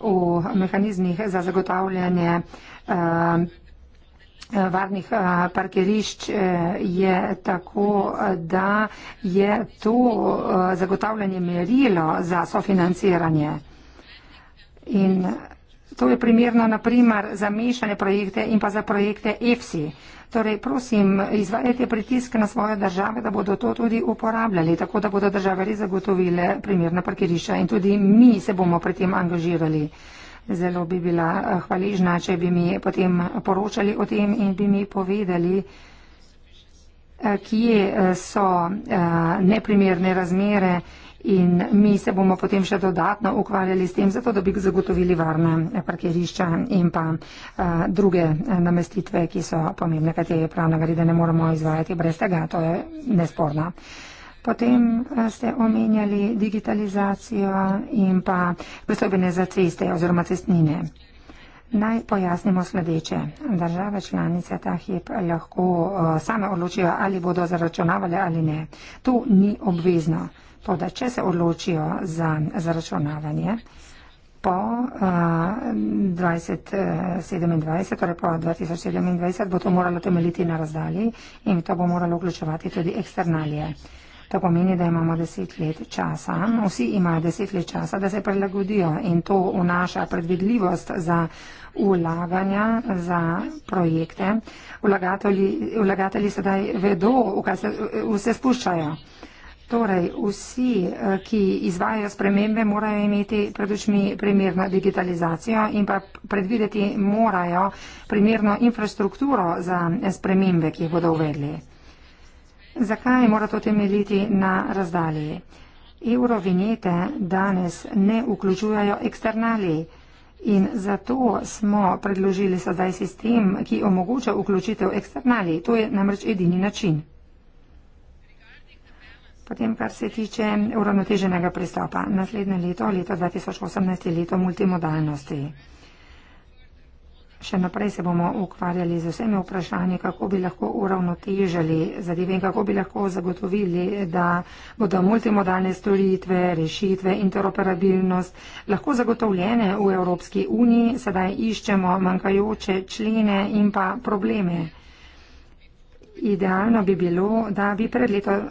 v mehanizmih za zagotavljanje uh, varnih uh, parkirišč eh, je tako, da je to uh, zagotavljanje merilo za sofinanciranje. In, uh, To je primerno naprimer za mešane projekte in pa za projekte EFSI. Torej, prosim, izvajajte pritisk na svoje države, da bodo to tudi uporabljali, tako da bodo države res zagotovile primerna parkirišča in tudi mi se bomo pri tem angažirali. Zelo bi bila eh, hvaležna, če bi mi potem poročali o tem in bi mi povedali, eh, kje eh, so neprimerne razmere in mi se bomo potem še dodatno ukvarjali s tem, zato da bi zagotovili varna eh, parkirišča in pa a, eh, druge eh, namestitve, ki so pomembne, kajte je prav navedeno, ne moremo izvajati brez tega, to je nesporno. Potem ste omenjali digitalizacijo in pa pristojbene za ceste oziroma cestnine. Naj pojasnimo sledeče. Države članice ta hip lahko uh, same odločijo, ali bodo zaračunavale ali ne. To ni obvezno. Uh, Tako da, če se odločijo za zaračunavanje po uh, 2027, torej po 2027, bo to moralo temeljiti na razdalji in to bo moralo vključevati tudi eksternalije. To pomeni, da imamo deset let časa, vsi imajo deset let časa, da se prilagodijo in to vnaša predvidljivost za ulaganja, za projekte. Vlagatelji sedaj vedo, v kaj se vse spuščajo. Torej, vsi, eh, ki izvajajo spremembe, morajo imeti pred očmi primerno digitalizacijo in pa predvideti morajo primerno infrastrukturo za spremembe, ki jih bodo uvedli. Zakaj mora to temeljiti na razdalji? Eurovinjete danes ne vključujajo eksternali in zato smo predložili sedaj sistem, ki omogoča vključitev eksternali. To je namreč edini način. Potem, kar se tiče uravnoteženega pristopa, naslednje leto, leto 2018, je leto multimodalnosti. Še naprej se bomo ukvarjali z vsemi vprašanji, kako bi lahko uravnotežili zadeve in kako bi lahko zagotovili, da bodo multimodalne storitve, rešitve, interoperabilnost lahko zagotovljene v Evropski uniji. Sedaj iščemo manjkajoče člene in pa probleme. Idealno bi bilo, da bi pred letom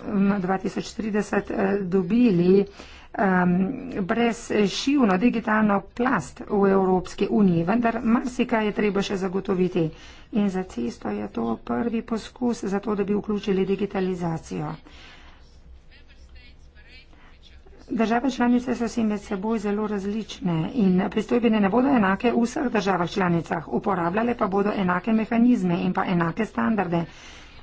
2030 eh, dobili um, brezšivno digitalno plast v Evropski uniji, vendar marsikaj je treba še zagotoviti. In za cesto je to prvi poskus za to, da bi vključili digitalizacijo. Države članice so si med seboj zelo različne in pristojbine ne bodo enake v vseh državah članicah, uporabljale pa bodo enake mehanizme in pa enake standarde.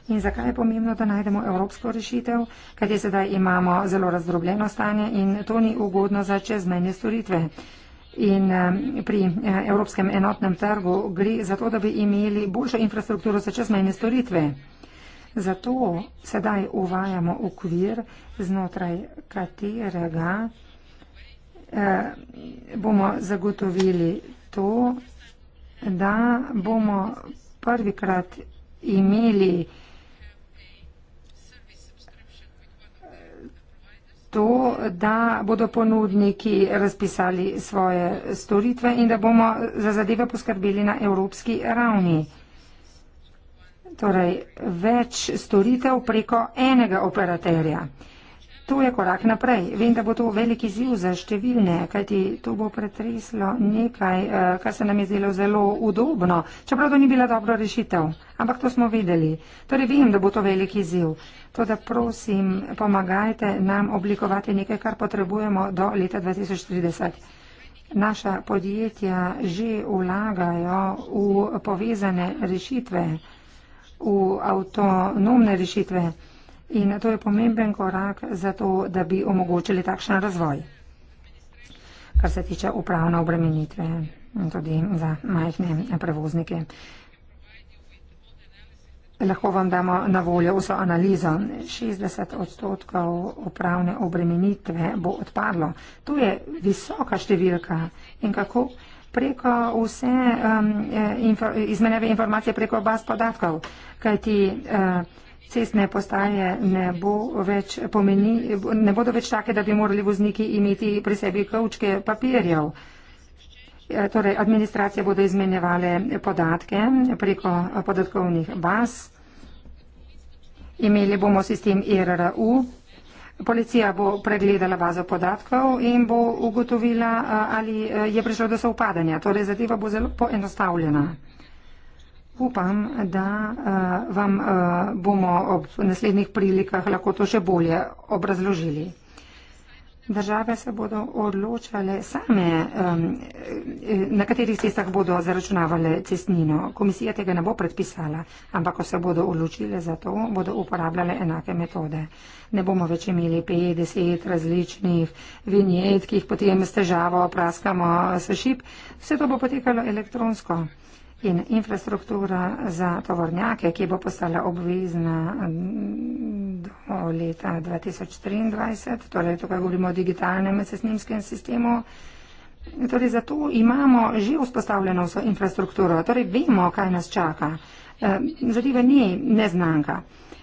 In zakaj je pomembno, da najdemo evropsko rešitev, ker je sedaj imamo zelo razdrobljeno stanje in to ni ugodno za čezmejne storitve. In pri eh, evropskem enotnem trgu gre za to, da bi imeli boljšo infrastrukturo za čezmejne storitve. Zato sedaj uvajamo okvir, znotraj katerega eh, bomo zagotovili to, da bomo prvikrat imeli to, da bodo ponudniki razpisali svoje storitve in da bomo za zadeve poskrbeli na evropski ravni. Torej, več storitev preko enega operaterja. To je korak naprej. Vem, da bo to velik izziv za številne, kajti to bo pretreslo nekaj, eh, kar se nam je zdelo zelo udobno, čeprav to ni bila dobra rešitev. Ampak to smo videli. Torej vem, da bo to velik izziv. Tudi prosim, pomagajte nam oblikovati nekaj, kar potrebujemo do leta 2030. Naša podjetja že vlagajo v povezane rešitve, v avtonomne rešitve in to je pomemben korak za to, da bi omogočili takšen razvoj, kar se tiče upravne obremenitve tudi za majhne prevoznike. Lahko vam damo na voljo vso analizo. 60 odstotkov upravne obremenitve bo odpadlo. To je visoka številka in kako preko vse um, eh, info, izmenjave informacije, preko baz podatkov, kajti uh, cestne postaje ne, bo več pomeni, ne bodo več take, da bi morali vozniki imeti pri sebi kavčke papirjev. E, torej, administracije bodo izmenjevale podatke preko podatkovnih baz. Imeli bomo sistem IRRU. E Policija bo pregledala bazo podatkov in bo ugotovila, ali e, je prišlo do sovpadanja. Torej, zadeva bo zelo poenostavljena. Upam, da uh, vam uh, bomo ob naslednjih prilikah lahko to še bolje obrazložili. Države se bodo odločale same, um, na katerih cestah bodo zaračunavale cestnino. Komisija tega ne bo predpisala, ampak ko se bodo odločile za to, bodo uporabljale enake metode. Ne bomo več imeli 50 različnih vinjet, ki jih potem s težavo praskamo s šip. Vse to bo potekalo elektronsko in infrastruktura za tovornjake, ki bo postala obvezna mm, do leta 2023, torej tukaj govorimo o digitalnem cestninskem sistemu. Torej zato imamo že vzpostavljeno vso infrastrukturo, torej vemo, kaj nas čaka. Eh, Zadeva ni neznanka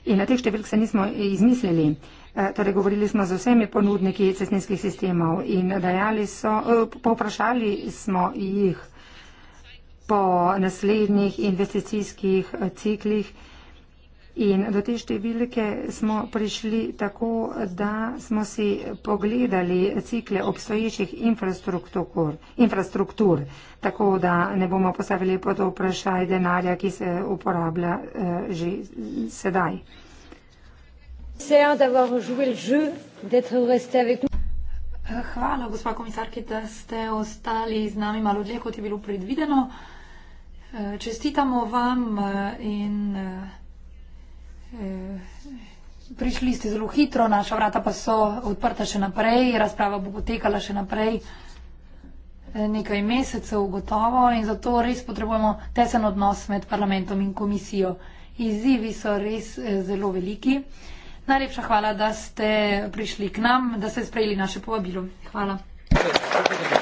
in na teh številk se nismo izmislili. Eh, torej govorili smo z vsemi ponudniki cestninskih sistemov in dajali so, eh, povprašali smo jih po naslednjih investicijskih eh, ciklih. In do te številke smo prišli tako, da smo si pogledali cikle obstoječih infrastruktur, infrastruktur, tako da ne bomo postavili pod vprašaj denarja, ki se uporablja eh, že sedaj. Hvala, gospod komisarki, da ste ostali z nami malo dlje, kot je bilo predvideno. Eh, čestitamo vam eh, in eh, prišli ste zelo hitro, naša vrata pa so odprta še naprej, razprava bo potekala še naprej nekaj mesecev gotovo in zato res potrebujemo tesen odnos med parlamentom in komisijo. Izzivi so res zelo veliki. Najlepša hvala, da ste prišli k nam, da ste sprejeli naše povabilo. Hvala. Hvala.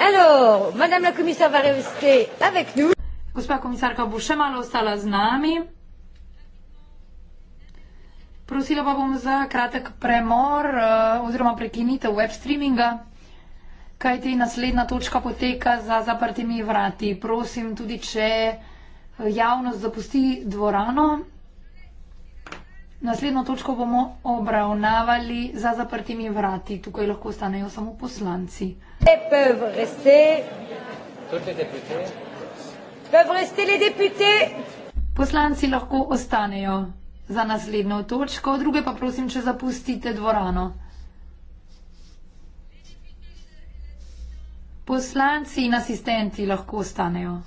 Alors, madame la commissaire va rester avec nous. Gospa komisarka bo še malo ostala z nami. Prosila pa bom za kratek premor eh, oziroma prekinitev web streaminga, kajti naslednja točka poteka za zaprtimi vrati. Prosim, tudi če eh, javnost zapusti dvorano, Naslednjo točko bomo obravnavali za zaprtimi vrati. Tukaj lahko ostanejo samo poslanci. Poslanci lahko ostanejo za naslednjo točko, druge pa prosim, če zapustite dvorano. Poslanci in asistenti lahko ostanejo.